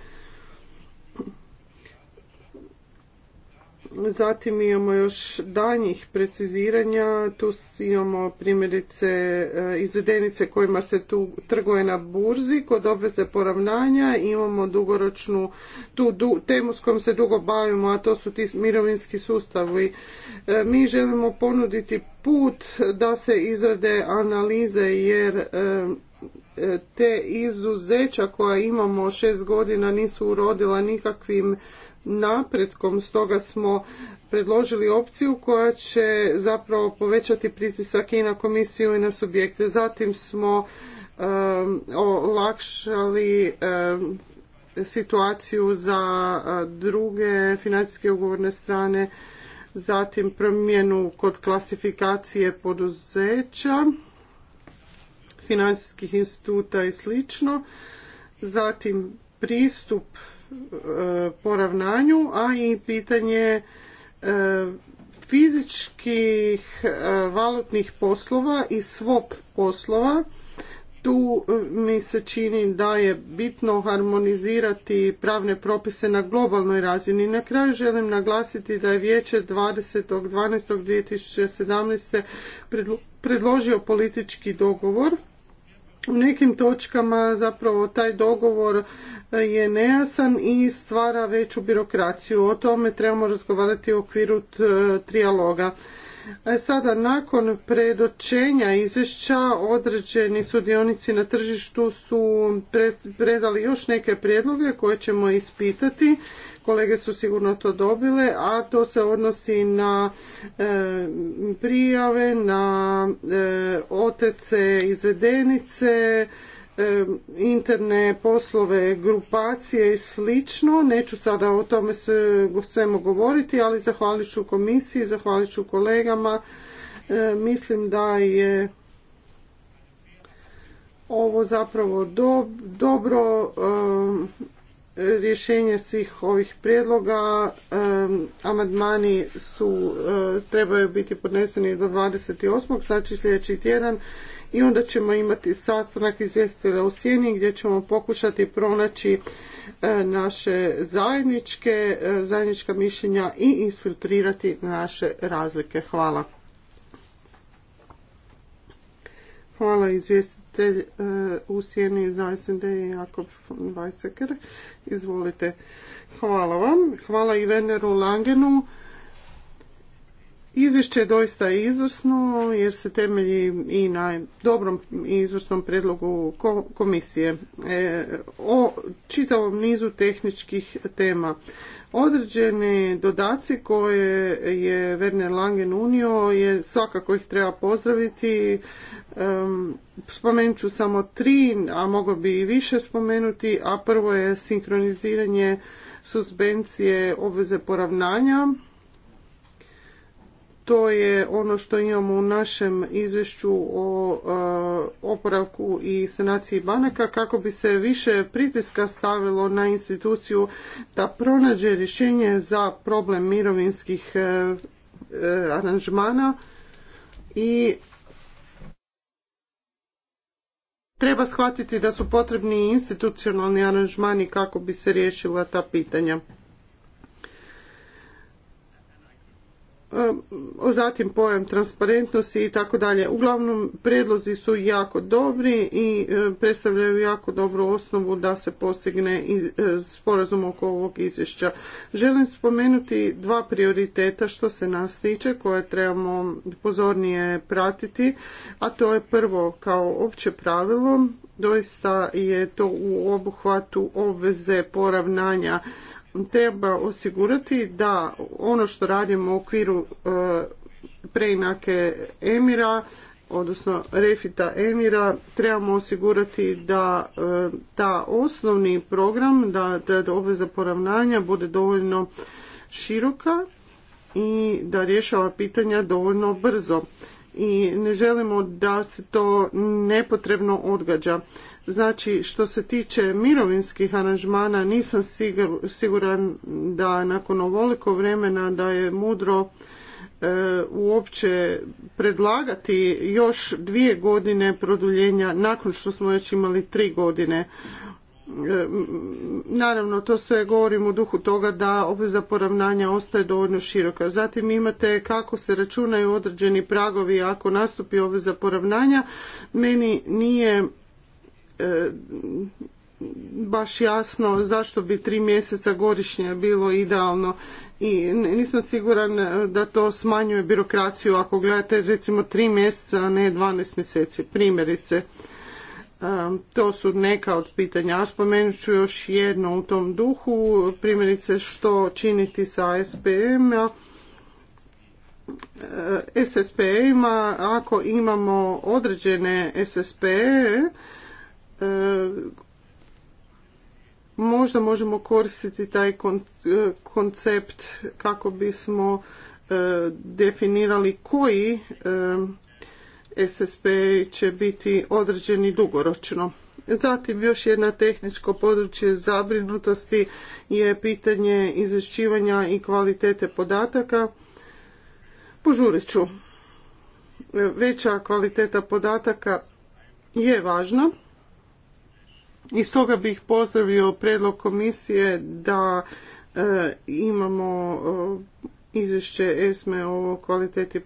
Zatim imamo još danjih preciziranja, tu imamo primjerice e, izvedenice kojima se tu trguje na burzi, kod obveze poravnanja imamo dugoročnu tu temu s kojom se dugo bavimo, a to su ti mirovinski sustavi. E, mi želimo ponuditi put da se izrade analize jer e, E, te izuzeća koja imamo šest godina nisu urodila nikakvim napretkom, stoga smo predložili opciju koja će zapravo povećati pritisak i na komisiju i na subjekte. Zatim smo olakšali situaciju za druge financijske ugovorne strane, zatim promjenu kod klasifikacije poduzeća financijskih instituta i slično. Zatim pristup e, poravnanju, a i pitanje e, fizičkih e, valutnih poslova i swap poslova. Tu mi se čini da je bitno harmonizirati pravne propise na globalnoj razini. Na kraju želim naglasiti da je vijeće 20.12.2017. predložio politički dogovor u nekim točkama zapravo taj dogovor e, je nejasan i stvara veću birokraciju. O tome trebamo razgovarati u okviru e, trijaloga. E, sada, nakon predočenja izvješća, određeni sudionici na tržištu su predali još neke prijedloge koje ćemo ispitati kolege su sigurno to dobile, a to se odnosi na e, prijave, na e, otece izvedenice, e, interne poslove grupacije i slično. Neću sada o tome svemu govoriti, ali zahvalit ću komisiji, zahvalit ću kolegama. Mislim da je ovo zapravo dobro rješenje svih ovih prijedloga. Amandmani su, e, trebaju biti podneseni do 28. znači sljedeći tjedan i onda ćemo imati sastanak Izvjestila u Sjeni gdje ćemo pokušati pronaći e, naše zajedničke, e, zajednička mišljenja i isfiltrirati naše razlike. Hvala. Hvala izvjestitelj e, u sjeni za SND Jakob von Izvolite. Hvala vam. Hvala i Veneru Langenu Izvješće je doista izvrsno jer se temelji i na dobrom i izvrsnom predlogu komisije e, o čitavom nizu tehničkih tema. Određeni dodaci koje je Werner Langen unio je svakako ih treba pozdraviti. Spomenut ću samo tri, a mogu bi i više spomenuti, a prvo je sinkroniziranje suspencije obveze poravnanja to je ono što imamo u našem izvješću o oporavku i sanaciji banaka kako bi se više pritiska stavilo na instituciju da pronađe rješenje za problem mirovinskih e, e, aranžmana i treba shvatiti da su potrebni institucionalni aranžmani kako bi se riješila ta pitanja. zatim pojam transparentnosti i tako dalje. Uglavnom, predlozi su jako dobri i e, predstavljaju jako dobru osnovu da se postigne e, sporazum oko ovog izvješća. Želim spomenuti dva prioriteta što se nas tiče koje trebamo pozornije pratiti, a to je prvo kao opće pravilo doista je to u obuhvatu obveze poravnanja treba osigurati da ono što radimo u okviru e, preinake Emira, odnosno Refita Emira, trebamo osigurati da e, ta osnovni program, da, da obveza poravnanja bude dovoljno široka i da rješava pitanja dovoljno brzo i ne želimo da se to nepotrebno odgađa. Znači, što se tiče mirovinskih aranžmana, nisam siguran da nakon ovoliko vremena da je mudro e, uopće predlagati još dvije godine produljenja nakon što smo već imali tri godine. E, naravno, to sve govorim u duhu toga da obveza poravnanja ostaje dovoljno široka. Zatim imate kako se računaju određeni pragovi ako nastupi obveza poravnanja. Meni nije E, baš jasno zašto bi tri mjeseca godišnje bilo idealno i nisam siguran e, da to smanjuje birokraciju ako gledate recimo tri mjeseca, a ne 12 mjeseci. Primjerice, e, to su neka od pitanja. A spomenut ću još jedno u tom duhu, primjerice što činiti sa SPM-a. SSP-ima, ako imamo određene SSP-e, E, možda možemo koristiti taj e, koncept kako bismo e, definirali koji SSP će biti određeni dugoročno. Zatim još jedno tehničko područje zabrinutosti je pitanje izvješćivanja i kvalitete podataka. Požurit ću. Veća kvaliteta podataka je važna i stoga bih pozdravio predlog komisije da e, imamo e, izvješće ESME o kvaliteti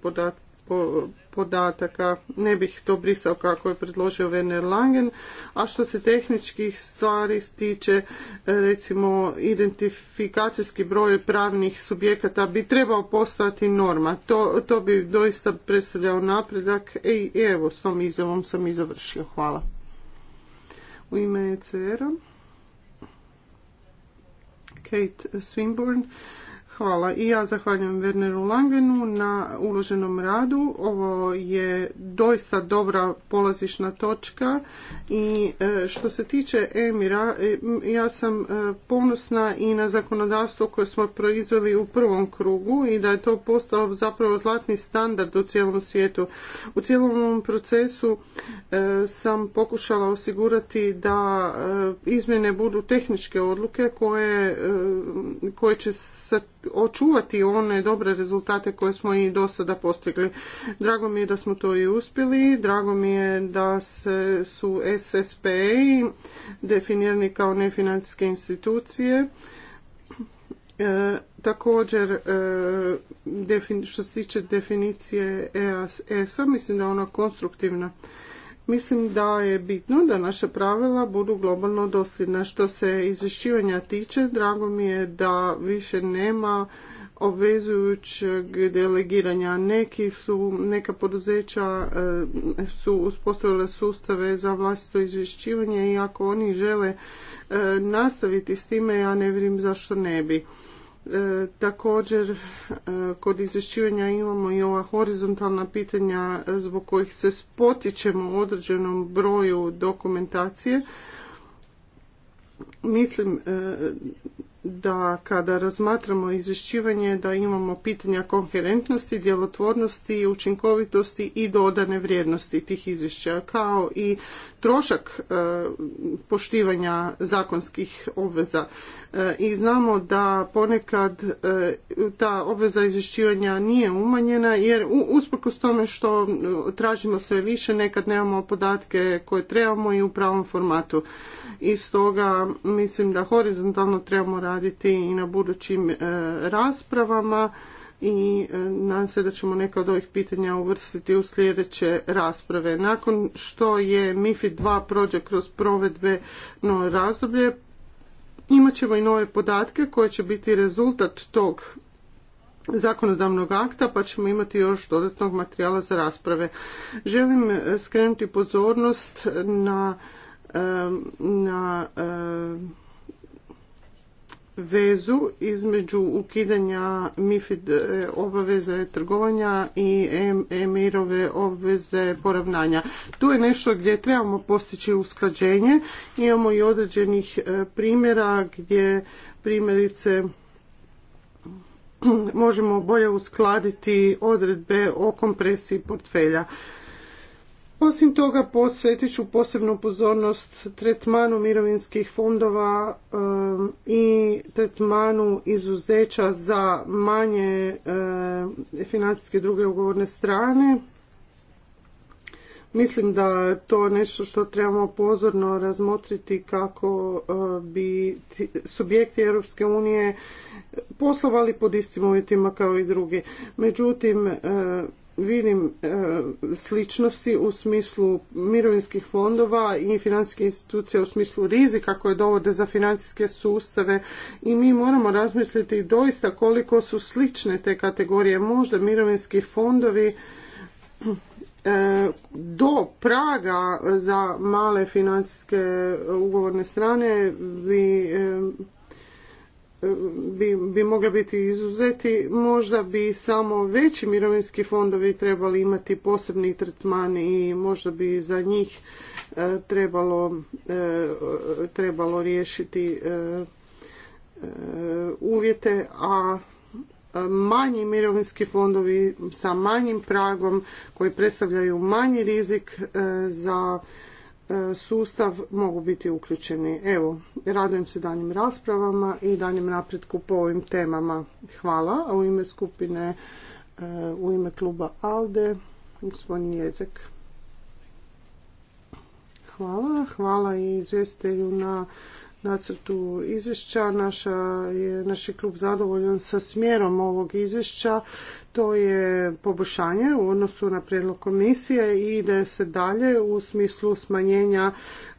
podataka. Ne bih to brisao kako je predložio Werner Langen. A što se tehničkih stvari tiče, e, recimo identifikacijski broj pravnih subjekata bi trebao postojati norma. To, to bi doista predstavljao napredak i evo s tom izjavom sam i završio. Hvala u ime ECR-a. Kate Swinburne Hvala. I ja zahvaljujem Werneru Langenu na uloženom radu. Ovo je doista dobra polazišna točka i e, što se tiče Emira, e, ja sam e, ponosna i na zakonodavstvo koje smo proizveli u prvom krugu i da je to postao zapravo zlatni standard u cijelom svijetu. U cijelom ovom procesu sam pokušala osigurati da izmjene budu tehničke odluke koje, koje će se očuvati one dobre rezultate koje smo i do sada postigli. Drago mi je da smo to i uspjeli, drago mi je da se, su SSPI definirani kao nefinancijske institucije. E, također, e, što se tiče definicije EAS-a, e mislim da je ona konstruktivna. Mislim da je bitno da naša pravila budu globalno dosljedna. Što se izvješćivanja tiče, drago mi je da više nema obvezujućeg delegiranja. Neki su, neka poduzeća eh, su uspostavile sustave za vlastito izvješćivanje i ako oni žele eh, nastaviti s time, ja ne vidim zašto ne bi. E, također, e, kod izvješćivanja imamo i ova horizontalna pitanja e, zbog kojih se spotičemo u određenom broju dokumentacije. Mislim da kada razmatramo izvješćivanje da imamo pitanja koherentnosti, djelotvornosti, učinkovitosti i dodane vrijednosti tih izvješća, kao i trošak poštivanja zakonskih obveza. E, i znamo da ponekad e, ta obveza izvješćivanja nije umanjena jer usprkos tome što tražimo sve više nekad nemamo podatke koje trebamo i u pravom formatu. I stoga mislim da horizontalno trebamo raditi i na budućim e, raspravama i nadam se da ćemo neka od ovih pitanja uvrstiti u sljedeće rasprave. Nakon što je MIFID 2 prođe kroz provedbeno razdoblje, Imat ćemo i nove podatke koje će biti rezultat tog zakonodavnog akta pa ćemo imati još dodatnog materijala za rasprave. Želim eh, skrenuti pozornost na eh, na eh, vezu između ukidanja MIFID e, obaveze trgovanja i EMIR-ove obveze poravnanja. Tu je nešto gdje trebamo postići usklađenje. Imamo i određenih e, primjera gdje primjerice možemo bolje uskladiti odredbe o kompresiji portfelja. Osim toga posvetit ću posebnu pozornost tretmanu mirovinskih fondova i tretmanu izuzeća za manje financijske druge ugovorne strane. Mislim da je to nešto što trebamo pozorno razmotriti kako eh, bi subjekti Europske unije poslovali pod istim uvjetima kao i drugi. Međutim, vidim e, sličnosti u smislu mirovinskih fondova i financijskih institucija u smislu rizika koje dovode za financijske sustave i mi moramo razmisliti doista koliko su slične te kategorije. Možda mirovinski fondovi e, do praga za male financijske ugovorne strane bi e, bi, bi mogli biti izuzeti, možda bi samo veći mirovinski fondovi trebali imati posebni tretman i možda bi za njih e, trebalo, e, trebalo riješiti e, uvjete, a manji mirovinski fondovi sa manjim pragom koji predstavljaju manji rizik za E, sustav mogu biti uključeni. Evo, radujem se danjim raspravama i danjem napretku po ovim temama. Hvala. A u ime skupine, e, u ime kluba ALDE, gospodin Jezek. Hvala. Hvala i izvjestelju na nacrtu izvješća. je, naš je klub zadovoljan sa smjerom ovog izvješća. To je poboljšanje u odnosu na prijedlog komisije i ide se dalje u smislu smanjenja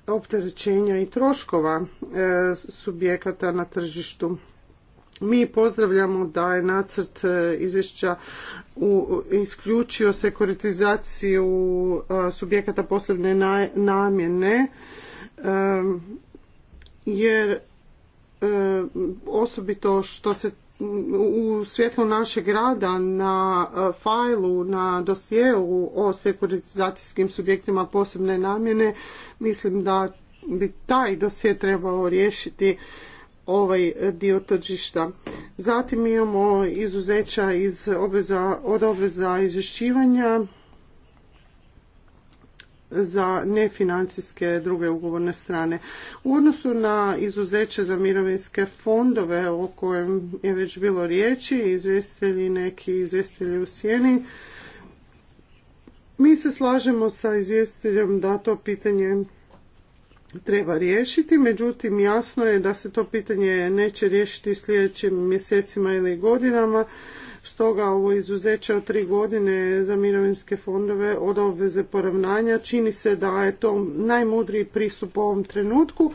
opterećenja i troškova e, subjekata na tržištu. Mi pozdravljamo da je nacrt e, izvješća isključio sekuritizaciju e, subjekata posebne namjene jer e, osobito što se u svjetlu našeg rada na e, fajlu, na dosjeu o sekuritizacijskim subjektima posebne namjene, mislim da bi taj dosje trebao riješiti ovaj dio tržišta. Zatim imamo izuzeća iz obveza, od obveza izvješćivanja za nefinancijske druge ugovorne strane. U odnosu na izuzeće za mirovinske fondove o kojem je već bilo riječi, izvjestitelji neki izvjestitelji u sjeni, mi se slažemo sa izvjestiteljem da to pitanje treba riješiti, međutim jasno je da se to pitanje neće riješiti sljedećim mjesecima ili godinama Stoga ovo izuzeće od tri godine za mirovinske fondove od obveze poravnanja čini se da je to najmudriji pristup u ovom trenutku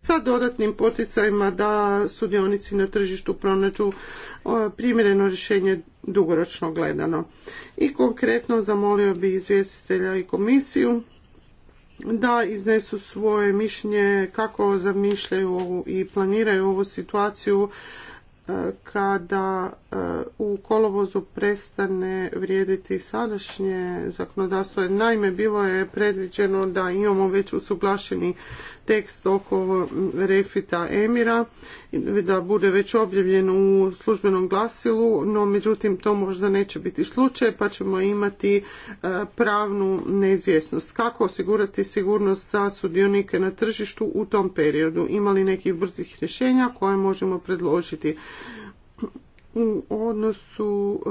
sa dodatnim poticajima da sudionici na tržištu pronađu e, primjereno rješenje dugoročno gledano. I konkretno zamolio bi izvjestitelja i komisiju da iznesu svoje mišljenje kako zamišljaju i planiraju ovu situaciju kada E, u kolovozu prestane vrijediti sadašnje zakonodavstvo. Naime, bilo je predviđeno da imamo već usuglašeni tekst oko refita Emira, da bude već objavljen u službenom glasilu, no međutim to možda neće biti slučaj pa ćemo imati e, pravnu neizvjesnost. Kako osigurati sigurnost za sudionike na tržištu u tom periodu? Ima li nekih brzih rješenja koje možemo predložiti? u odnosu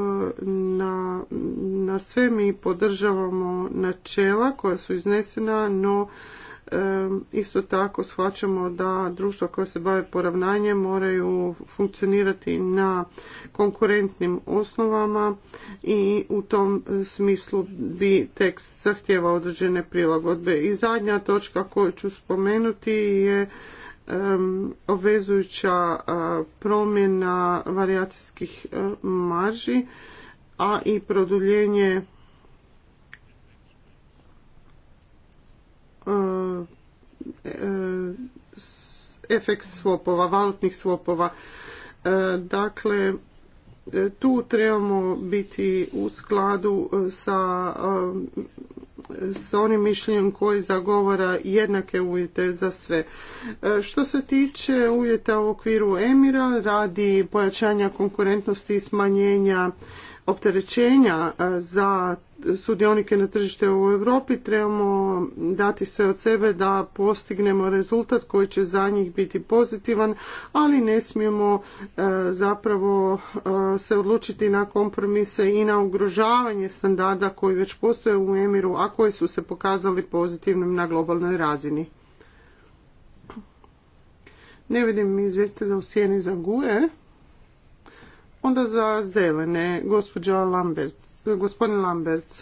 e, na, na sve mi podržavamo načela koja su iznesena, no e, isto tako shvaćamo da društva koja se bave poravnanjem moraju funkcionirati na konkurentnim osnovama i u tom smislu bi tekst zahtjeva određene prilagodbe. I zadnja točka koju ću spomenuti je obvezujuća promjena varijacijskih e, marži, a i produljenje e, e, FX swapova, valutnih swapova. Dakle, tu trebamo biti u skladu sa s onim mišljenjem koji zagovara jednake uvjete za sve. E, što se tiče uvjeta u okviru Emira, radi pojačanja konkurentnosti i smanjenja opterećenja e, za sudionike na tržište u Europi trebamo dati sve od sebe da postignemo rezultat koji će za njih biti pozitivan, ali ne smijemo e, zapravo e, se odlučiti na kompromise i na ugrožavanje standarda koji već postoje u Emiru, a koji su se pokazali pozitivnim na globalnoj razini. Ne vidim izvjestitelja u sjeni za guje. Onda za zelene, gospođa Lamberts, gospodin Lamberts.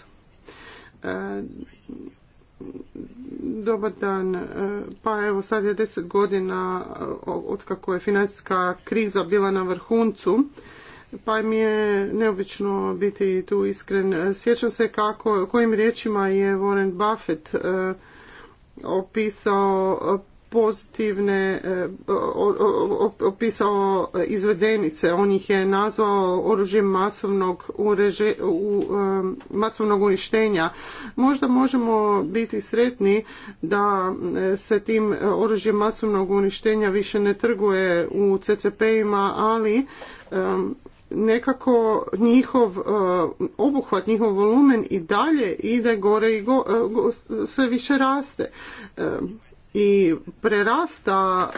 E, dobar dan. E, pa evo sad je deset godina e, od kako je financijska kriza bila na vrhuncu. Pa mi je neobično biti tu iskren. Sjećam se kako, kojim riječima je Warren Buffett opisao pozitivne, e, opisao izvedenice, on ih je nazvao oružjem masovnog, e, masovnog uništenja. Možda možemo biti sretni da e, se tim oružjem masovnog uništenja više ne trguje u CCP-ima, ali nekako njihov obuhvat, njihov volumen i dalje ide gore i sve više raste i prerasta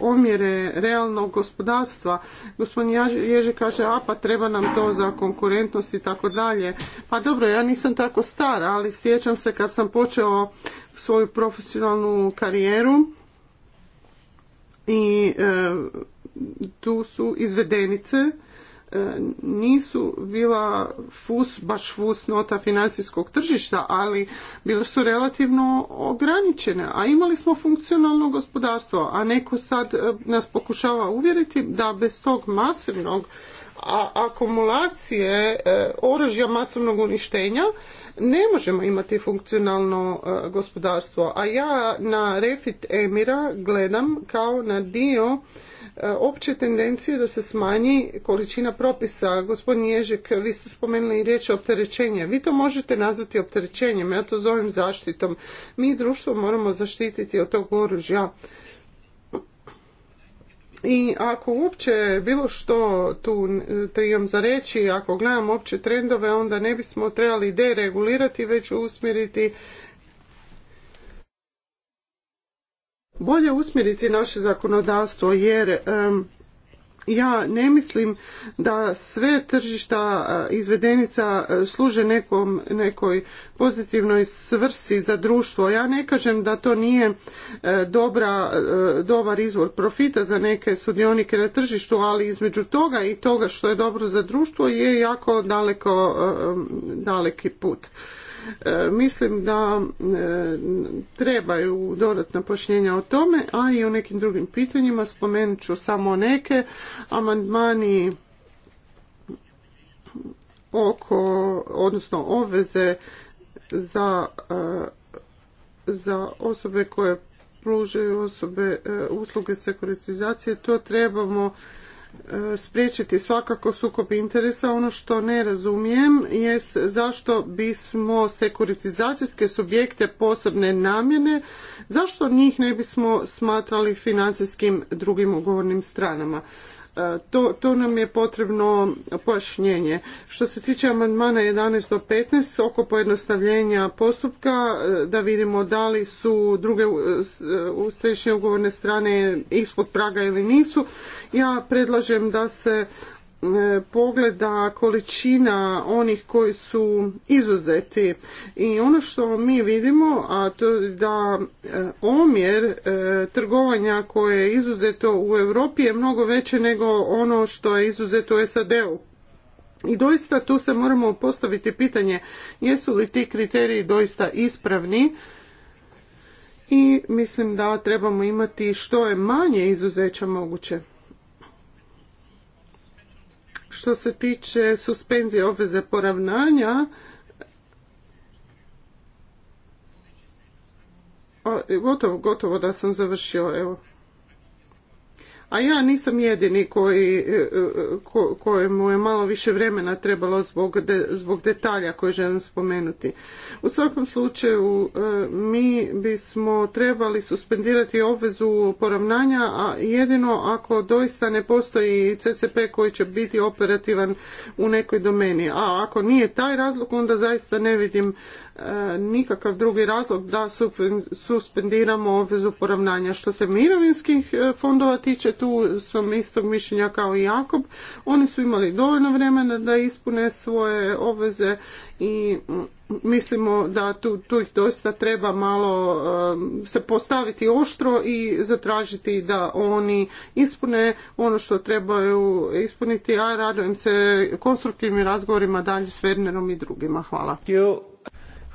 omjere realnog gospodarstva. Gospodin Ježe kaže, a pa treba nam to za konkurentnost i tako dalje. Pa dobro, ja nisam tako stara, ali sjećam se kad sam počeo svoju profesionalnu karijeru i e, tu su izvedenice E, nisu bila fus, baš fus nota financijskog tržišta, ali bile su relativno ograničene, a imali smo funkcionalno gospodarstvo, a neko sad e, nas pokušava uvjeriti da bez tog masivnog a akumulacije e, oružja masovnog uništenja ne možemo imati funkcionalno gospodarstvo. A ja na refit Emira gledam kao na dio E, opće tendencije da se smanji količina propisa. Gospodin Ježek, vi ste spomenuli riječ opterećenje. Vi to možete nazvati opterećenjem, ja to zovem zaštitom. Mi društvo moramo zaštititi od tog oružja. I ako uopće bilo što tu trebam za reći, ako gledam opće trendove, onda ne bismo trebali deregulirati, već usmjeriti bolje usmjeriti naše zakonodavstvo jer ja ne mislim da sve tržišta izvedenica služe nekom, nekoj pozitivnoj svrsi za društvo. Ja ne kažem da to nije e, dobra, e, dobar izvor profita za neke sudionike na tržištu, ali između toga i toga što je dobro za društvo je jako daleko, e, daleki put. E, mislim da e, trebaju dodatna pojašnjenja o tome, a i o nekim drugim pitanjima. Spomenut ću samo neke. Amandmani oko, odnosno obveze za, e, za osobe koje pružaju osobe usluge sekuritizacije, to trebamo E, spriječiti svakako sukob interesa. Ono što ne razumijem jest zašto bismo sekuritizacijske subjekte posebne namjene, zašto njih ne bismo smatrali financijskim drugim ugovornim stranama. E, to, nam je potrebno pojašnjenje. Što se tiče amandmana 11 do 15 oko pojednostavljenja postupka e, da vidimo da li su druge e, ustrešnje ugovorne strane ispod praga ili nisu. Ja predlažem da se pogleda količina onih koji su izuzeti i ono što mi vidimo a to da e, omjer e, trgovanja koje je izuzeto u Europi je mnogo veće nego ono što je izuzeto u SAD-u i doista tu se moramo postaviti pitanje jesu li ti kriteriji doista ispravni i mislim da trebamo imati što je manje izuzeća moguće što se tiče suspenzije obveze poravnanja, gotovo, gotovo da sam završio, evo a ja nisam jedini koji, e, e, ko, kojemu je malo više vremena trebalo zbog, zbog detalja koje želim spomenuti. U svakom slučaju e, mi bismo trebali suspendirati obvezu poravnanja, a jedino ako doista ne postoji CCP koji će biti operativan u nekoj domeni. A ako nije taj razlog, onda zaista ne vidim nikakav drugi razlog da suspendiramo obvezu poravnanja. Što se mirovinskih e, fondova tiče, tu sam istog mišljenja kao i Jakob. Oni su imali dovoljno vremena da ispune svoje obveze i mm, mislimo da tu, tu ih doista treba malo se postaviti oštro i zatražiti da oni ispune ono što trebaju ispuniti, a radujem se konstruktivnim razgovorima dalje s Wernerom i drugima. Hvala.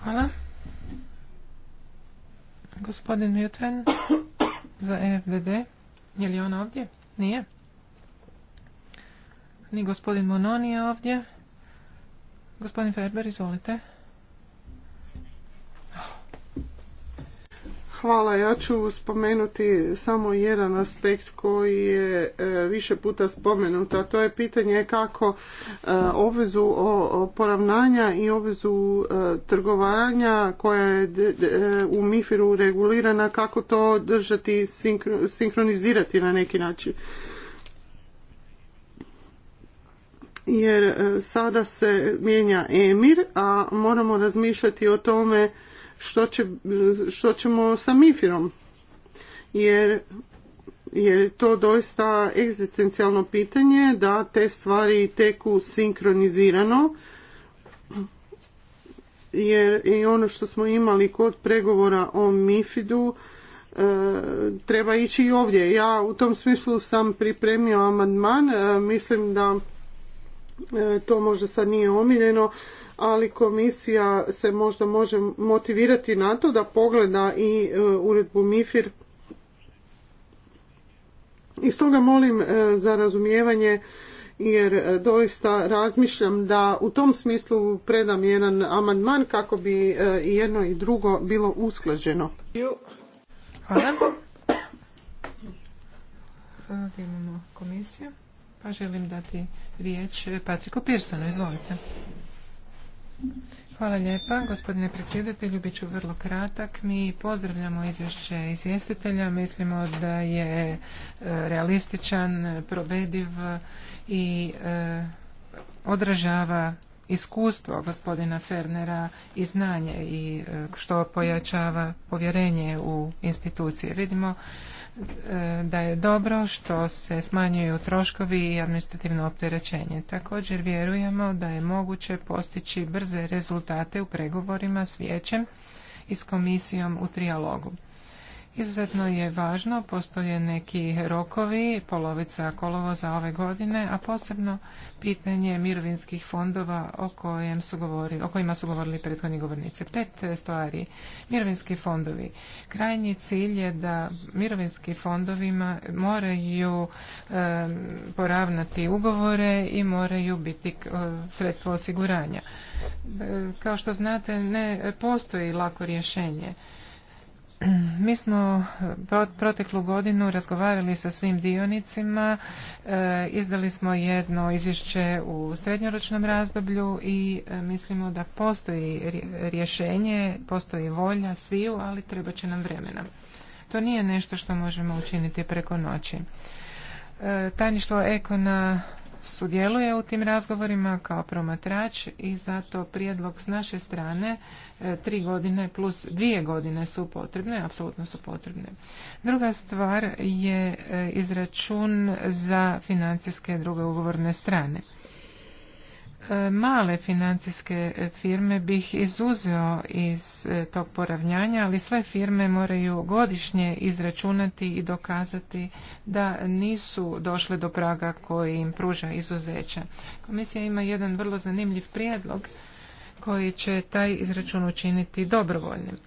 Hvala. Gospodin Newton za e FDD. Je li on ovdje? Nije. Ni gospodin Mononi je ovdje. Gospodin Ferber, izvolite. Hvala, ja ću spomenuti samo jedan aspekt koji je e, više puta spomenut, a to je pitanje kako e, obvezu poravnanja i obvezu e, trgovaranja koja je u MiFIRu u regulirana, kako to držati, sinkronizirati na neki način. Jer sada se mijenja EMIR, a moramo razmišljati o tome što, će, što ćemo sa Mifirom. Jer jer to doista egzistencijalno pitanje da te stvari teku sinkronizirano jer i ono što smo imali kod pregovora o MIFIDu e, treba ići i ovdje. Ja u tom smislu sam pripremio amandman, e, mislim da e, to možda sad nije omiljeno, ali komisija se možda može motivirati na to da pogleda i e, uredbu MIFIR. I stoga molim e, za razumijevanje jer e, doista razmišljam da u tom smislu predam jedan amandman kako bi i jedno i drugo bilo usklađeno. Hvala. imamo komisiju. Pa želim dati riječ Patriku Pirsonu. Izvolite. Hvala lijepa. Gospodine predsjedatelju, bit ću vrlo kratak. Mi pozdravljamo izvješće izvjestitelja. Mislimo da je e, realističan, provediv i e, odražava iskustvo gospodina Fernera i znanje i e, što pojačava povjerenje u institucije. Vidimo E, da je dobro što se smanjuju troškovi i administrativno opterećenje. Također vjerujemo da je moguće postići brze rezultate u pregovorima s vijećem i s komisijom u trijalogu. Izuzetno je važno, postoje neki rokovi, polovica za ove godine, a posebno pitanje mirovinskih fondova o, su govorili, o kojima su govorili prethodni govornici. Pet stvari. Mirovinski fondovi. Krajnji cilj je da mirovinski fondovima moraju poravnati ugovore i moraju biti sredstvo osiguranja. kao što znate, ne postoji lako rješenje Mi smo proteklu godinu razgovarali sa svim dionicima, e, izdali smo jedno izvješće u srednjoročnom razdoblju i e, mislimo da postoji rješenje, postoji volja sviju, ali treba će nam vremena. To nije nešto što možemo učiniti preko noći. E, tajništvo Ekona sudjeluje u tim razgovorima kao promatrač i zato prijedlog s naše strane e, tri godine plus dvije godine su potrebne, apsolutno su potrebne. Druga stvar je e, izračun za financijske druge ugovorne strane. E, male financijske firme bih izuzeo iz e, tog poravnjanja, ali sve firme moraju godišnje izračunati i dokazati da nisu došle do praga koji im pruža izuzeća. Komisija ima jedan vrlo zanimljiv prijedlog koji će taj izračun učiniti dobrovoljnim.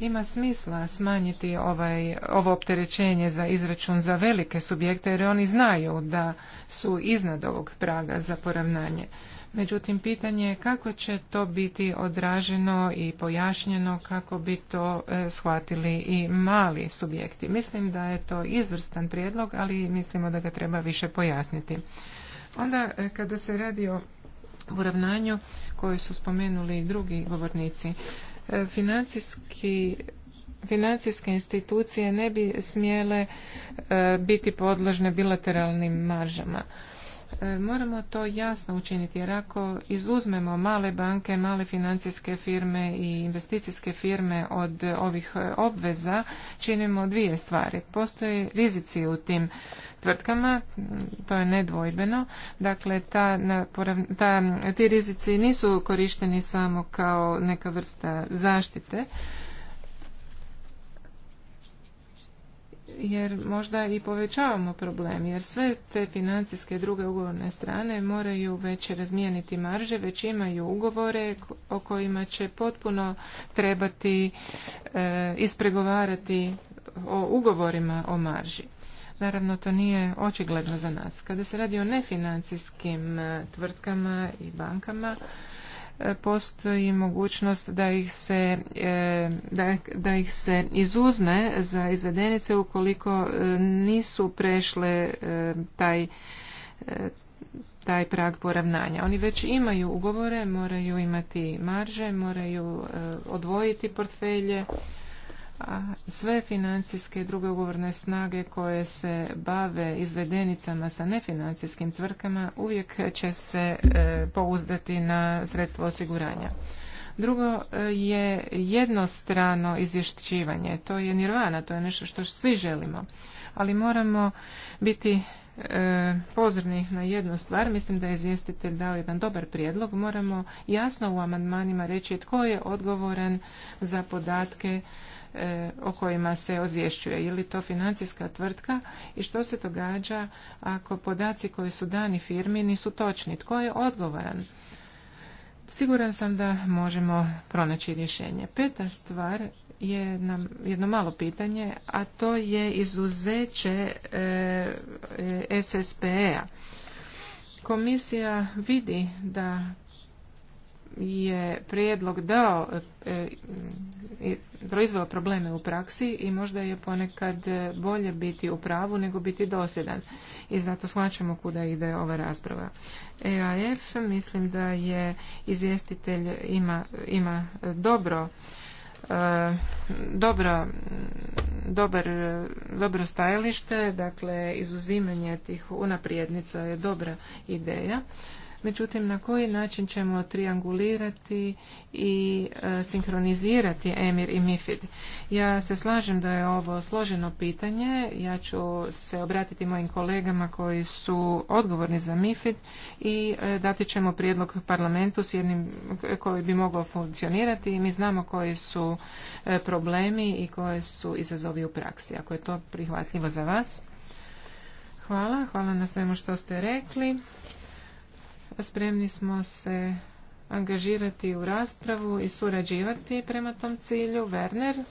Ima smisla smanjiti ovaj, ovo opterećenje za izračun za velike subjekte jer oni znaju da su iznad ovog praga za poravnanje. Međutim, pitanje je kako će to biti odraženo i pojašnjeno kako bi to e, shvatili i mali subjekti. Mislim da je to izvrstan prijedlog, ali mislimo da ga treba više pojasniti. Onda e, kada se radi o uravnanju koji su spomenuli i drugi govornici, e, financijski financijske institucije ne bi smjele biti podložne bilateralnim maržama. E, moramo to jasno učiniti jer ako izuzmemo male banke, male financijske firme i investicijske firme od ovih e, obveza, činimo dvije stvari. Postoje rizici u tim tvrtkama, to je nedvojbeno. Dakle, ta, ti rizici nisu korišteni samo kao neka vrsta zaštite, jer možda i povećavamo problem, jer sve te financijske druge ugovorne strane moraju već razmijeniti marže, već imaju ugovore o kojima će potpuno trebati e, ispregovarati o ugovorima o marži. Naravno, to nije očigledno za nas. Kada se radi o nefinancijskim e, tvrtkama i bankama, E, postoji mogućnost da ih se, e, da, da ih se izuzme za izvedenice ukoliko e, nisu prešle taj taj prag poravnanja. Oni već imaju ugovore, moraju imati marže, moraju odvojiti portfelje sve financijske i druge ugovorne snage koje se bave izvedenicama sa nefinancijskim tvrtkama uvijek će se e, pouzdati na sredstvo osiguranja. Drugo e, je jednostrano izvješćivanje. To je nirvana, to je nešto što svi želimo. Ali moramo biti e, pozorni na jednu stvar. Mislim da je izvjestitelj dao jedan dobar prijedlog. Moramo jasno u amandmanima reći tko je odgovoran za podatke E, o kojima se ozvješćuje. Je li to financijska tvrtka i što se događa ako podaci koji su dani firmi nisu točni? Tko je odgovoran? Siguran sam da možemo pronaći rješenje. Peta stvar je nam jedno malo pitanje, a to je izuzeće e, e, SSPE-a. Komisija vidi da je prijedlog dao e, e, proizveo probleme u praksi i možda je ponekad bolje biti u pravu nego biti dosljedan i zato shvaćamo kuda ide ova rasprava. EAF mislim da je izvjestitelj ima, ima dobro e, dobro, dobar, dobro stajalište, dakle izuzimanje tih unaprijednica je dobra ideja Međutim, na koji način ćemo triangulirati i e, sinkronizirati EMIR i MIFID? Ja se slažem da je ovo složeno pitanje. Ja ću se obratiti mojim kolegama koji su odgovorni za MIFID i e, dati ćemo prijedlog parlamentu s jednim e, koji bi mogao funkcionirati i mi znamo koji su problemi i koje su izazovi u praksi. Ako je to prihvatljivo za vas. Hvala, hvala na svemu što ste rekli. Pa spremni smo se angažirati u raspravu i surađivati prema tom cilju. Werner?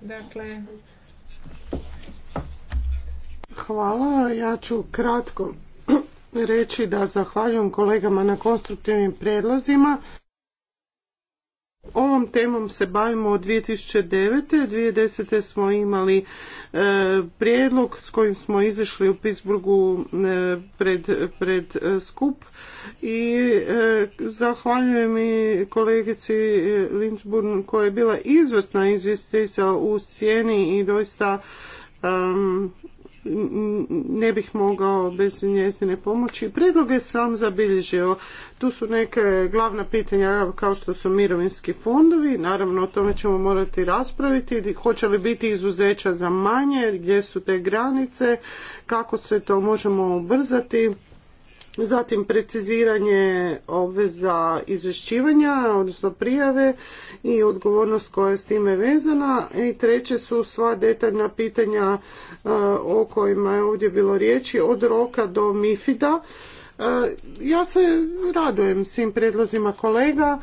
Dakle... Hvala, ja ću kratko reći da zahvaljujem kolegama na konstruktivnim prijedlozima. Ovom temom se bavimo od 2009. 2010. smo imali e, prijedlog s kojim smo izašli u Pittsburghu e, pred, pred e, skup i zahvaljujem i kolegici Lindsburn koja je bila izvrsna izvjestica u sjeni i doista ne bih mogao bez njezine pomoći. Predloge sam zabilježio. Tu su neke glavna pitanja kao što su mirovinski fondovi. Naravno o tome ćemo morati raspraviti. Hoće li biti izuzeća za manje? Gdje su te granice? Kako sve to možemo ubrzati? zatim preciziranje obveza izvješćivanja, odnosno prijave i odgovornost koja je s time vezana. I treće su sva detaljna pitanja e, o kojima je ovdje bilo riječi, od roka do MiFida. E, ja se radujem svim predlozima kolega e,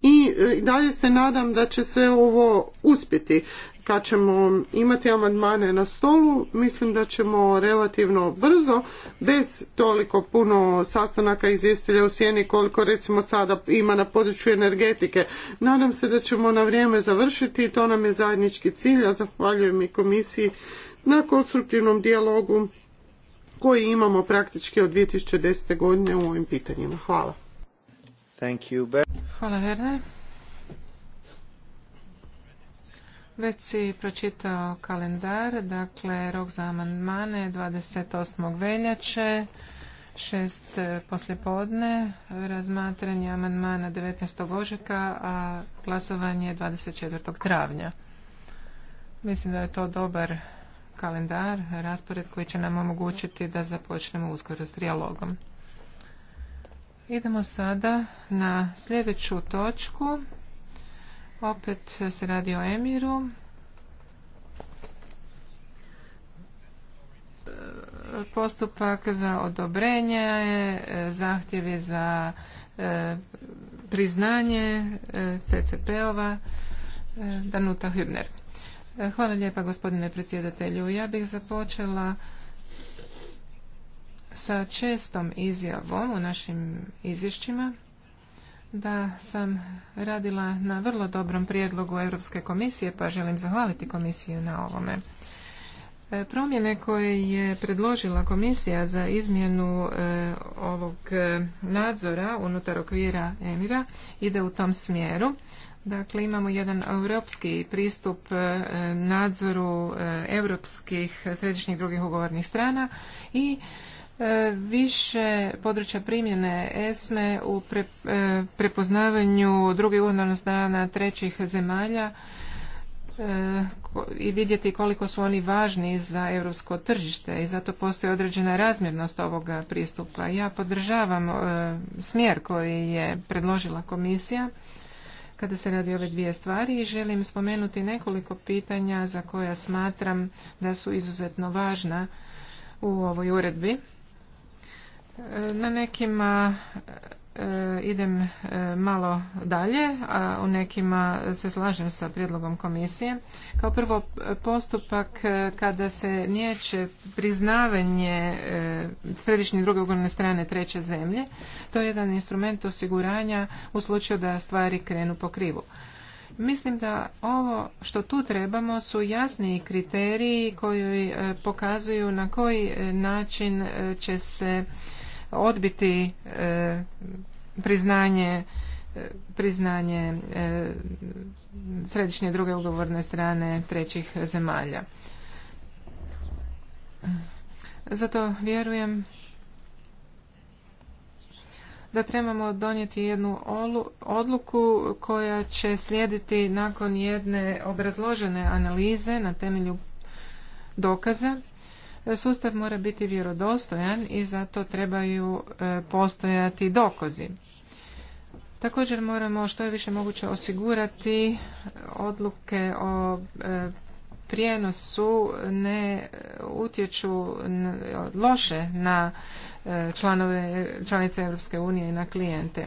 i dalje se nadam da će se ovo uspjeti kad ćemo imati amandmane na stolu, mislim da ćemo relativno brzo, bez toliko puno sastanaka izvjestilja u sjeni koliko recimo sada ima na području energetike. Nadam se da ćemo na vrijeme završiti i to nam je zajednički cilj, a zahvaljujem i komisiji na konstruktivnom dijalogu koji imamo praktički od 2010. godine u ovim pitanjima. Hvala. Hvala Već si pročitao kalendar, dakle rok za amandmane 28. veljače, 6. E, poslijepodne, razmatranje amandmana 19. ožujka, a glasovanje 24. travnja. Mislim da je to dobar kalendar, raspored koji će nam omogućiti da započnemo uskoro s trijalogom. Idemo sada na sljedeću točku. Opet se radi o Emiru. Postupak za odobrenje, zahtjevi za e, priznanje e, CCP-ova e, Danuta Hübner. Hvala lijepa gospodine predsjedatelju. Ja bih započela sa čestom izjavom u našim izvješćima da sam radila na vrlo dobrom prijedlogu Europske komisije, pa želim zahvaliti komisiju na ovome. E, promjene koje je predložila komisija za izmjenu e, ovog e, nadzora unutar okvira Emira ide u tom smjeru. Dakle, imamo jedan europski pristup nadzoru europskih središnjih drugih ugovornih strana i E, više područja primjene ESME u e, prepoznavanju drugih ugovorna strana trećih zemalja e, i vidjeti koliko su oni važni za europsko tržište i zato postoji određena razmjernost ovoga pristupa. Ja podržavam smjer koji je predložila komisija kada se radi ove dvije stvari i želim spomenuti nekoliko pitanja za koja smatram da su izuzetno važna u ovoj uredbi. E, na nekima e, idem e, malo dalje, a u nekima se slažem sa prijedlogom komisije. Kao prvo, postupak kada se niječe priznavanje središnje druge ugovorne strane treće zemlje, to je jedan instrument osiguranja u slučaju da stvari krenu po krivu. Mislim da ovo što tu trebamo su jasniji kriteriji koji pokazuju na koji način će se odbiti e, priznanje e, priznanje e, središnje druge ugovorne strane trećih zemalja. Zato vjerujem da trebamo donijeti jednu odluku koja će slijediti nakon jedne obrazložene analize na temelju dokaza Sustav mora biti vjerodostojan i zato trebaju e, postojati dokazi. Također moramo što je više moguće osigurati odluke o e, prijenosu ne utječu loše na e, članice Europske unije i na klijente.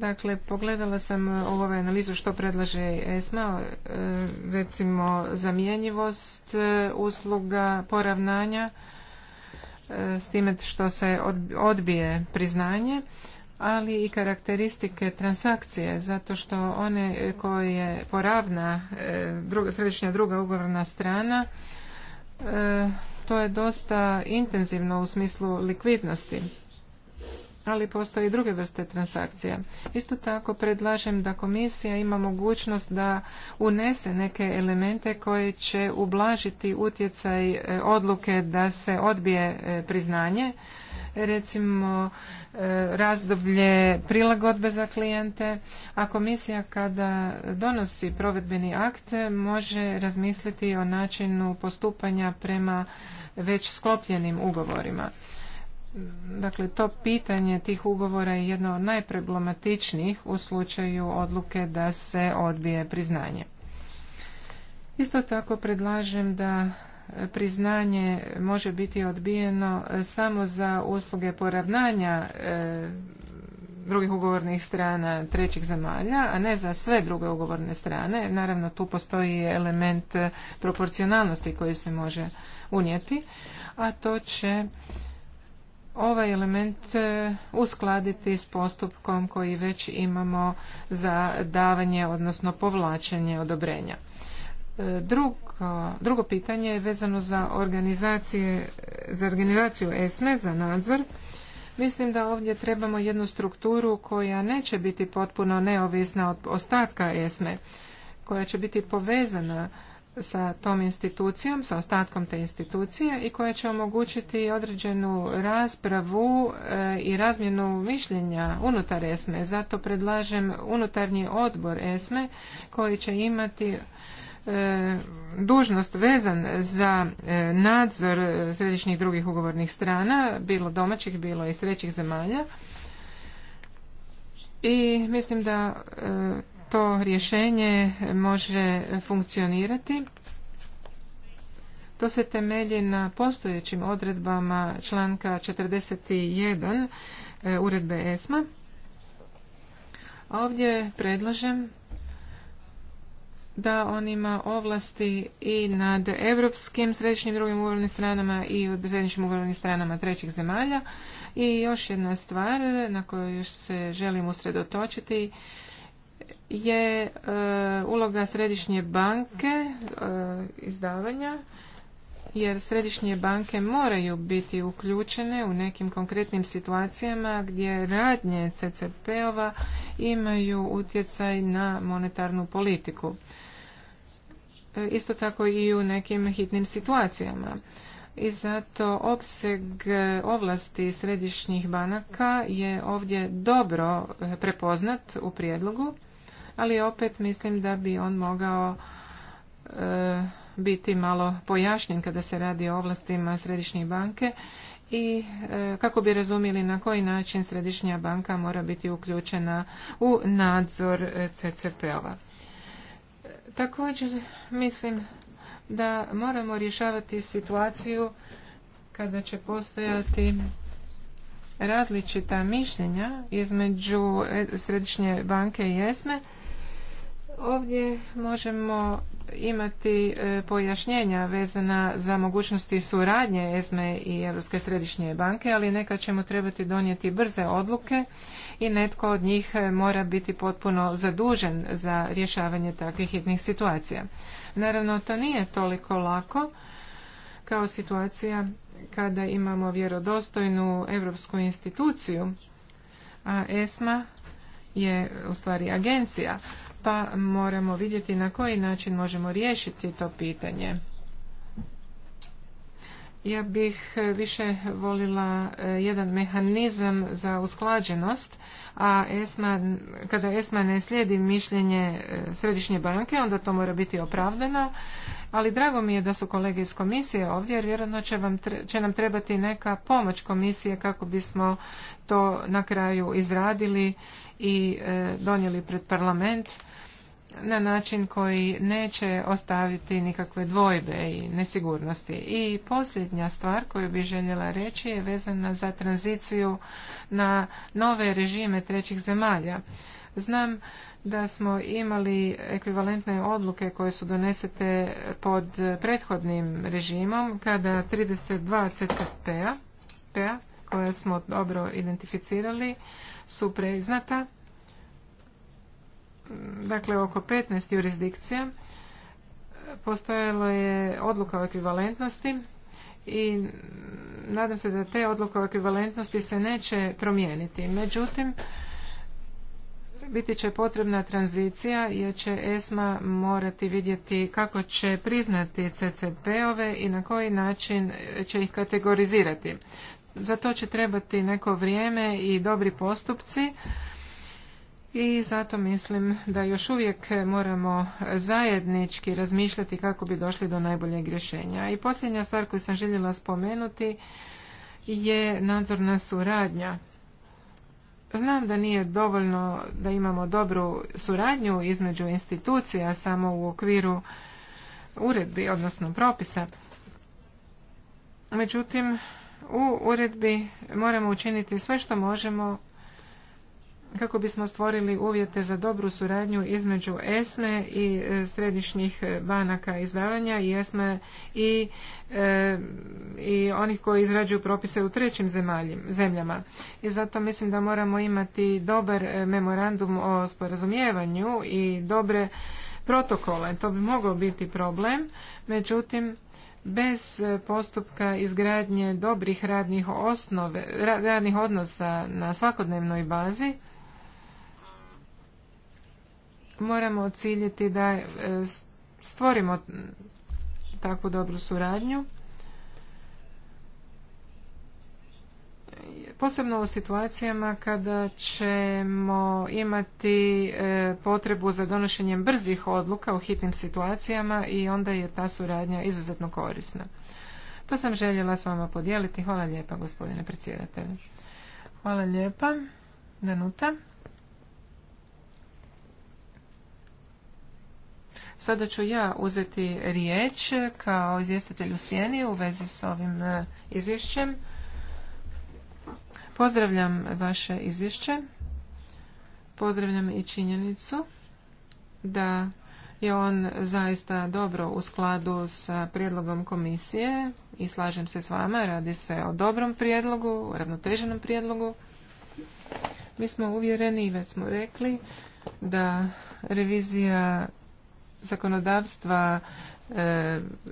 Dakle, pogledala sam e, ovu ovaj analizu što predlaže ESMA, e, recimo zamjenjivost e, usluga poravnanja s time što se odbije priznanje, ali i karakteristike transakcije, zato što one koje poravna druga, središnja druga ugovorna strana, to je dosta intenzivno u smislu likvidnosti ali postoje i druge vrste transakcija. Isto tako predlažem da komisija ima mogućnost da unese neke elemente koje će ublažiti utjecaj e, odluke da se odbije e, priznanje, recimo e, razdoblje prilagodbe za klijente, a komisija kada donosi provedbeni akt može razmisliti o načinu postupanja prema već sklopljenim ugovorima. Dakle, to pitanje tih ugovora je jedno od najproblematičnijih u slučaju odluke da se odbije priznanje. Isto tako predlažem da priznanje može biti odbijeno samo za usluge poravnanja e, drugih ugovornih strana trećih zemalja, a ne za sve druge ugovorne strane. Naravno, tu postoji element proporcionalnosti koji se može unijeti, a to će ovaj element e, uskladiti s postupkom koji već imamo za davanje, odnosno povlačenje odobrenja. E, drugo, drugo pitanje je vezano za, organizacije, za organizaciju ESME, za nadzor. Mislim da ovdje trebamo jednu strukturu koja neće biti potpuno neovisna od ostatka ESME, koja će biti povezana sa tom institucijom, sa ostatkom te institucije i koje će omogućiti određenu raspravu e, i razmjenu mišljenja unutar ESME. Zato predlažem unutarnji odbor ESME koji će imati e, dužnost vezan za e, nadzor središnjih drugih ugovornih strana, bilo domaćih, bilo i srećih zemalja. I mislim da to rješenje može funkcionirati. To se temelji na postojećim odredbama članka 41 e, uredbe ESMA. A ovdje predlažem da on ima ovlasti i nad europskim središnjim drugim ugovornim stranama i središnjim ugovornim stranama trećih zemalja. I još jedna stvar na koju se želim usredotočiti je e, uloga središnje banke e, izdavanja jer središnje banke moraju biti uključene u nekim konkretnim situacijama gdje radnje CCP-ova imaju utjecaj na monetarnu politiku. E, isto tako i u nekim hitnim situacijama. I zato opseg ovlasti središnjih banaka je ovdje dobro prepoznat u prijedlogu ali opet mislim da bi on mogao e, biti malo pojašnjen kada se radi o ovlastima središnje banke i e, kako bi razumjeli na koji način središnja banka mora biti uključena u nadzor e, CCP-ova. Također mislim da moramo rješavati situaciju kada će postojati različita mišljenja između Središnje banke i ESME Ovdje možemo imati e, pojašnjenja vezana za mogućnosti suradnje ESME i Europske središnje banke, ali neka ćemo trebati donijeti brze odluke i netko od njih e, mora biti potpuno zadužen za rješavanje takvih hitnih situacija. Naravno, to nije toliko lako kao situacija kada imamo vjerodostojnu europsku instituciju, a ESMA je u stvari agencija pa moramo vidjeti na koji način možemo riješiti to pitanje. Ja bih e, više volila e, jedan mehanizam za usklađenost, a ESMA, kada ESMA ne slijedi mišljenje e, Središnje banke, onda to mora biti opravdano. Ali drago mi je da su kolege iz komisije ovdje, jer vjerojatno će, vam, će nam trebati neka pomoć komisije kako bismo to na kraju izradili i donijeli pred parlament na način koji neće ostaviti nikakve dvojbe i nesigurnosti. I posljednja stvar koju bi željela reći je vezana za tranziciju na nove režime trećih zemalja. Znam da smo imali ekvivalentne odluke koje su donesete pod prethodnim režimom kada 32 CCP-a p-a, koja smo dobro identificirali su preznata dakle oko 15 jurisdikcija postojalo je odluka o ekvivalentnosti i nadam se da te odluke o ekvivalentnosti se neće promijeniti. Međutim, biti će potrebna tranzicija jer će ESMA morati vidjeti kako će priznati CCP-ove i na koji način će ih kategorizirati. Za to će trebati neko vrijeme i dobri postupci i zato mislim da još uvijek moramo zajednički razmišljati kako bi došli do najboljeg rješenja. I posljednja stvar koju sam željela spomenuti je nadzorna suradnja. Znam da nije dovoljno da imamo dobru suradnju između institucija samo u okviru uredbi, odnosno propisa. Međutim, u uredbi moramo učiniti sve što možemo kako bismo stvorili uvjete za dobru suradnju između ESME i e, središnjih e, banaka izdavanja i ESME i, e, i onih koji izrađuju propise u trećim zemaljim, zemljama. I zato mislim da moramo imati dobar memorandum o sporazumijevanju i dobre protokole. To bi mogao biti problem, međutim bez postupka izgradnje dobrih radnih, osnove, radnih odnosa na svakodnevnoj bazi moramo ciljiti da e, stvorimo takvu dobru suradnju. Posebno u situacijama kada ćemo imati e, potrebu za donošenjem brzih odluka u hitnim situacijama i onda je ta suradnja izuzetno korisna. To sam željela s vama podijeliti. Hvala lijepa, gospodine predsjedatelju. Hvala lijepa. Danuta. Sada ću ja uzeti riječ kao izvjestitelj u Sjeni u vezi s ovim e, izvješćem. Pozdravljam vaše izvješće. Pozdravljam i činjenicu da je on zaista dobro u skladu sa prijedlogom komisije i slažem se s vama, radi se o dobrom prijedlogu, ravnoteženom prijedlogu. Mi smo uvjereni i već smo rekli da revizija zakonodavstva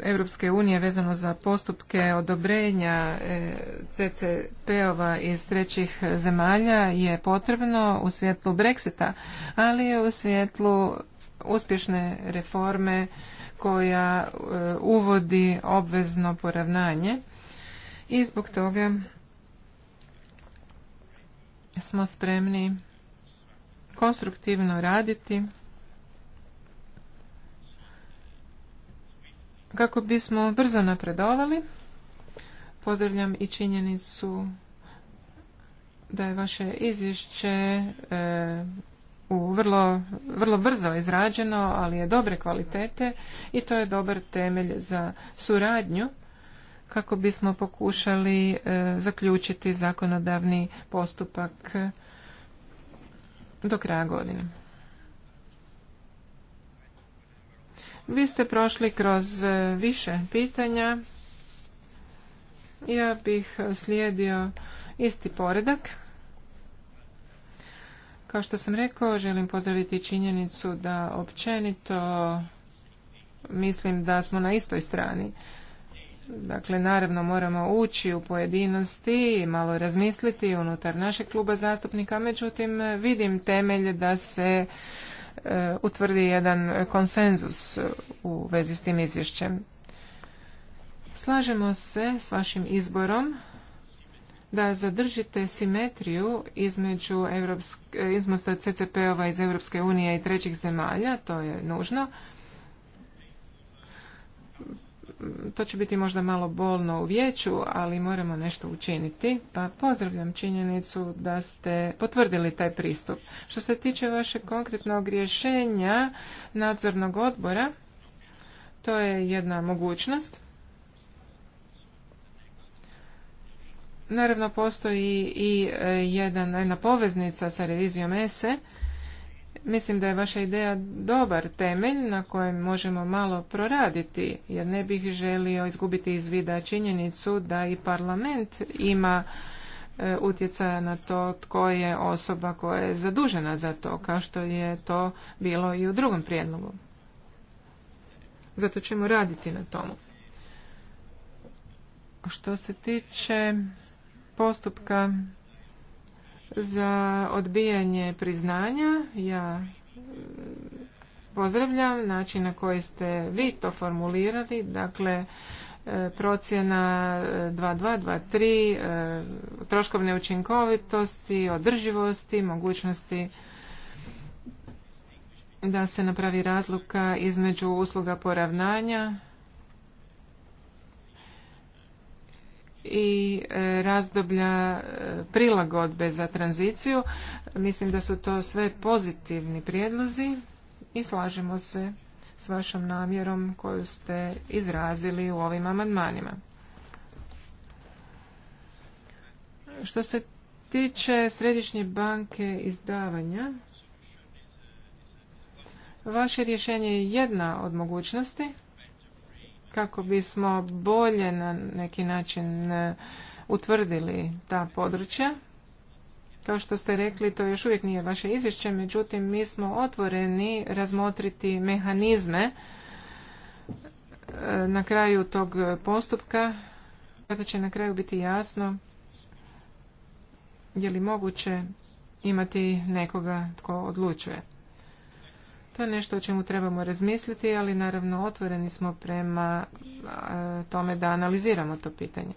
Europske unije vezano za postupke odobrenja e, CCP-ova iz trećih zemalja je potrebno u svjetlu Brexita, ali i u svjetlu uspješne reforme koja e, uvodi obvezno poravnanje i zbog toga smo spremni konstruktivno raditi Kako bismo brzo napredovali, pozdravljam i činjenicu da je vaše izvješće e, u vrlo, vrlo brzo izrađeno, ali je dobre kvalitete i to je dobar temelj za suradnju kako bismo pokušali e, zaključiti zakonodavni postupak do kraja godine. Vi ste prošli kroz e, više pitanja. Ja bih slijedio isti poredak. Kao što sam rekao, želim pozdraviti činjenicu da općenito mislim da smo na istoj strani. Dakle, naravno moramo ući u pojedinosti i malo razmisliti unutar našeg kluba zastupnika, međutim vidim temelje da se E, utvrdi jedan konsenzus u vezi s tim izvješćem. Slažemo se s vašim izborom da zadržite simetriju između, e, izmosta CCP-ova iz Europske unije i trećih zemalja, to je nužno, to će biti možda malo bolno u vijeću, ali moramo nešto učiniti. Pa pozdravljam činjenicu da ste potvrdili taj pristup. Što se tiče vašeg konkretnog rješenja nadzornog odbora, to je jedna mogućnost. Naravno, postoji i e, jedna, jedna poveznica sa revizijom ESE Mislim da je vaša ideja dobar temelj na kojem možemo malo proraditi, jer ne bih želio izgubiti iz vida činjenicu da i parlament ima e, utjecaja na to tko je osoba koja je zadužena za to, kao što je to bilo i u drugom prijedlogu. Zato ćemo raditi na tomu. Što se tiče postupka za odbijanje priznanja. Ja mm, pozdravljam način na koji ste vi to formulirali, dakle e, procjena 2223 e, e, troškovne učinkovitosti, održivosti, mogućnosti da se napravi razluka između usluga poravnanja i e, razdoblja e, prilagodbe za tranziciju. Mislim da su to sve pozitivni prijedlozi i slažemo se s vašom namjerom koju ste izrazili u ovim amandmanima. Što se tiče središnje banke izdavanja, vaše rješenje je jedna od mogućnosti kako bismo bolje na neki način e, utvrdili ta područja. Kao što ste rekli, to još uvijek nije vaše izvješće, međutim mi smo otvoreni razmotriti mehanizme e, na kraju tog postupka, kada će na kraju biti jasno je li moguće imati nekoga tko odlučuje. To je nešto o čemu trebamo razmisliti, ali naravno otvoreni smo prema e, tome da analiziramo to pitanje.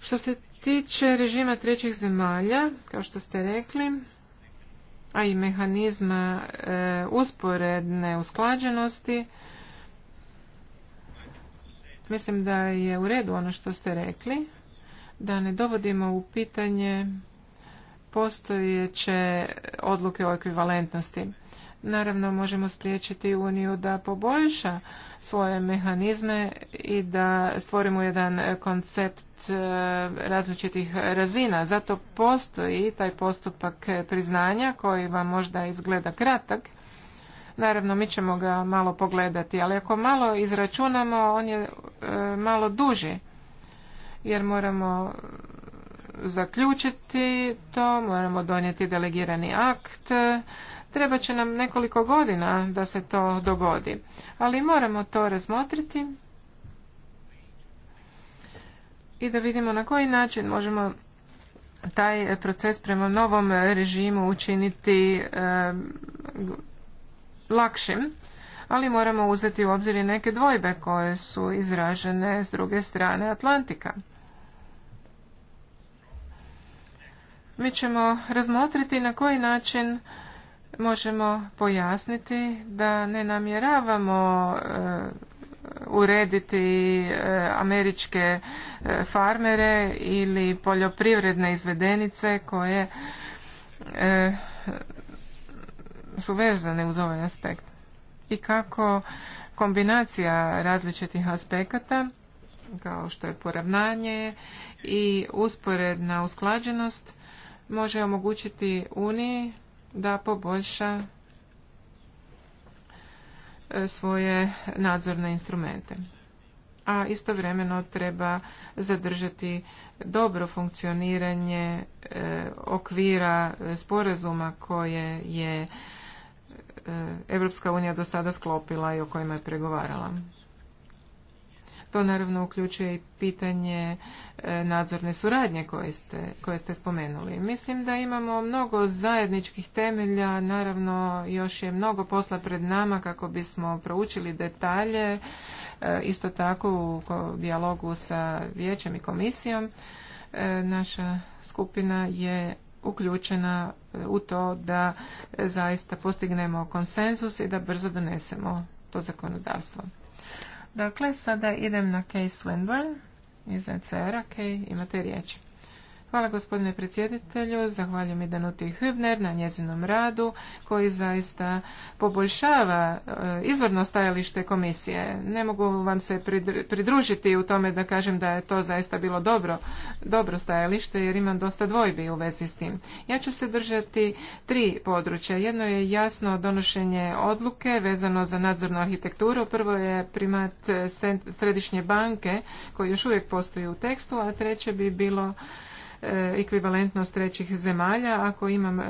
Što se tiče režima trećih zemalja, kao što ste rekli, a i mehanizma e, usporedne usklađenosti, mislim da je u redu ono što ste rekli, da ne dovodimo u pitanje postojeće odluke o ekvivalentnosti. Naravno, možemo spriječiti Uniju da poboljša svoje mehanizme i da stvorimo jedan koncept e, različitih razina. Zato postoji taj postupak priznanja koji vam možda izgleda kratak. Naravno, mi ćemo ga malo pogledati, ali ako malo izračunamo, on je e, malo duži jer moramo zaključiti to, moramo donijeti delegirani akt. Treba će nam nekoliko godina da se to dogodi, ali moramo to razmotriti i da vidimo na koji način možemo taj proces prema novom režimu učiniti e, lakšim, ali moramo uzeti u obzir i neke dvojbe koje su izražene s druge strane Atlantika. Mi ćemo razmotriti na koji način možemo pojasniti da ne namjeravamo e, urediti e, američke e, farmere ili poljoprivredne izvedenice koje su vezane uz ovaj aspekt i kako kombinacija različitih aspekata kao što je poravnanje i usporedna usklađenost može omogućiti Uniji da poboljša e, svoje nadzorne instrumente. A istovremeno treba zadržati dobro funkcioniranje e, okvira e, sporazuma koje je Europska unija do sada sklopila i o kojima je pregovarala. To naravno uključuje i pitanje E, nadzorne suradnje koje ste, koje ste spomenuli. Mislim da imamo mnogo zajedničkih temelja, naravno još je mnogo posla pred nama kako bismo proučili detalje, e, isto tako u dijalogu sa vijećem i komisijom. E, naša skupina je uključena u to da zaista postignemo konsenzus i da brzo donesemo to zakonodavstvo. Dakle, sada idem na case Swinburne iznad ecr i Okay, imate riječ. Hvala gospodine predsjedatelju, zahvaljujem i Danuti Hübner na njezinom radu koji zaista poboljšava e, izvorno stajalište komisije. Ne mogu vam se pridružiti u tome da kažem da je to zaista bilo dobro, dobro stajalište jer imam dosta dvojbi u vezi s tim. Ja ću se držati tri područja. Jedno je jasno donošenje odluke vezano za nadzornu arhitekturu. Prvo je primat e, središnje banke koji još uvijek postoji u tekstu, a treće bi bilo Eh, ekvivalentnost trećih zemalja. Ako imam eh,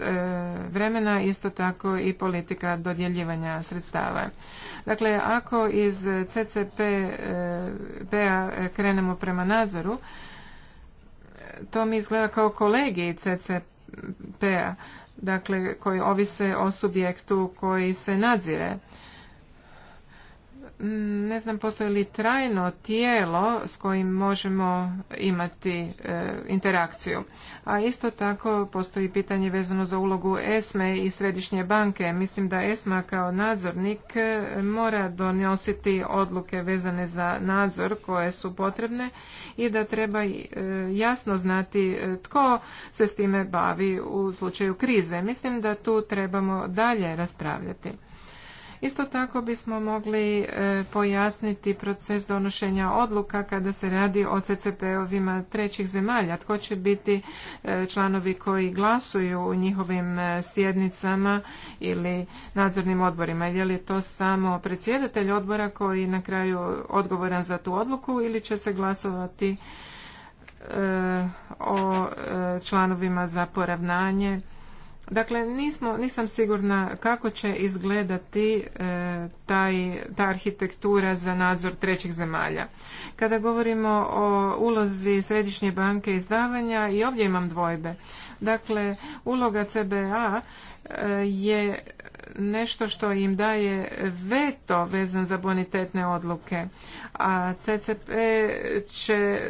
eh, vremena, isto tako i politika dodjeljivanja sredstava. Dakle, ako iz ccp p-a, krenemo prema nadzoru, to mi izgleda kao kolegi CCP-a, dakle, koji ovise o subjektu koji se nadzire. Mm, ne znam postoji li trajno tijelo s kojim možemo imati e, interakciju. A isto tako postoji pitanje vezano za ulogu ESME i Središnje banke. Mislim da ESMA kao nadzornik e, mora donositi odluke vezane za nadzor koje su potrebne i da treba e, jasno znati tko se s time bavi u slučaju krize. Mislim da tu trebamo dalje raspravljati. Isto tako bismo mogli e, pojasniti proces donošenja odluka kada se radi o CCP-ovima trećih zemalja. Tko će biti e, članovi koji glasuju u njihovim e, sjednicama ili nadzornim odborima? Je li to samo predsjedatelj odbora koji na kraju odgovoran za tu odluku ili će se glasovati o članovima za poravnanje Dakle, nismo, nisam sigurna kako će izgledati e, taj, ta arhitektura za nadzor trećih zemalja. Kada govorimo o ulozi Središnje banke izdavanja, i ovdje imam dvojbe. Dakle, uloga CBA e, je nešto što im daje veto vezan za bonitetne odluke. A CCP će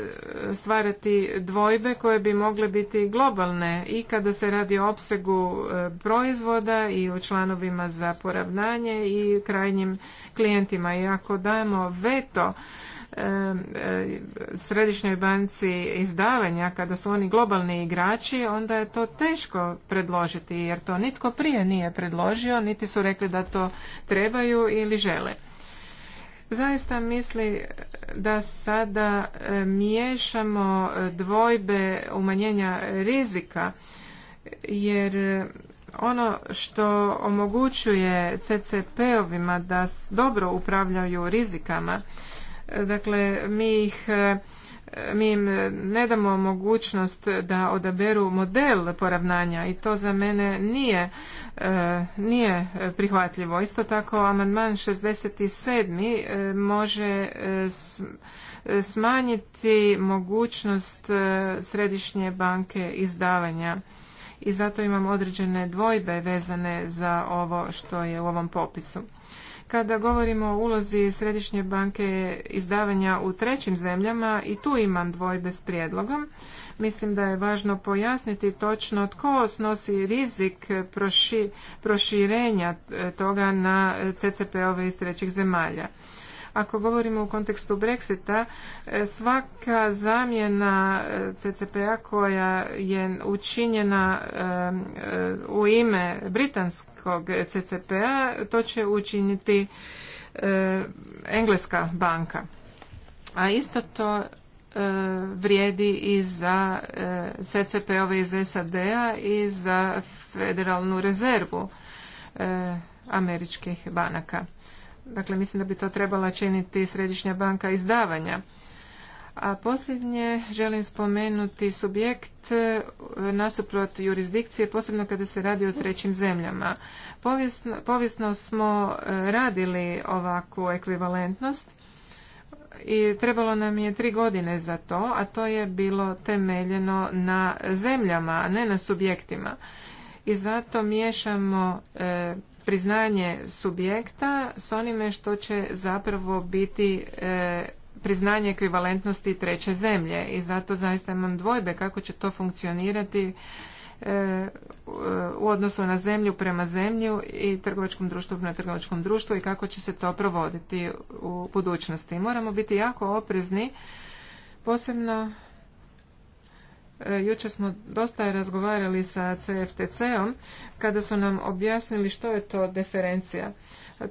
stvarati dvojbe koje bi mogle biti globalne i kada se radi o opsegu e, proizvoda i o članovima za poravnanje i krajnjim klijentima. I ako dajemo veto E, središnjoj banci izdavanja kada su oni globalni igrači onda je to teško predložiti jer to nitko prije nije predložio niti su rekli da to trebaju ili žele zaista misli da sada e, miješamo dvojbe umanjenja rizika jer e, ono što omogućuje CCP-ovima da dobro upravljaju rizikama Dakle, mi ih e, mi im ne damo mogućnost da odaberu model poravnanja i to za mene nije, e, nije prihvatljivo. Isto tako, amandman 67. E, može smanjiti mogućnost središnje banke izdavanja i zato imam određene dvojbe vezane za ovo što je u ovom popisu. Kada govorimo o ulozi Središnje banke izdavanja u trećim zemljama, i tu imam dvojbe s prijedlogom. Mislim da je važno pojasniti točno tko snosi rizik proširenja e, toga na e, CCP-ove iz trećih zemalja. Ako govorimo u kontekstu Brexita, e, svaka zamjena e, CCP-a koja je učinjena e, u ime britanskog CCP-a, to će učiniti engleska banka. A isto to vrijedi i za CCP-ove iz SAD-a i za federalnu rezervu američkih banaka. Dakle, mislim da bi to trebala činiti Središnja banka izdavanja. A posljednje želim spomenuti subjekt e, nasuprot jurisdikcije, posebno kada se radi o trećim zemljama. Povijesno, smo e, radili ovakvu ekvivalentnost i trebalo nam je tri godine za to, a to je bilo temeljeno na zemljama, a ne na subjektima. I zato miješamo e, priznanje subjekta s onime što će zapravo biti e, priznanje ekvivalentnosti treće zemlje i zato zaista imam dvojbe kako će to funkcionirati e, u odnosu na zemlju prema zemlju i trgovačkom društvu na trgovačkom društvu i kako će se to provoditi u budućnosti. Moramo biti jako oprezni posebno E, jučer smo dosta razgovarali sa CFTC-om kada su nam objasnili što je to deferencija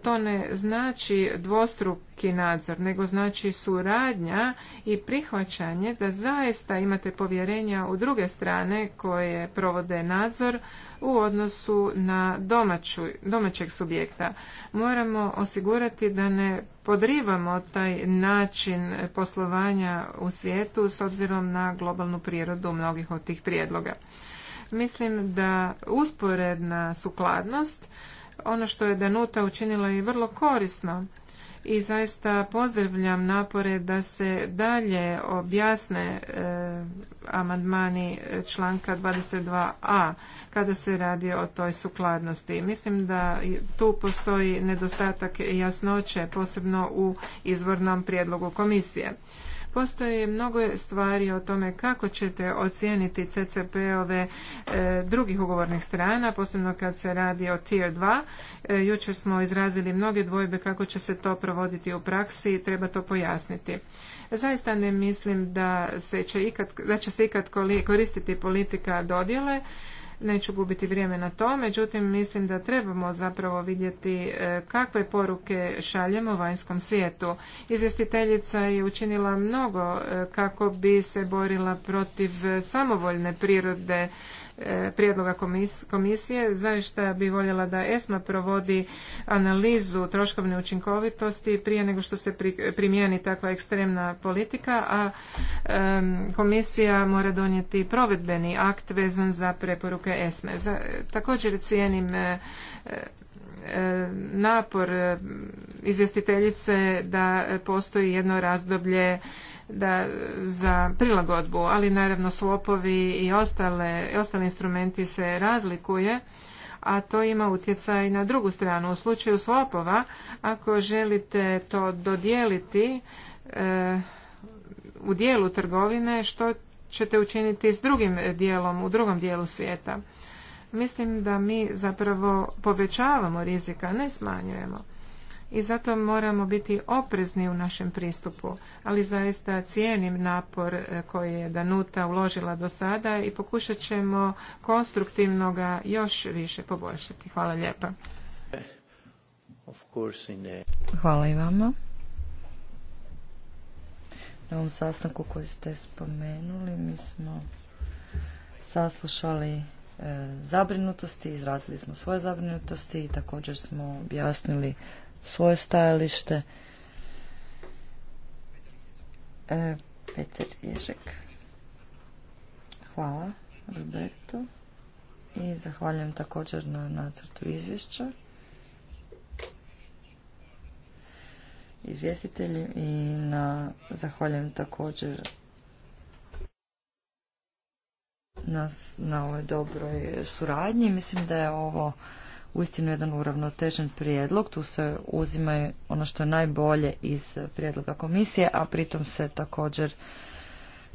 to ne znači dvostruki nadzor, nego znači suradnja i prihvaćanje da zaista imate povjerenja u druge strane koje provode nadzor u odnosu na domaću, domaćeg subjekta. Moramo osigurati da ne podrivamo taj način poslovanja u svijetu s obzirom na globalnu prirodu mnogih od tih prijedloga. Mislim da usporedna sukladnost ono što je Danuta učinila je vrlo korisno i zaista pozdravljam napore da se dalje objasne e, amandmani članka 22a kada se radi o toj sukladnosti. Mislim da tu postoji nedostatak jasnoće, posebno u izvornom prijedlogu komisije. Postoje mnogo stvari o tome kako ćete ocijeniti CCP-ove e, drugih ugovornih strana, posebno kad se radi o tier 2. E, jučer smo izrazili mnoge dvojbe kako će se to provoditi u praksi i treba to pojasniti. Zaista ne mislim da, se da će se ikad koristiti politika dodjele neću gubiti vrijeme na to, međutim mislim da trebamo zapravo vidjeti e, kakve poruke šaljemo vanjskom svijetu. Izvjestiteljica je učinila mnogo e, kako bi se borila protiv e, samovoljne prirode prijedloga komisije. Zaista bi voljela da ESMA provodi analizu troškovne učinkovitosti prije nego što se primijeni takva ekstremna politika, a komisija mora donijeti provedbeni akt vezan za preporuke ESME. Također cijenim e, e, napor e, izvjestiteljice da postoji jedno razdoblje da, za prilagodbu, ali naravno slopovi i ostale, ostali instrumenti se razlikuje, a to ima utjecaj na drugu stranu. U slučaju slopova, ako želite to dodijeliti e, u dijelu trgovine, što ćete učiniti s drugim dijelom, u drugom dijelu svijeta? Mislim da mi zapravo povećavamo rizika, ne smanjujemo. I zato moramo biti oprezni u našem pristupu ali zaista cijenim napor e, koji je Danuta uložila do sada i pokušat ćemo konstruktivno ga još više poboljšati. Hvala lijepa. Hvala i vama. Na ovom sastanku koji ste spomenuli mi smo saslušali e, zabrinutosti, izrazili smo svoje zabrinutosti i također smo objasnili svoje stajalište. E, Peter Ježek. Hvala Roberto i zahvaljujem također na nacrtu izvješća. Izvjestitelji i na zahvaljujem također nas na ovoj dobroj suradnji. Mislim da je ovo uistinu jedan uravnotežen prijedlog. Tu se uzima ono što je najbolje iz prijedloga komisije, a pritom se također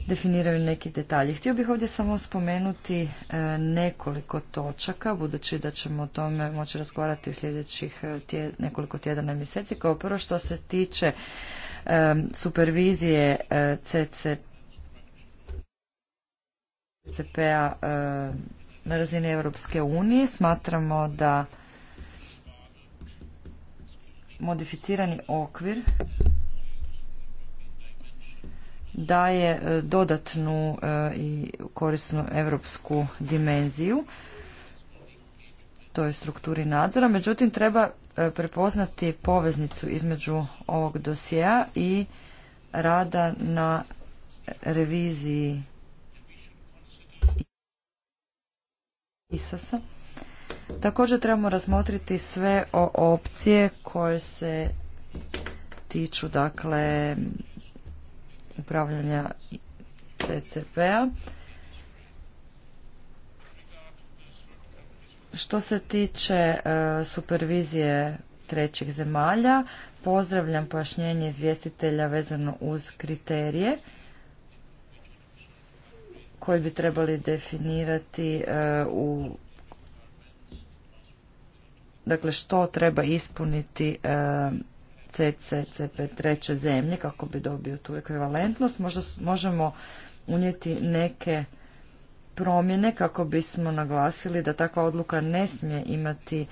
definiraju neki detalji. Htio bih ovdje samo spomenuti e, nekoliko točaka, budući da ćemo o tome moći razgovarati u sljedećih e, nekoliko tjedana i mjeseci. Kao prvo što se tiče e, supervizije CC, CCP-a na razini Europske unije. Smatramo da modificirani okvir daje e, dodatnu e, i korisnu europsku dimenziju toj strukturi nadzora. Međutim, treba e, prepoznati poveznicu između ovog dosjea i rada na reviziji Isasa. Također trebamo razmotriti sve o opcije koje se tiču dakle upravljanja CCP-a. Što se tiče e, supervizije trećih zemalja, pozdravljam pojašnjenje izvjestitelja vezano uz kriterije koji bi trebali definirati e, u dakle što treba ispuniti e, CCCP treće zemlje kako bi dobio tu ekvivalentnost. možemo unijeti neke promjene kako bismo naglasili da takva odluka ne smije imati e,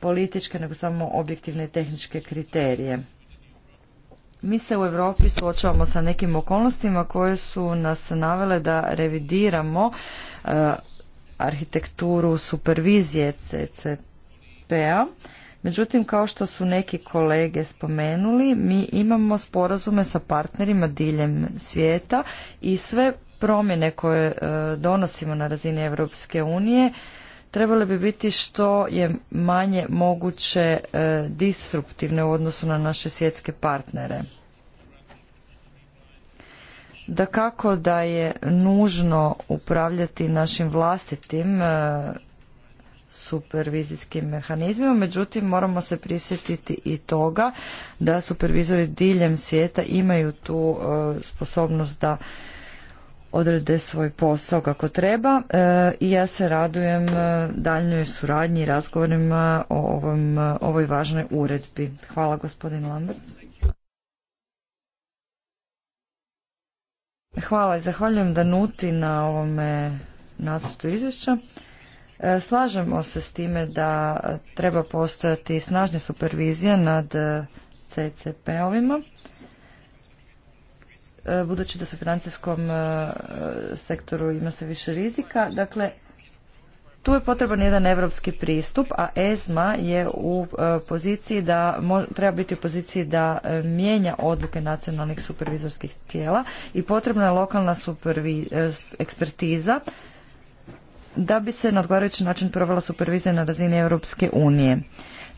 političke nego samo objektivne i tehničke kriterije. Mi se u Europi suočavamo sa nekim okolnostima koje su nas navele da revidiramo e, arhitekturu supervizije CCP-a. Međutim, kao što su neki kolege spomenuli, mi imamo sporazume sa partnerima diljem svijeta i sve promjene koje e, donosimo na razini Europske unije trebale bi biti što je manje moguće e, disruptivne u odnosu na naše svjetske partnere. Da kako da je nužno upravljati našim vlastitim e, supervizijskim mehanizmima, međutim moramo se prisjetiti i toga da supervizori diljem svijeta imaju tu e, sposobnost da odrede svoj posao kako treba e, i ja se radujem e, daljnjoj suradnji i razgovorima o e, ovoj važnoj uredbi. Hvala gospodin Lambert. Hvala i zahvaljujem Danuti na ovome nacrtu izvješća. Slažemo se s time da treba postojati snažna supervizija nad CCP-ovima E, budući da se u financijskom e, sektoru ima sve više rizika. Dakle, tu je potreban jedan europski pristup, a ESMA je u e, poziciji da treba biti u poziciji da mijenja odluke nacionalnih supervizorskih tijela i potrebna je lokalna ekspertiza da bi se na odgovarajući način provela supervizija na razini Europske unije.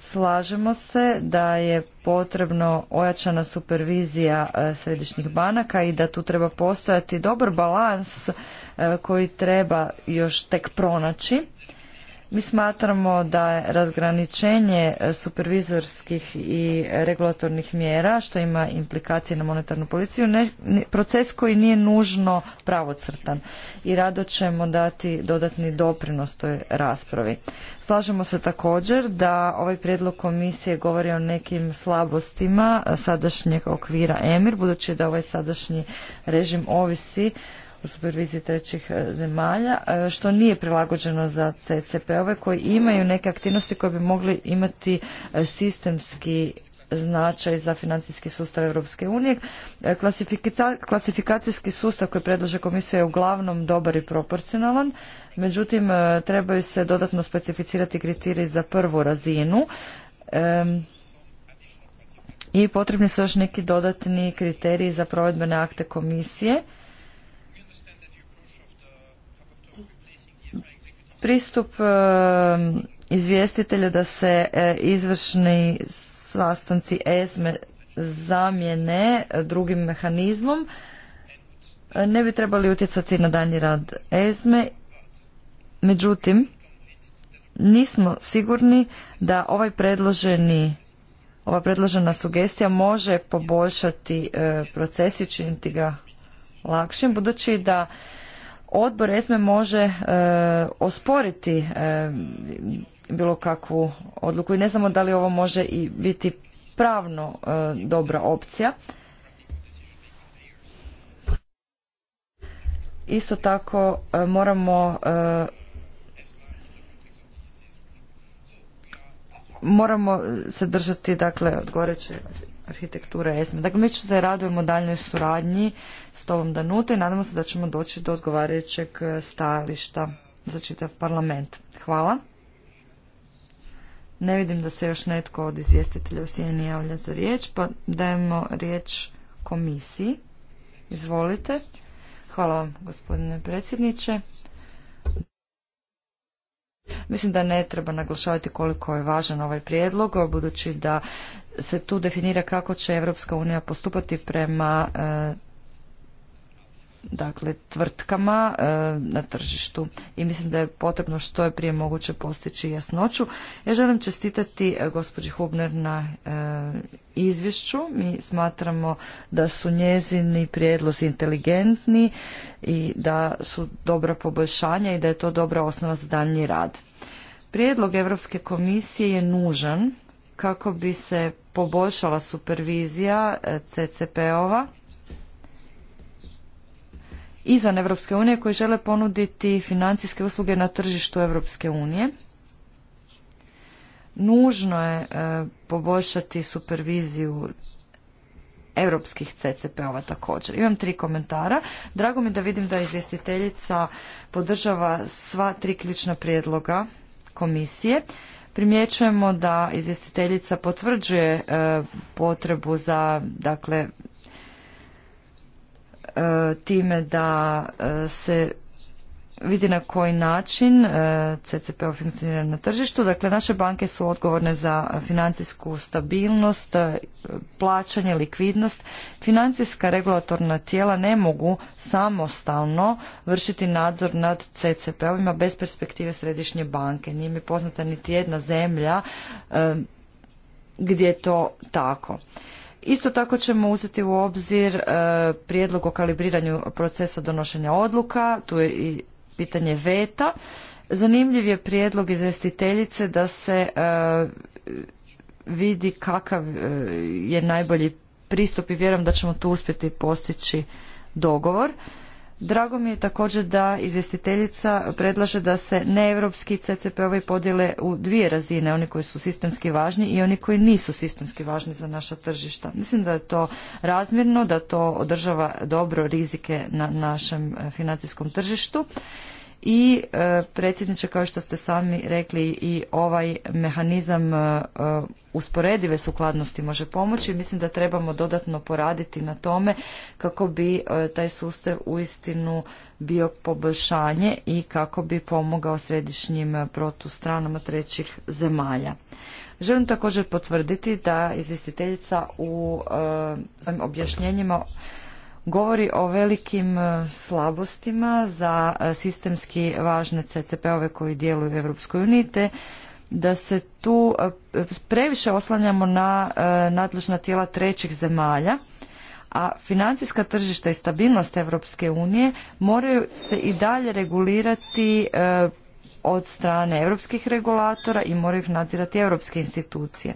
Slažemo se da je potrebno ojačana supervizija e, središnjih banaka i da tu treba postojati dobar balans e, koji treba još tek pronaći mi smatramo da je razgraničenje e, supervizorskih i regulatornih mjera, što ima implikacije na monetarnu policiju, proces koji nije nužno pravocrtan i rado ćemo dati dodatni doprinos toj raspravi. Slažemo se također da ovaj prijedlog komisije govori o nekim slabostima e, sadašnjeg okvira EMIR, budući da ovaj sadašnji režim ovisi u superviziji trećih e, zemalja, e, što nije prilagođeno za CCP-ove koji imaju neke aktivnosti koje bi mogli imati e, sistemski značaj za financijski sustav Europske unije. Klasifikacijski sustav koji predlaže komisija je uglavnom dobar i proporcionalan, međutim trebaju se dodatno specificirati kriteriji za prvu razinu i potrebni su još neki dodatni kriteriji za provedbene akte komisije pristup ehm, izvjestitelja da se e, izvršni sastanci ESME zamjene drugim mehanizmom e, ne bi trebali utjecati na danji rad ESME. Međutim, nismo sigurni da ovaj predloženi ova predložena sugestija može poboljšati e, proces i činiti ga lakšim, budući da odbor ESME može e, osporiti e, bilo kakvu odluku i ne znamo da li ovo može i biti pravno e, dobra opcija. Isto tako moramo moramo se držati dakle odgovarajuće arhitekture ESME. Dakle, mi se radujemo daljnoj suradnji s tobom Danute i nadamo se da ćemo doći do odgovarajućeg e, stajališta za čitav parlament. Hvala. Ne vidim da se još netko od izvjestitelja u sjeni javlja za riječ, pa dajemo riječ komisiji. Izvolite. Hvala vam, gospodine predsjedniče. Mislim da ne treba naglašavati koliko je važan ovaj prijedlog, budući da se tu definira kako će Europska unija postupati prema e, dakle tvrtkama e, na tržištu i mislim da je potrebno što je prije moguće postići jasnoću. Ja želim čestitati e, gospođi Hubner na izvješću. Mi smatramo da su njezini prijedlozi inteligentni i da su dobra poboljšanja i da je to dobra osnova za daljnji rad. Prijedlog Europske komisije je nužan kako bi se poboljšala supervizija e, CCP-ova izvan Europske unije koji žele ponuditi financijske usluge na tržištu Europske unije. Nužno je e, poboljšati superviziju europskih CCP-ova također. Imam tri komentara. Drago mi da vidim da izvjestiteljica podržava sva tri ključna prijedloga komisije primjećujemo da izvjestiteljica potvrđuje e, potrebu za dakle e, time da e, se vidi na koji način e, ccp funkcionira na tržištu. Dakle, naše banke su odgovorne za financijsku stabilnost, e, plaćanje, likvidnost. Financijska regulatorna tijela ne mogu samostalno vršiti nadzor nad CCP-ovima bez perspektive središnje banke. Nije mi poznata niti jedna zemlja e, gdje je to tako. Isto tako ćemo uzeti u obzir prijedlog o kalibriranju procesa donošenja odluka, tu je i pitanje veta. Zanimljiv je prijedlog izvjestiteljice da se e, vidi kakav e, je najbolji pristup i vjerujem da ćemo tu uspjeti postići dogovor. Drago mi je također da izvjestiteljica predlaže da se neevropski CCP-ovi podijele u dvije razine, oni koji su sistemski važni i oni koji nisu sistemski važni za naša tržišta. Mislim da je to razmjerno, da to održava dobro rizike na našem eh, financijskom tržištu i e, predsjedniče kao što ste sami rekli i ovaj mehanizam e, e, usporedive sukladnosti može pomoći. Mislim da trebamo dodatno poraditi na tome kako bi taj sustav uistinu bio poboljšanje i kako bi pomogao središnjim protustranama trećih zemalja. Želim također potvrditi da izvjestiteljica u svojim objašnjenjima govori o velikim e, slabostima za e, sistemski važne CCP-ove koji djeluju u Europskoj uniji te da se tu e, previše oslanjamo na nadležna tijela trećih zemalja a financijska tržišta i stabilnost Europske unije moraju se i dalje regulirati od strane europskih regulatora i moraju ih nadzirati europske institucije.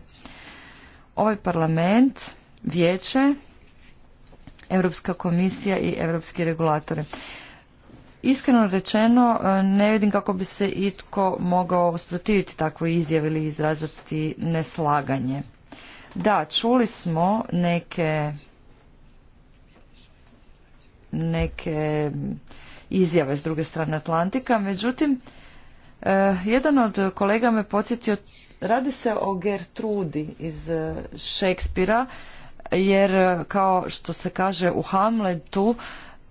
Ovaj parlament, vijeće Europska komisija i europski regulatori. Iskreno rečeno, e, ne vidim kako bi se itko mogao usprotiviti takvoj izjavi ili izrazati neslaganje. Da, čuli smo neke neke izjave s druge strane Atlantika, međutim, e, jedan od kolega me podsjetio, radi se o Gertrudi iz Šekspira, jer e, kao što se kaže u Hamletu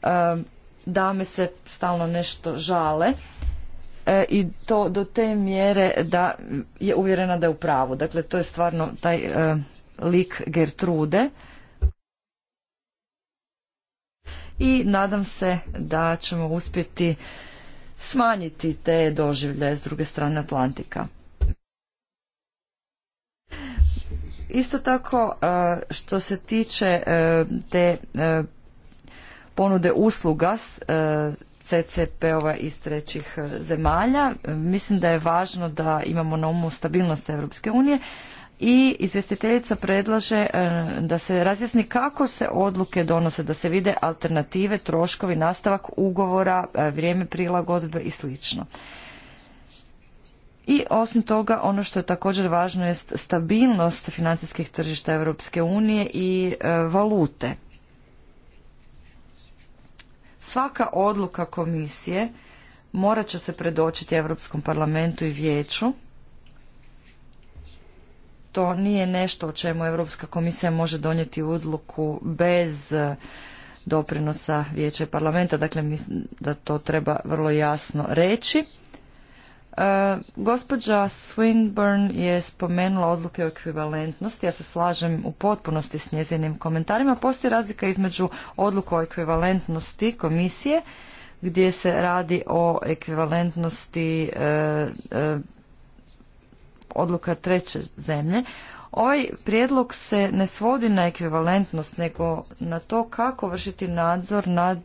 e, dame se stalno nešto žale e, i to do te mjere da je uvjerena da je u pravu. Dakle, to je stvarno taj lik Gertrude. I nadam se da ćemo uspjeti smanjiti te doživlje s druge strane Atlantika. Isto tako e, što se tiče e, te e, ponude usluga CCP-ova iz trećih zemalja, mislim da je važno da imamo na umu stabilnost Europske unije i izvjestiteljica predlaže da se razjasni kako se odluke donose, da se vide alternative, troškovi, nastavak ugovora, vrijeme prilagodbe i slično. I osim toga, ono što je također važno jest stabilnost financijskih tržišta Europske unije i e, valute. Svaka odluka komisije morat će se predočiti Europskom parlamentu i vijeću. To nije nešto o čemu Europska komisija može donijeti odluku bez e, doprinosa vijeća i parlamenta, dakle mislim da to treba vrlo jasno reći gospođa Swinburne je spomenula odluke o ekvivalentnosti, ja se slažem u potpunosti s njezinim komentarima. Postoji razlika između odluku o ekvivalentnosti komisije gdje se radi o ekvivalentnosti e, e, odluka treće zemlje. Ovaj prijedlog se ne svodi na ekvivalentnost nego na to kako vršiti nadzor nad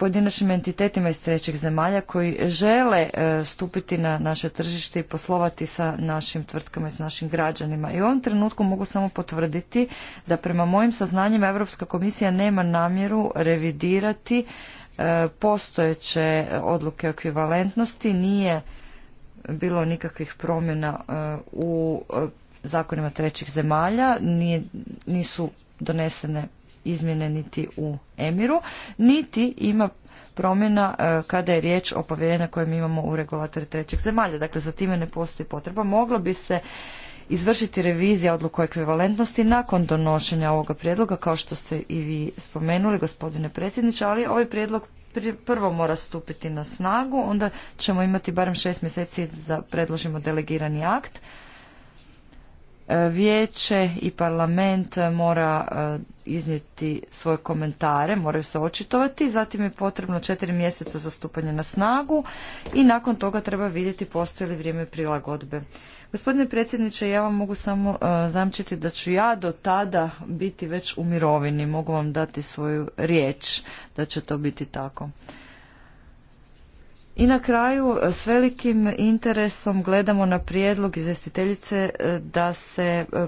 pojedinačnim entitetima iz trećih zemalja koji žele e, stupiti na naše tržište i poslovati sa našim tvrtkama i s našim građanima. I u ovom trenutku mogu samo potvrditi da prema mojim saznanjima Europska komisija nema namjeru revidirati e, postojeće odluke o ekvivalentnosti, nije bilo nikakvih promjena e, u zakonima trećih zemalja, nisu donesene izmjene niti u Emiru, niti ima promjena e, kada je riječ o povjerenju koje mi imamo u regulatore trećeg zemalja. Dakle, za time ne postoji potreba. Moglo bi se izvršiti revizija odluku o ekvivalentnosti nakon donošenja ovoga prijedloga, kao što ste i vi spomenuli, gospodine predsjedniče, ali ovaj prijedlog prvo mora stupiti na snagu, onda ćemo imati barem šest mjeseci da predložimo delegirani akt Vijeće i parlament mora e, iznijeti svoje komentare, moraju se očitovati, zatim je potrebno četiri mjeseca za stupanje na snagu i nakon toga treba vidjeti postoji li vrijeme prilagodbe. Gospodine predsjedniče, ja vam mogu samo e, zamčiti da ću ja do tada biti već u mirovini, mogu vam dati svoju riječ da će to biti tako. I na kraju e, s velikim interesom gledamo na prijedlog izvjestiteljice e, da se e,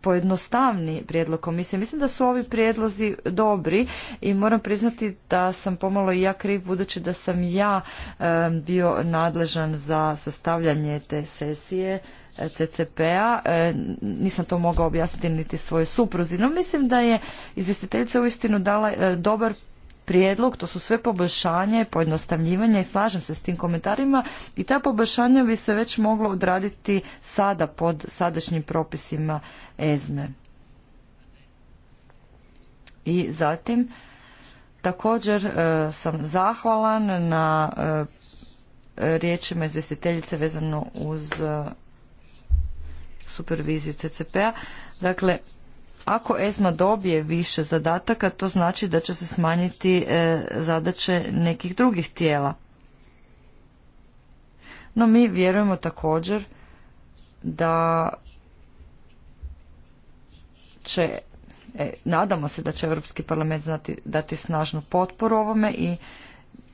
pojednostavni prijedlog komisije. Mislim da su ovi prijedlozi dobri i moram priznati da sam pomalo i ja kriv budući da sam ja bio nadležan za sastavljanje te sesije CCP-a. Nisam to mogao objasniti niti svoje supruzi, no mislim da je izvjestiteljica uistinu dala dobar prijedlog, to su sve poboljšanje, pojednostavljivanje i slažem se s tim komentarima i ta poboljšanja bi se već moglo odraditi sada pod sadašnjim propisima EZME. I zatim također e, sam zahvalan na e, riječima izvjestiteljice vezano uz e, superviziju CCP-a. Dakle, ako ESMA dobije više zadataka, to znači da će se smanjiti e, zadaće nekih drugih tijela. No mi vjerujemo također da će, e, nadamo se da će Europski parlament dati snažnu potporu ovome i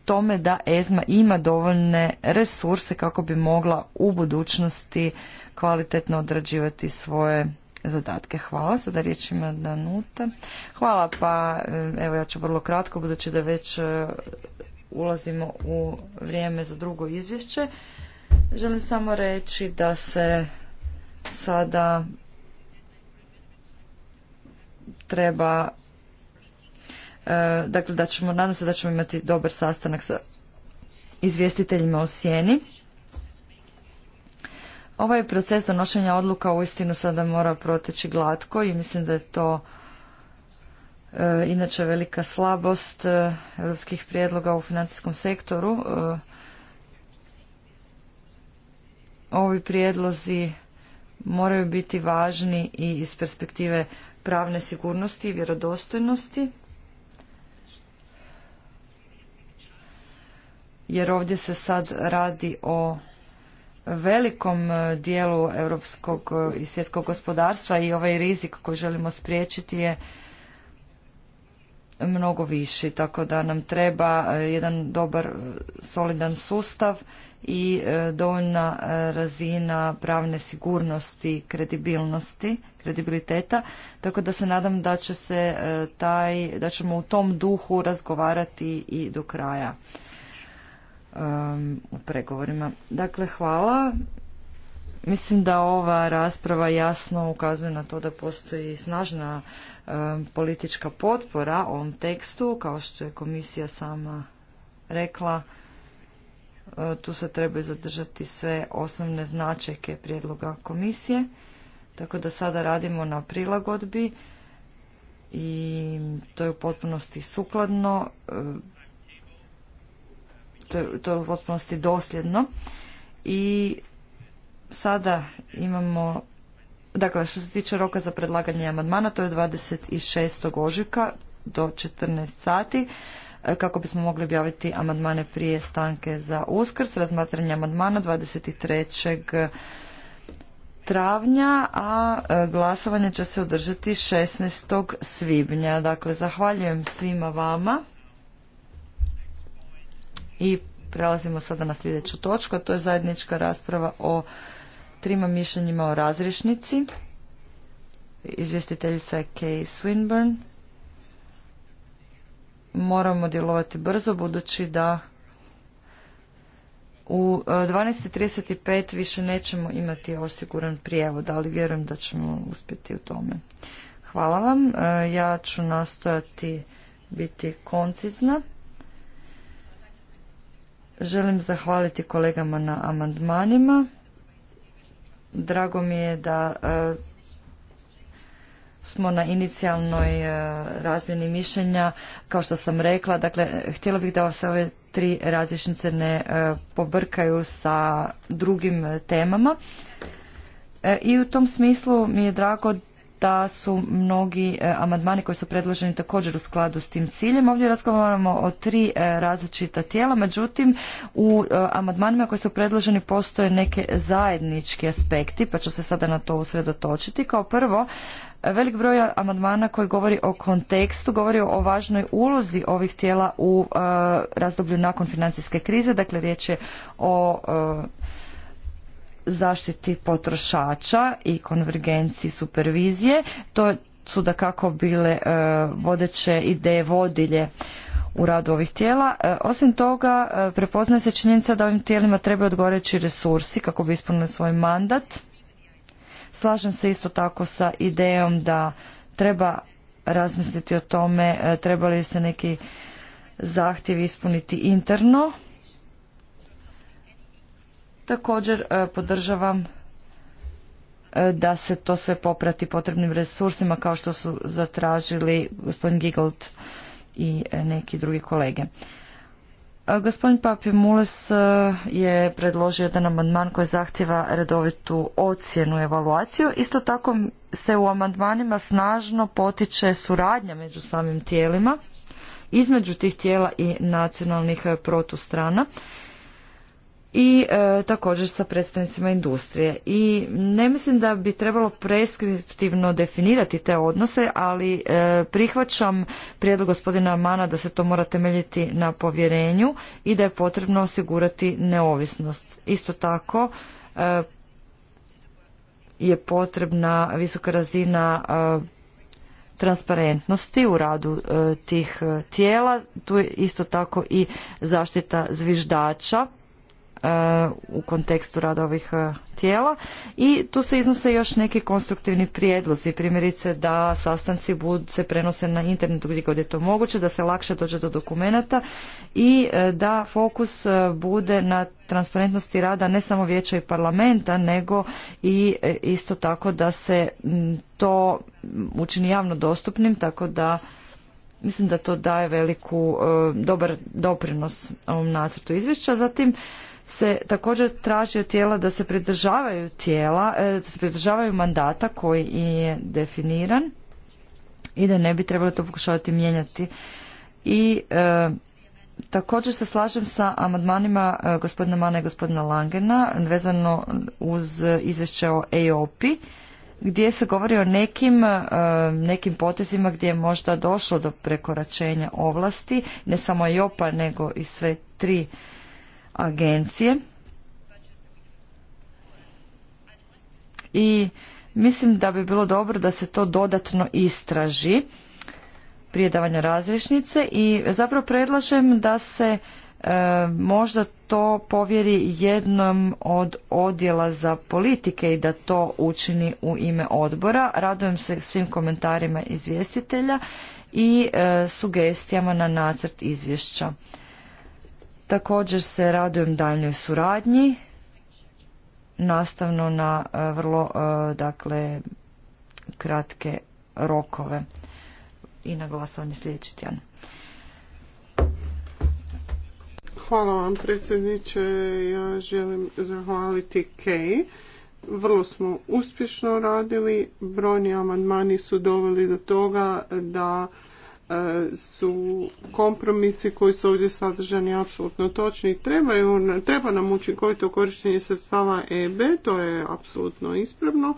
tome da ESMA ima dovoljne resurse kako bi mogla u budućnosti kvalitetno odrađivati svoje zadatke. Hvala. Sada riječ ima Danuta. Hvala pa e, evo ja ću vrlo kratko budući da već e, ulazimo u vrijeme za drugo izvješće. Želim samo reći da se sada treba e, dakle da ćemo, nadam se da ćemo imati dobar sastanak sa izvjestiteljima o sjeni Ovaj proces donošenja odluka uistinu sada mora proteći glatko i mislim da je to e, inače velika slabost europskih prijedloga u financijskom sektoru. E, ovi prijedlozi moraju biti važni i iz perspektive pravne sigurnosti i vjerodostojnosti. Jer ovdje se sad radi o velikom e, dijelu europskog e, i svjetskog gospodarstva i ovaj rizik koji želimo spriječiti je mnogo viši, tako da nam treba e, jedan dobar solidan sustav i dovoljna razina pravne sigurnosti, kredibilnosti, kredibiliteta, tako da se nadam da će se taj, da ćemo u tom duhu razgovarati i do kraja um, u pregovorima. Dakle, hvala. Mislim da ova rasprava jasno ukazuje na to da postoji snažna um, politička potpora ovom tekstu, kao što je komisija sama rekla. Uh, tu se trebaju zadržati sve osnovne značajke prijedloga komisije. Tako da sada radimo na prilagodbi i to je u potpunosti sukladno uh, to je, u potpunosti dosljedno. I sada imamo, dakle što se tiče roka za predlaganje amandmana, to je 26. ožujka do 14 sati e, kako bismo mogli objaviti amandmane prije stanke za uskrs, razmatranje amandmana 23. travnja, a e, glasovanje će se održati 16. svibnja. Dakle, zahvaljujem svima vama. I prelazimo sada na sljedeću točku, a to je zajednička rasprava o trima mišljenjima o razrišnici. Izvjestiteljica je Kay Swinburne. Moramo djelovati brzo budući da u 12.35 e, više nećemo imati osiguran prijevod, ali vjerujem da ćemo uspjeti u tome. Hvala vam. E, ja ću nastojati biti koncizna. Želim zahvaliti kolegama na amandmanima. Drago mi je da e, smo na inicijalnoj e, razmjeni mišljenja, kao što sam rekla, dakle, htjela bih da se ove tri različnice ne e, pobrkaju sa drugim temama. I u tom smislu mi je drago da su mnogi e, amandmani koji su predloženi također u skladu s tim ciljem. Ovdje razgovaramo o tri e, različita tijela, međutim u e, amandmanima koji su predloženi postoje neke zajednički aspekti, pa ću se sada na to usredotočiti. Kao prvo, velik broj amandmana koji govori o kontekstu, govori o važnoj ulozi ovih tijela u razdoblju nakon financijske krize, dakle riječ je o zaštiti potrošača i konvergenciji supervizije. To su da kako bile e, vodeće ideje vodilje u radu ovih tijela. E, osim toga, e, prepoznaje se činjenica da ovim tijelima trebaju odgovarajući resursi kako bi ispunili svoj mandat. Slažem se isto tako sa idejom da treba razmisliti o tome trebali se neki zahtjevi ispuniti interno Također e, podržavam e, da se to sve poprati potrebnim resursima kao što su zatražili gospodin Gigold i e, neki drugi kolege. Gospodin Papi Mules je predložio jedan amandman koji zahtjeva redovitu ocjenu i evaluaciju. Isto tako se u amandmanima snažno potiče suradnja među samim tijelima, između tih tijela i nacionalnih protustrana i e, također sa predstavnicima industrije. I ne mislim da bi trebalo preskriptivno definirati te odnose, ali e, prihvaćam prijedlog gospodina Mana da se to mora temeljiti na povjerenju i da je potrebno osigurati neovisnost. Isto tako e, je potrebna visoka razina transparentnosti u radu tih tijela, tu je isto tako i zaštita zviždača E, u kontekstu rada ovih e, tijela i tu se iznose još neki konstruktivni prijedlozi, primjerice da sastanci se prenose na internetu gdje god je to moguće, da se lakše dođe do dokumenata i e, da fokus bude na transparentnosti rada ne samo vijeća i parlamenta, nego i isto tako da se to učini javno dostupnim, tako da mislim da to daje veliku dobar doprinos ovom nacrtu izvješća. Zatim se također traži od tijela da se pridržavaju tijela, e, da se pridržavaju mandata koji je definiran i da ne bi trebalo to pokušavati mijenjati. I e, također se slažem sa amandmanima e, gospodina Mana i gospodina Langena vezano uz izvješće o EOPI gdje se govori o nekim, nekim potezima gdje je možda došlo do prekoračenja ovlasti, ne samo EOP-a nego i sve tri agencije. I mislim da bi bilo dobro da se to dodatno istraži prije davanja razrišnice i zapravo predlažem da se e, možda to povjeri jednom od odjela za politike i da to učini u ime odbora. Radujem se svim komentarima izvjestitelja i e, sugestijama na nacrt izvješća. Također se radujem daljnjoj suradnji, nastavno na e, vrlo e, dakle, kratke rokove i na glasovanje sljedeći tjedan. Hvala vam predsjedniče. Ja želim zahvaliti Kej. Vrlo smo uspješno radili. Brojni amandmani su doveli do toga da su kompromisi koji su ovdje sadržani apsolutno točni. treba nam učinkovito korištenje sredstava EB, to je apsolutno ispravno,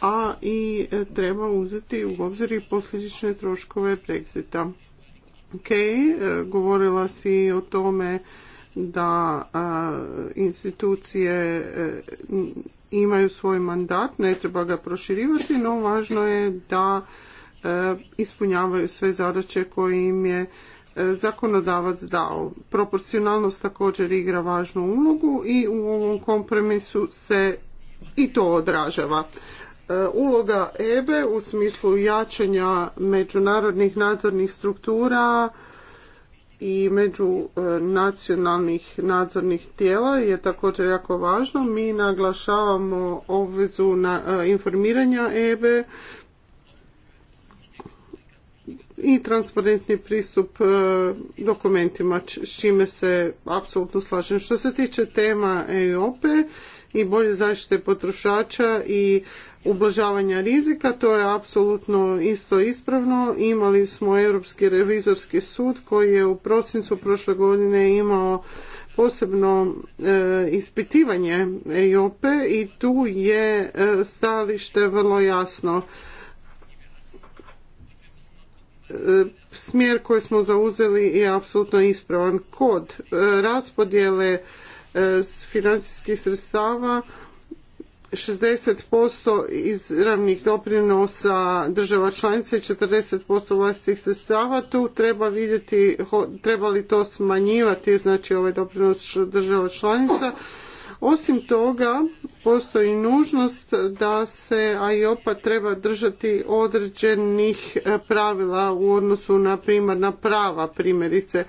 a i treba uzeti u obzir i posljedične troškove Brexita. Ok, e, govorila si o tome da institucije e, imaju svoj mandat, ne treba ga proširivati, no važno je da E, ispunjavaju sve zadaće koje im je e, zakonodavac dao. Proporcionalnost također igra važnu ulogu i u ovom kompromisu se i to odražava. E, uloga EBE u smislu jačanja međunarodnih nadzornih struktura i među nacionalnih nadzornih tijela je također jako važno. Mi naglašavamo obvezu na informiranja EBE i transparentni pristup e, dokumentima, s čime se apsolutno slažem. Što se tiče tema EOP i bolje zaštite potrošača i ublažavanja rizika, to je apsolutno isto ispravno. Imali smo Europski revizorski sud koji je u prosincu prošle godine imao posebno e, ispitivanje EOPE i tu je e, stalište vrlo jasno smjer koji smo zauzeli je apsolutno ispravan. Kod e, raspodjele e, financijskih sredstava 60% izravnih doprinosa država članica i 40% vlastitih sredstava. Tu treba vidjeti treba li to smanjivati, znači ovaj doprinos država članica osim toga, postoji nužnost da se opa treba držati određenih eh, pravila u odnosu na primarna prava primjerice.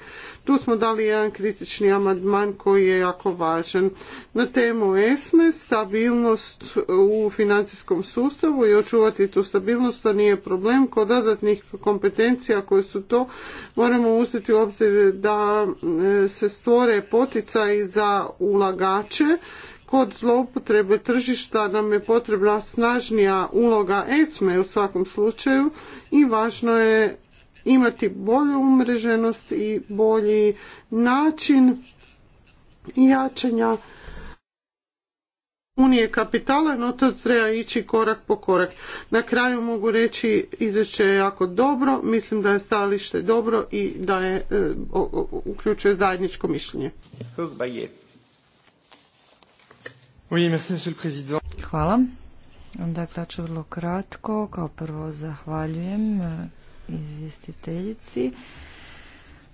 Tu smo dali jedan kritični amandman koji je jako važan. Na temu ESME stabilnost u financijskom sustavu i očuvati tu stabilnost to nije problem. Kod dodatnih kompetencija koje su to moramo uzeti u obzir da e, se stvore poticaji za ulagače kod zloupotrebe tržišta nam je potrebna snažnija uloga ESME u svakom slučaju i važno je imati bolju umreženost i bolji način jačanja unije kapitala, no to treba ići korak po korak. Na kraju mogu reći izvješće je jako dobro, mislim da je stalište dobro i da je e, uključuje zajedničko mišljenje. Hvala. Dakle, ću vrlo kratko. Kao prvo zahvaljujem e, izvjestiteljici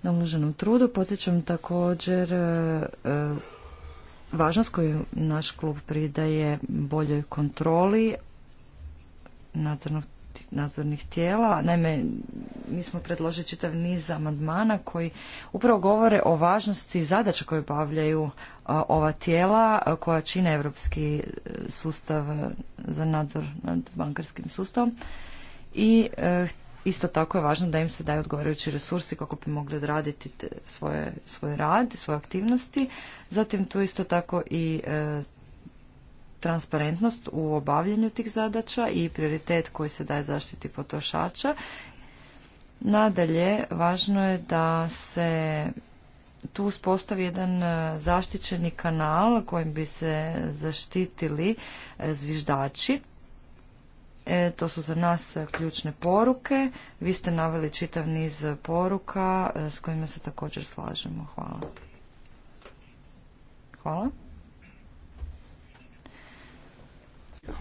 na uloženom trudu. Podsjećam također e, e, važnost koju naš klub pridaje boljoj kontroli nadzornih tijela. Naime, mi smo predložili čitav niz amandmana koji upravo govore o važnosti zadaća koje obavljaju e, ova tijela koja čine europski sustav za nadzor nad bankarskim sustavom i Isto tako je važno da im se daju odgovarajući resursi kako bi mogli odraditi svoje, svoj rad, svoje aktivnosti. Zatim tu isto tako i e, transparentnost u obavljanju tih zadaća i prioritet koji se daje zaštiti potrošača. Nadalje, važno je da se tu uspostavi jedan e, zaštićeni kanal kojim bi se zaštitili e, zviždači E, to su za nas e, ključne poruke. Vi ste naveli čitav niz e, poruka e, s kojima se također slažemo. Hvala. Hvala.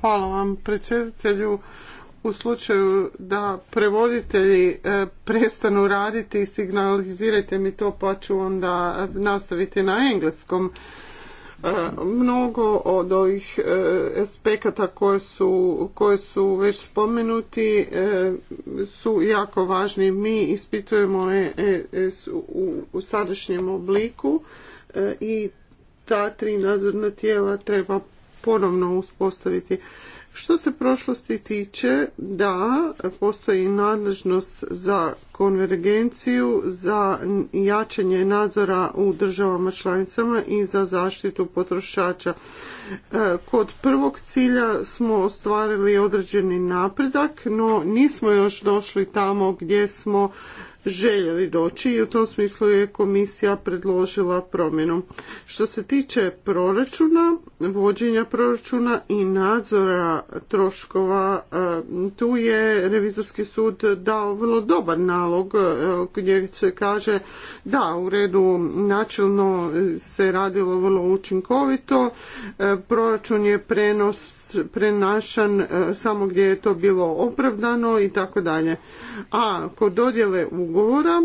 Hvala vam predsjedatelju. U slučaju da prevoditelji prestanu raditi, i signalizirajte mi to pa ću onda nastaviti na engleskom. Mnogo od ovih e, aspekata koje su, koje su već spomenuti e, su jako važni. Mi ispitujemo je u, u sadašnjem obliku e, i ta tri nadzorna tijela treba ponovno uspostaviti. Što se prošlosti tiče, da, postoji nadležnost za konvergenciju za jačanje nadzora u državama članicama i za zaštitu potrošača. E, kod prvog cilja smo ostvarili određeni napredak, no nismo još došli tamo gdje smo željeli doći i u tom smislu je komisija predložila promjenu. Što se tiče proračuna, vođenja proračuna i nadzora troškova, e, tu je revizorski sud dao vrlo dobar nalog nalog gdje se kaže da u redu načelno se radilo vrlo učinkovito, e, proračun je prenos, prenašan e, samo gdje je to bilo opravdano i tako dalje. A kod dodjele ugovora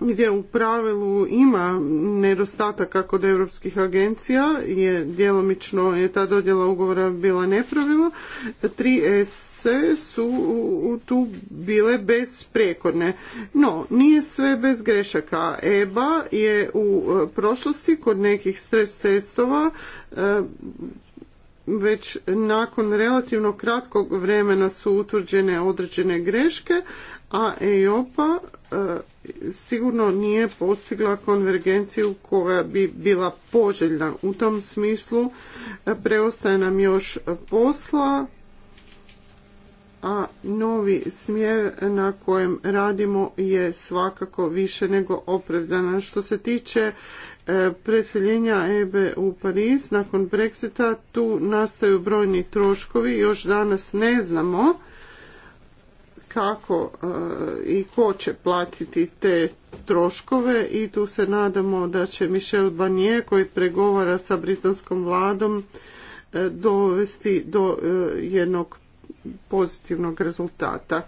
gdje u pravilu ima nedostataka kod europskih agencija je djelomično je ta dodjela ugovora bila nepravilna. tri s su tu bile besprekorne. No, nije sve bez grešaka. EBA je u e, prošlosti kod nekih stres testova e, već nakon relativno kratkog vremena su utvrđene određene greške, a EIOPA e, sigurno nije postigla konvergenciju koja bi bila poželjna. U tom smislu e, preostaje nam još posla, a novi smjer na kojem radimo je svakako više nego opravdana. Što se tiče e, preseljenja EBE u Pariz nakon Brexita, tu nastaju brojni troškovi, još danas ne znamo kako e, i ko će platiti te troškove i tu se nadamo da će Michel Barnier koji pregovara sa britanskom vladom e, dovesti do e, jednog pozitivnog rezultata.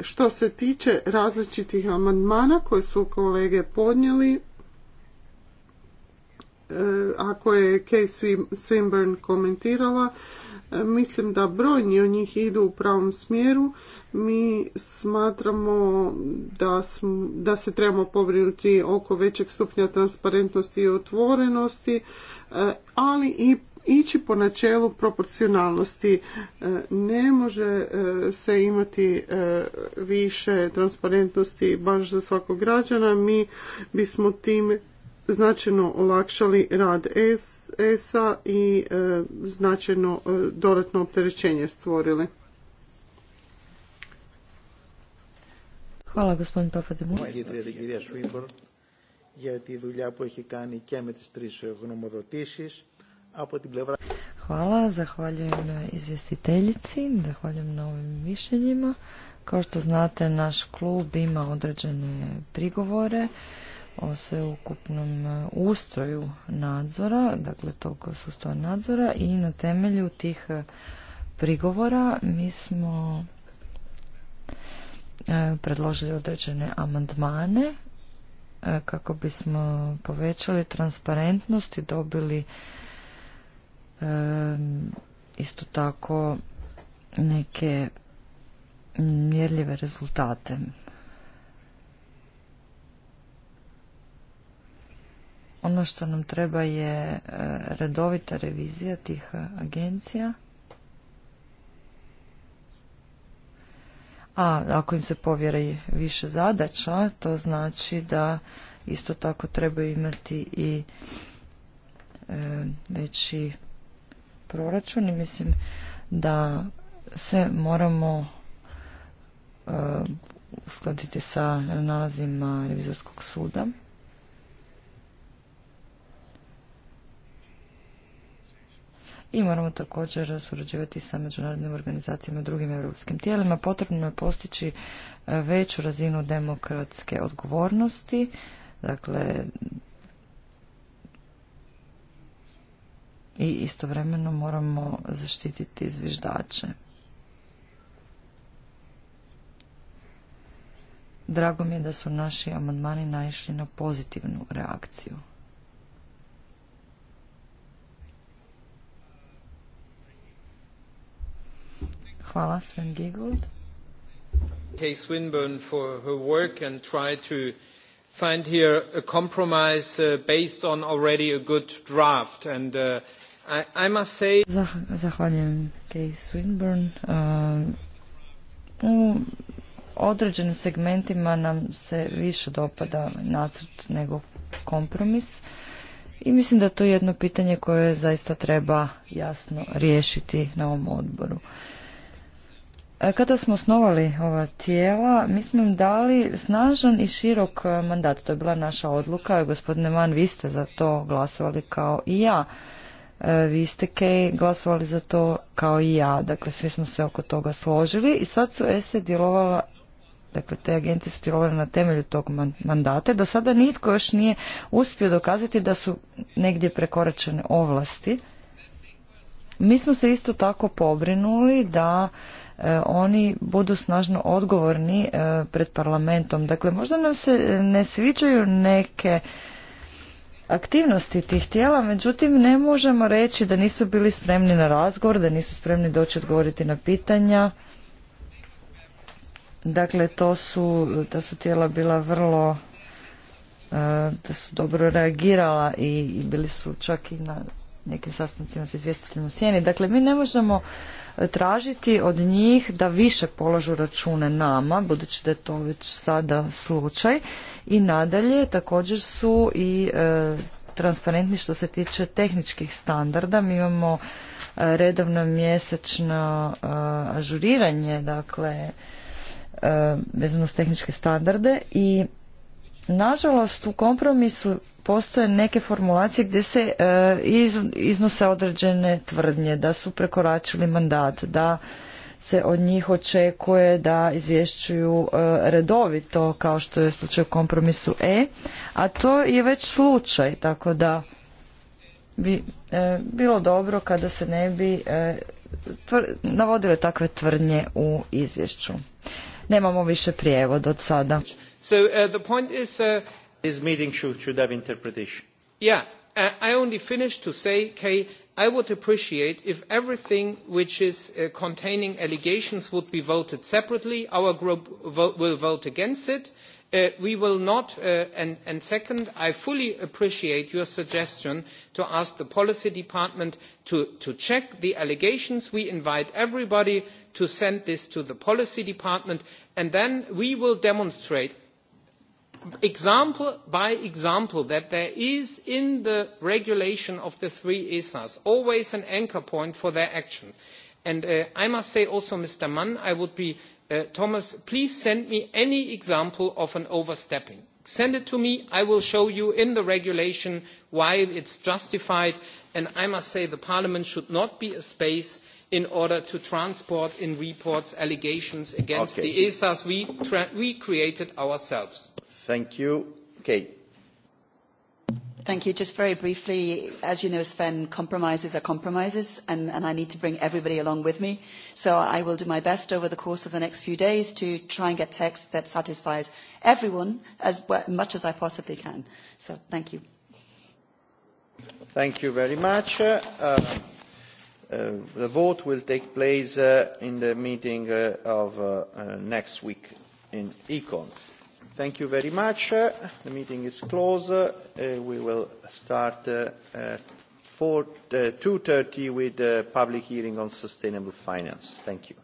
Što se tiče različitih amandmana koje su kolege podnijeli, ako je Kay Swinburne komentirala, Mislim da brojni od njih idu u pravom smjeru. Mi smatramo da, da se trebamo pobrinuti oko većeg stupnja transparentnosti i otvorenosti, e, ali i ići po načelu proporcionalnosti. E, ne može e, se imati više transparentnosti baš za svakog građana. Mi bismo tim značajno olakšali rad ESA i e, značajno e, dodatno opterećenje stvorili. Hvala gospodin blevra... Hvala, zahvaljujem izvjestiteljici, zahvaljujem na ovim mišljenjima. Kao što znate, naš klub ima određene prigovore o sveukupnom e, ustroju nadzora, dakle tog sustava nadzora i na temelju tih e, prigovora mi smo e, predložili određene amandmane kako bismo povećali transparentnost i dobili isto tako neke mjerljive rezultate Ono što nam treba je e, redovita revizija tih e, agencija. A ako im se povjera više zadaća, to znači da isto tako treba imati i e, veći proračun i mislim da se moramo uskladiti sa nalazima revizorskog suda. i moramo također surađivati sa međunarodnim organizacijama i drugim europskim tijelima. Potrebno je postići e, veću razinu demokratske odgovornosti, dakle i istovremeno moramo zaštititi zviždače. Drago mi je da su naši amandmani naišli na pozitivnu reakciju. Hvala, Sven Giegold. Kay Swinburne for her work and try to find here a compromise uh, based on already a good draft. And uh, I, I must say... Zah zahvaljujem Kay Swinburne. Uh, u određenim segmentima nam se više dopada nacrt nego kompromis. I mislim da to je jedno pitanje koje zaista treba jasno riješiti na ovom odboru. E, kada smo osnovali ova tijela, mi smo im dali snažan i širok e, mandat. To je bila naša odluka. Gospodine Man, vi ste za to glasovali kao i ja. E, vi ste Kej glasovali za to kao i ja. Dakle, svi smo se oko toga složili i sad su ESE djelovala Dakle, te agencije su djelovale na temelju tog mandata. Do sada nitko još nije uspio dokazati da su negdje prekoračene ovlasti. Mi smo se isto tako pobrinuli da E, oni budu snažno odgovorni e, pred parlamentom. Dakle, možda nam se ne sviđaju neke aktivnosti tih tijela, međutim ne možemo reći da nisu bili spremni na razgovor, da nisu spremni doći odgovoriti na pitanja. Dakle, to su, ta su tijela bila vrlo e, da su dobro reagirala i, i bili su čak i na nekim sastancima sa izvjestiteljima u sjeni. Dakle, mi ne možemo tražiti od njih da više polažu račune nama, budući da je to već sada slučaj. I nadalje također su i e, transparentni što se tiče tehničkih standarda. Mi imamo e, redovno mjesečno e, ažuriranje, dakle, vezano s tehničke standarde i Nažalost, u kompromisu postoje neke formulacije gdje se e, iznose određene tvrdnje da su prekoračili mandat, da se od njih očekuje da izvješćuju e, redovito kao što je slučaj u kompromisu E, a to je već slučaj, tako da bi e, bilo dobro kada se ne bi navodile takve tvrdnje u izvješću. Nemamo više prijevod od sada. So uh, the point is uh, this meeting should, should have interpretation. Yeah, uh, I only finished to say, Kay, I would appreciate if everything which is uh, containing allegations would be voted separately. Our group vo will vote against it Uh, we will not uh, and, second i fully appreciate your suggestion to ask the policy department to, check the allegations we invite everybody to send this to the policy department and then we will demonstrate example by example that there is in the regulation of the three esas always an anchor point for their action. Uh, i must say also mr mann i would be Uh, Thomas, please send me any example of an overstepping. Send it to me. I will show you in the regulation why it's justified. And I must say the Parliament should not be a space in order to transport in reports allegations against the ESAs we, we created ourselves. Thank you. Okay. Thank you. Just very briefly, as you know, Sven, compromises are compromises, and, and I need to bring everybody along with me. So I will do my best over the course of the next few days to try and get text that satisfies everyone as much as I possibly can. So thank you. Thank you very much. Uh, uh, the vote will take place uh, in the meeting of next week in Econ. Thank you very much. The meeting is closed. We will start Uh, two thirty with a public hearing on sustainable finance. Thank you.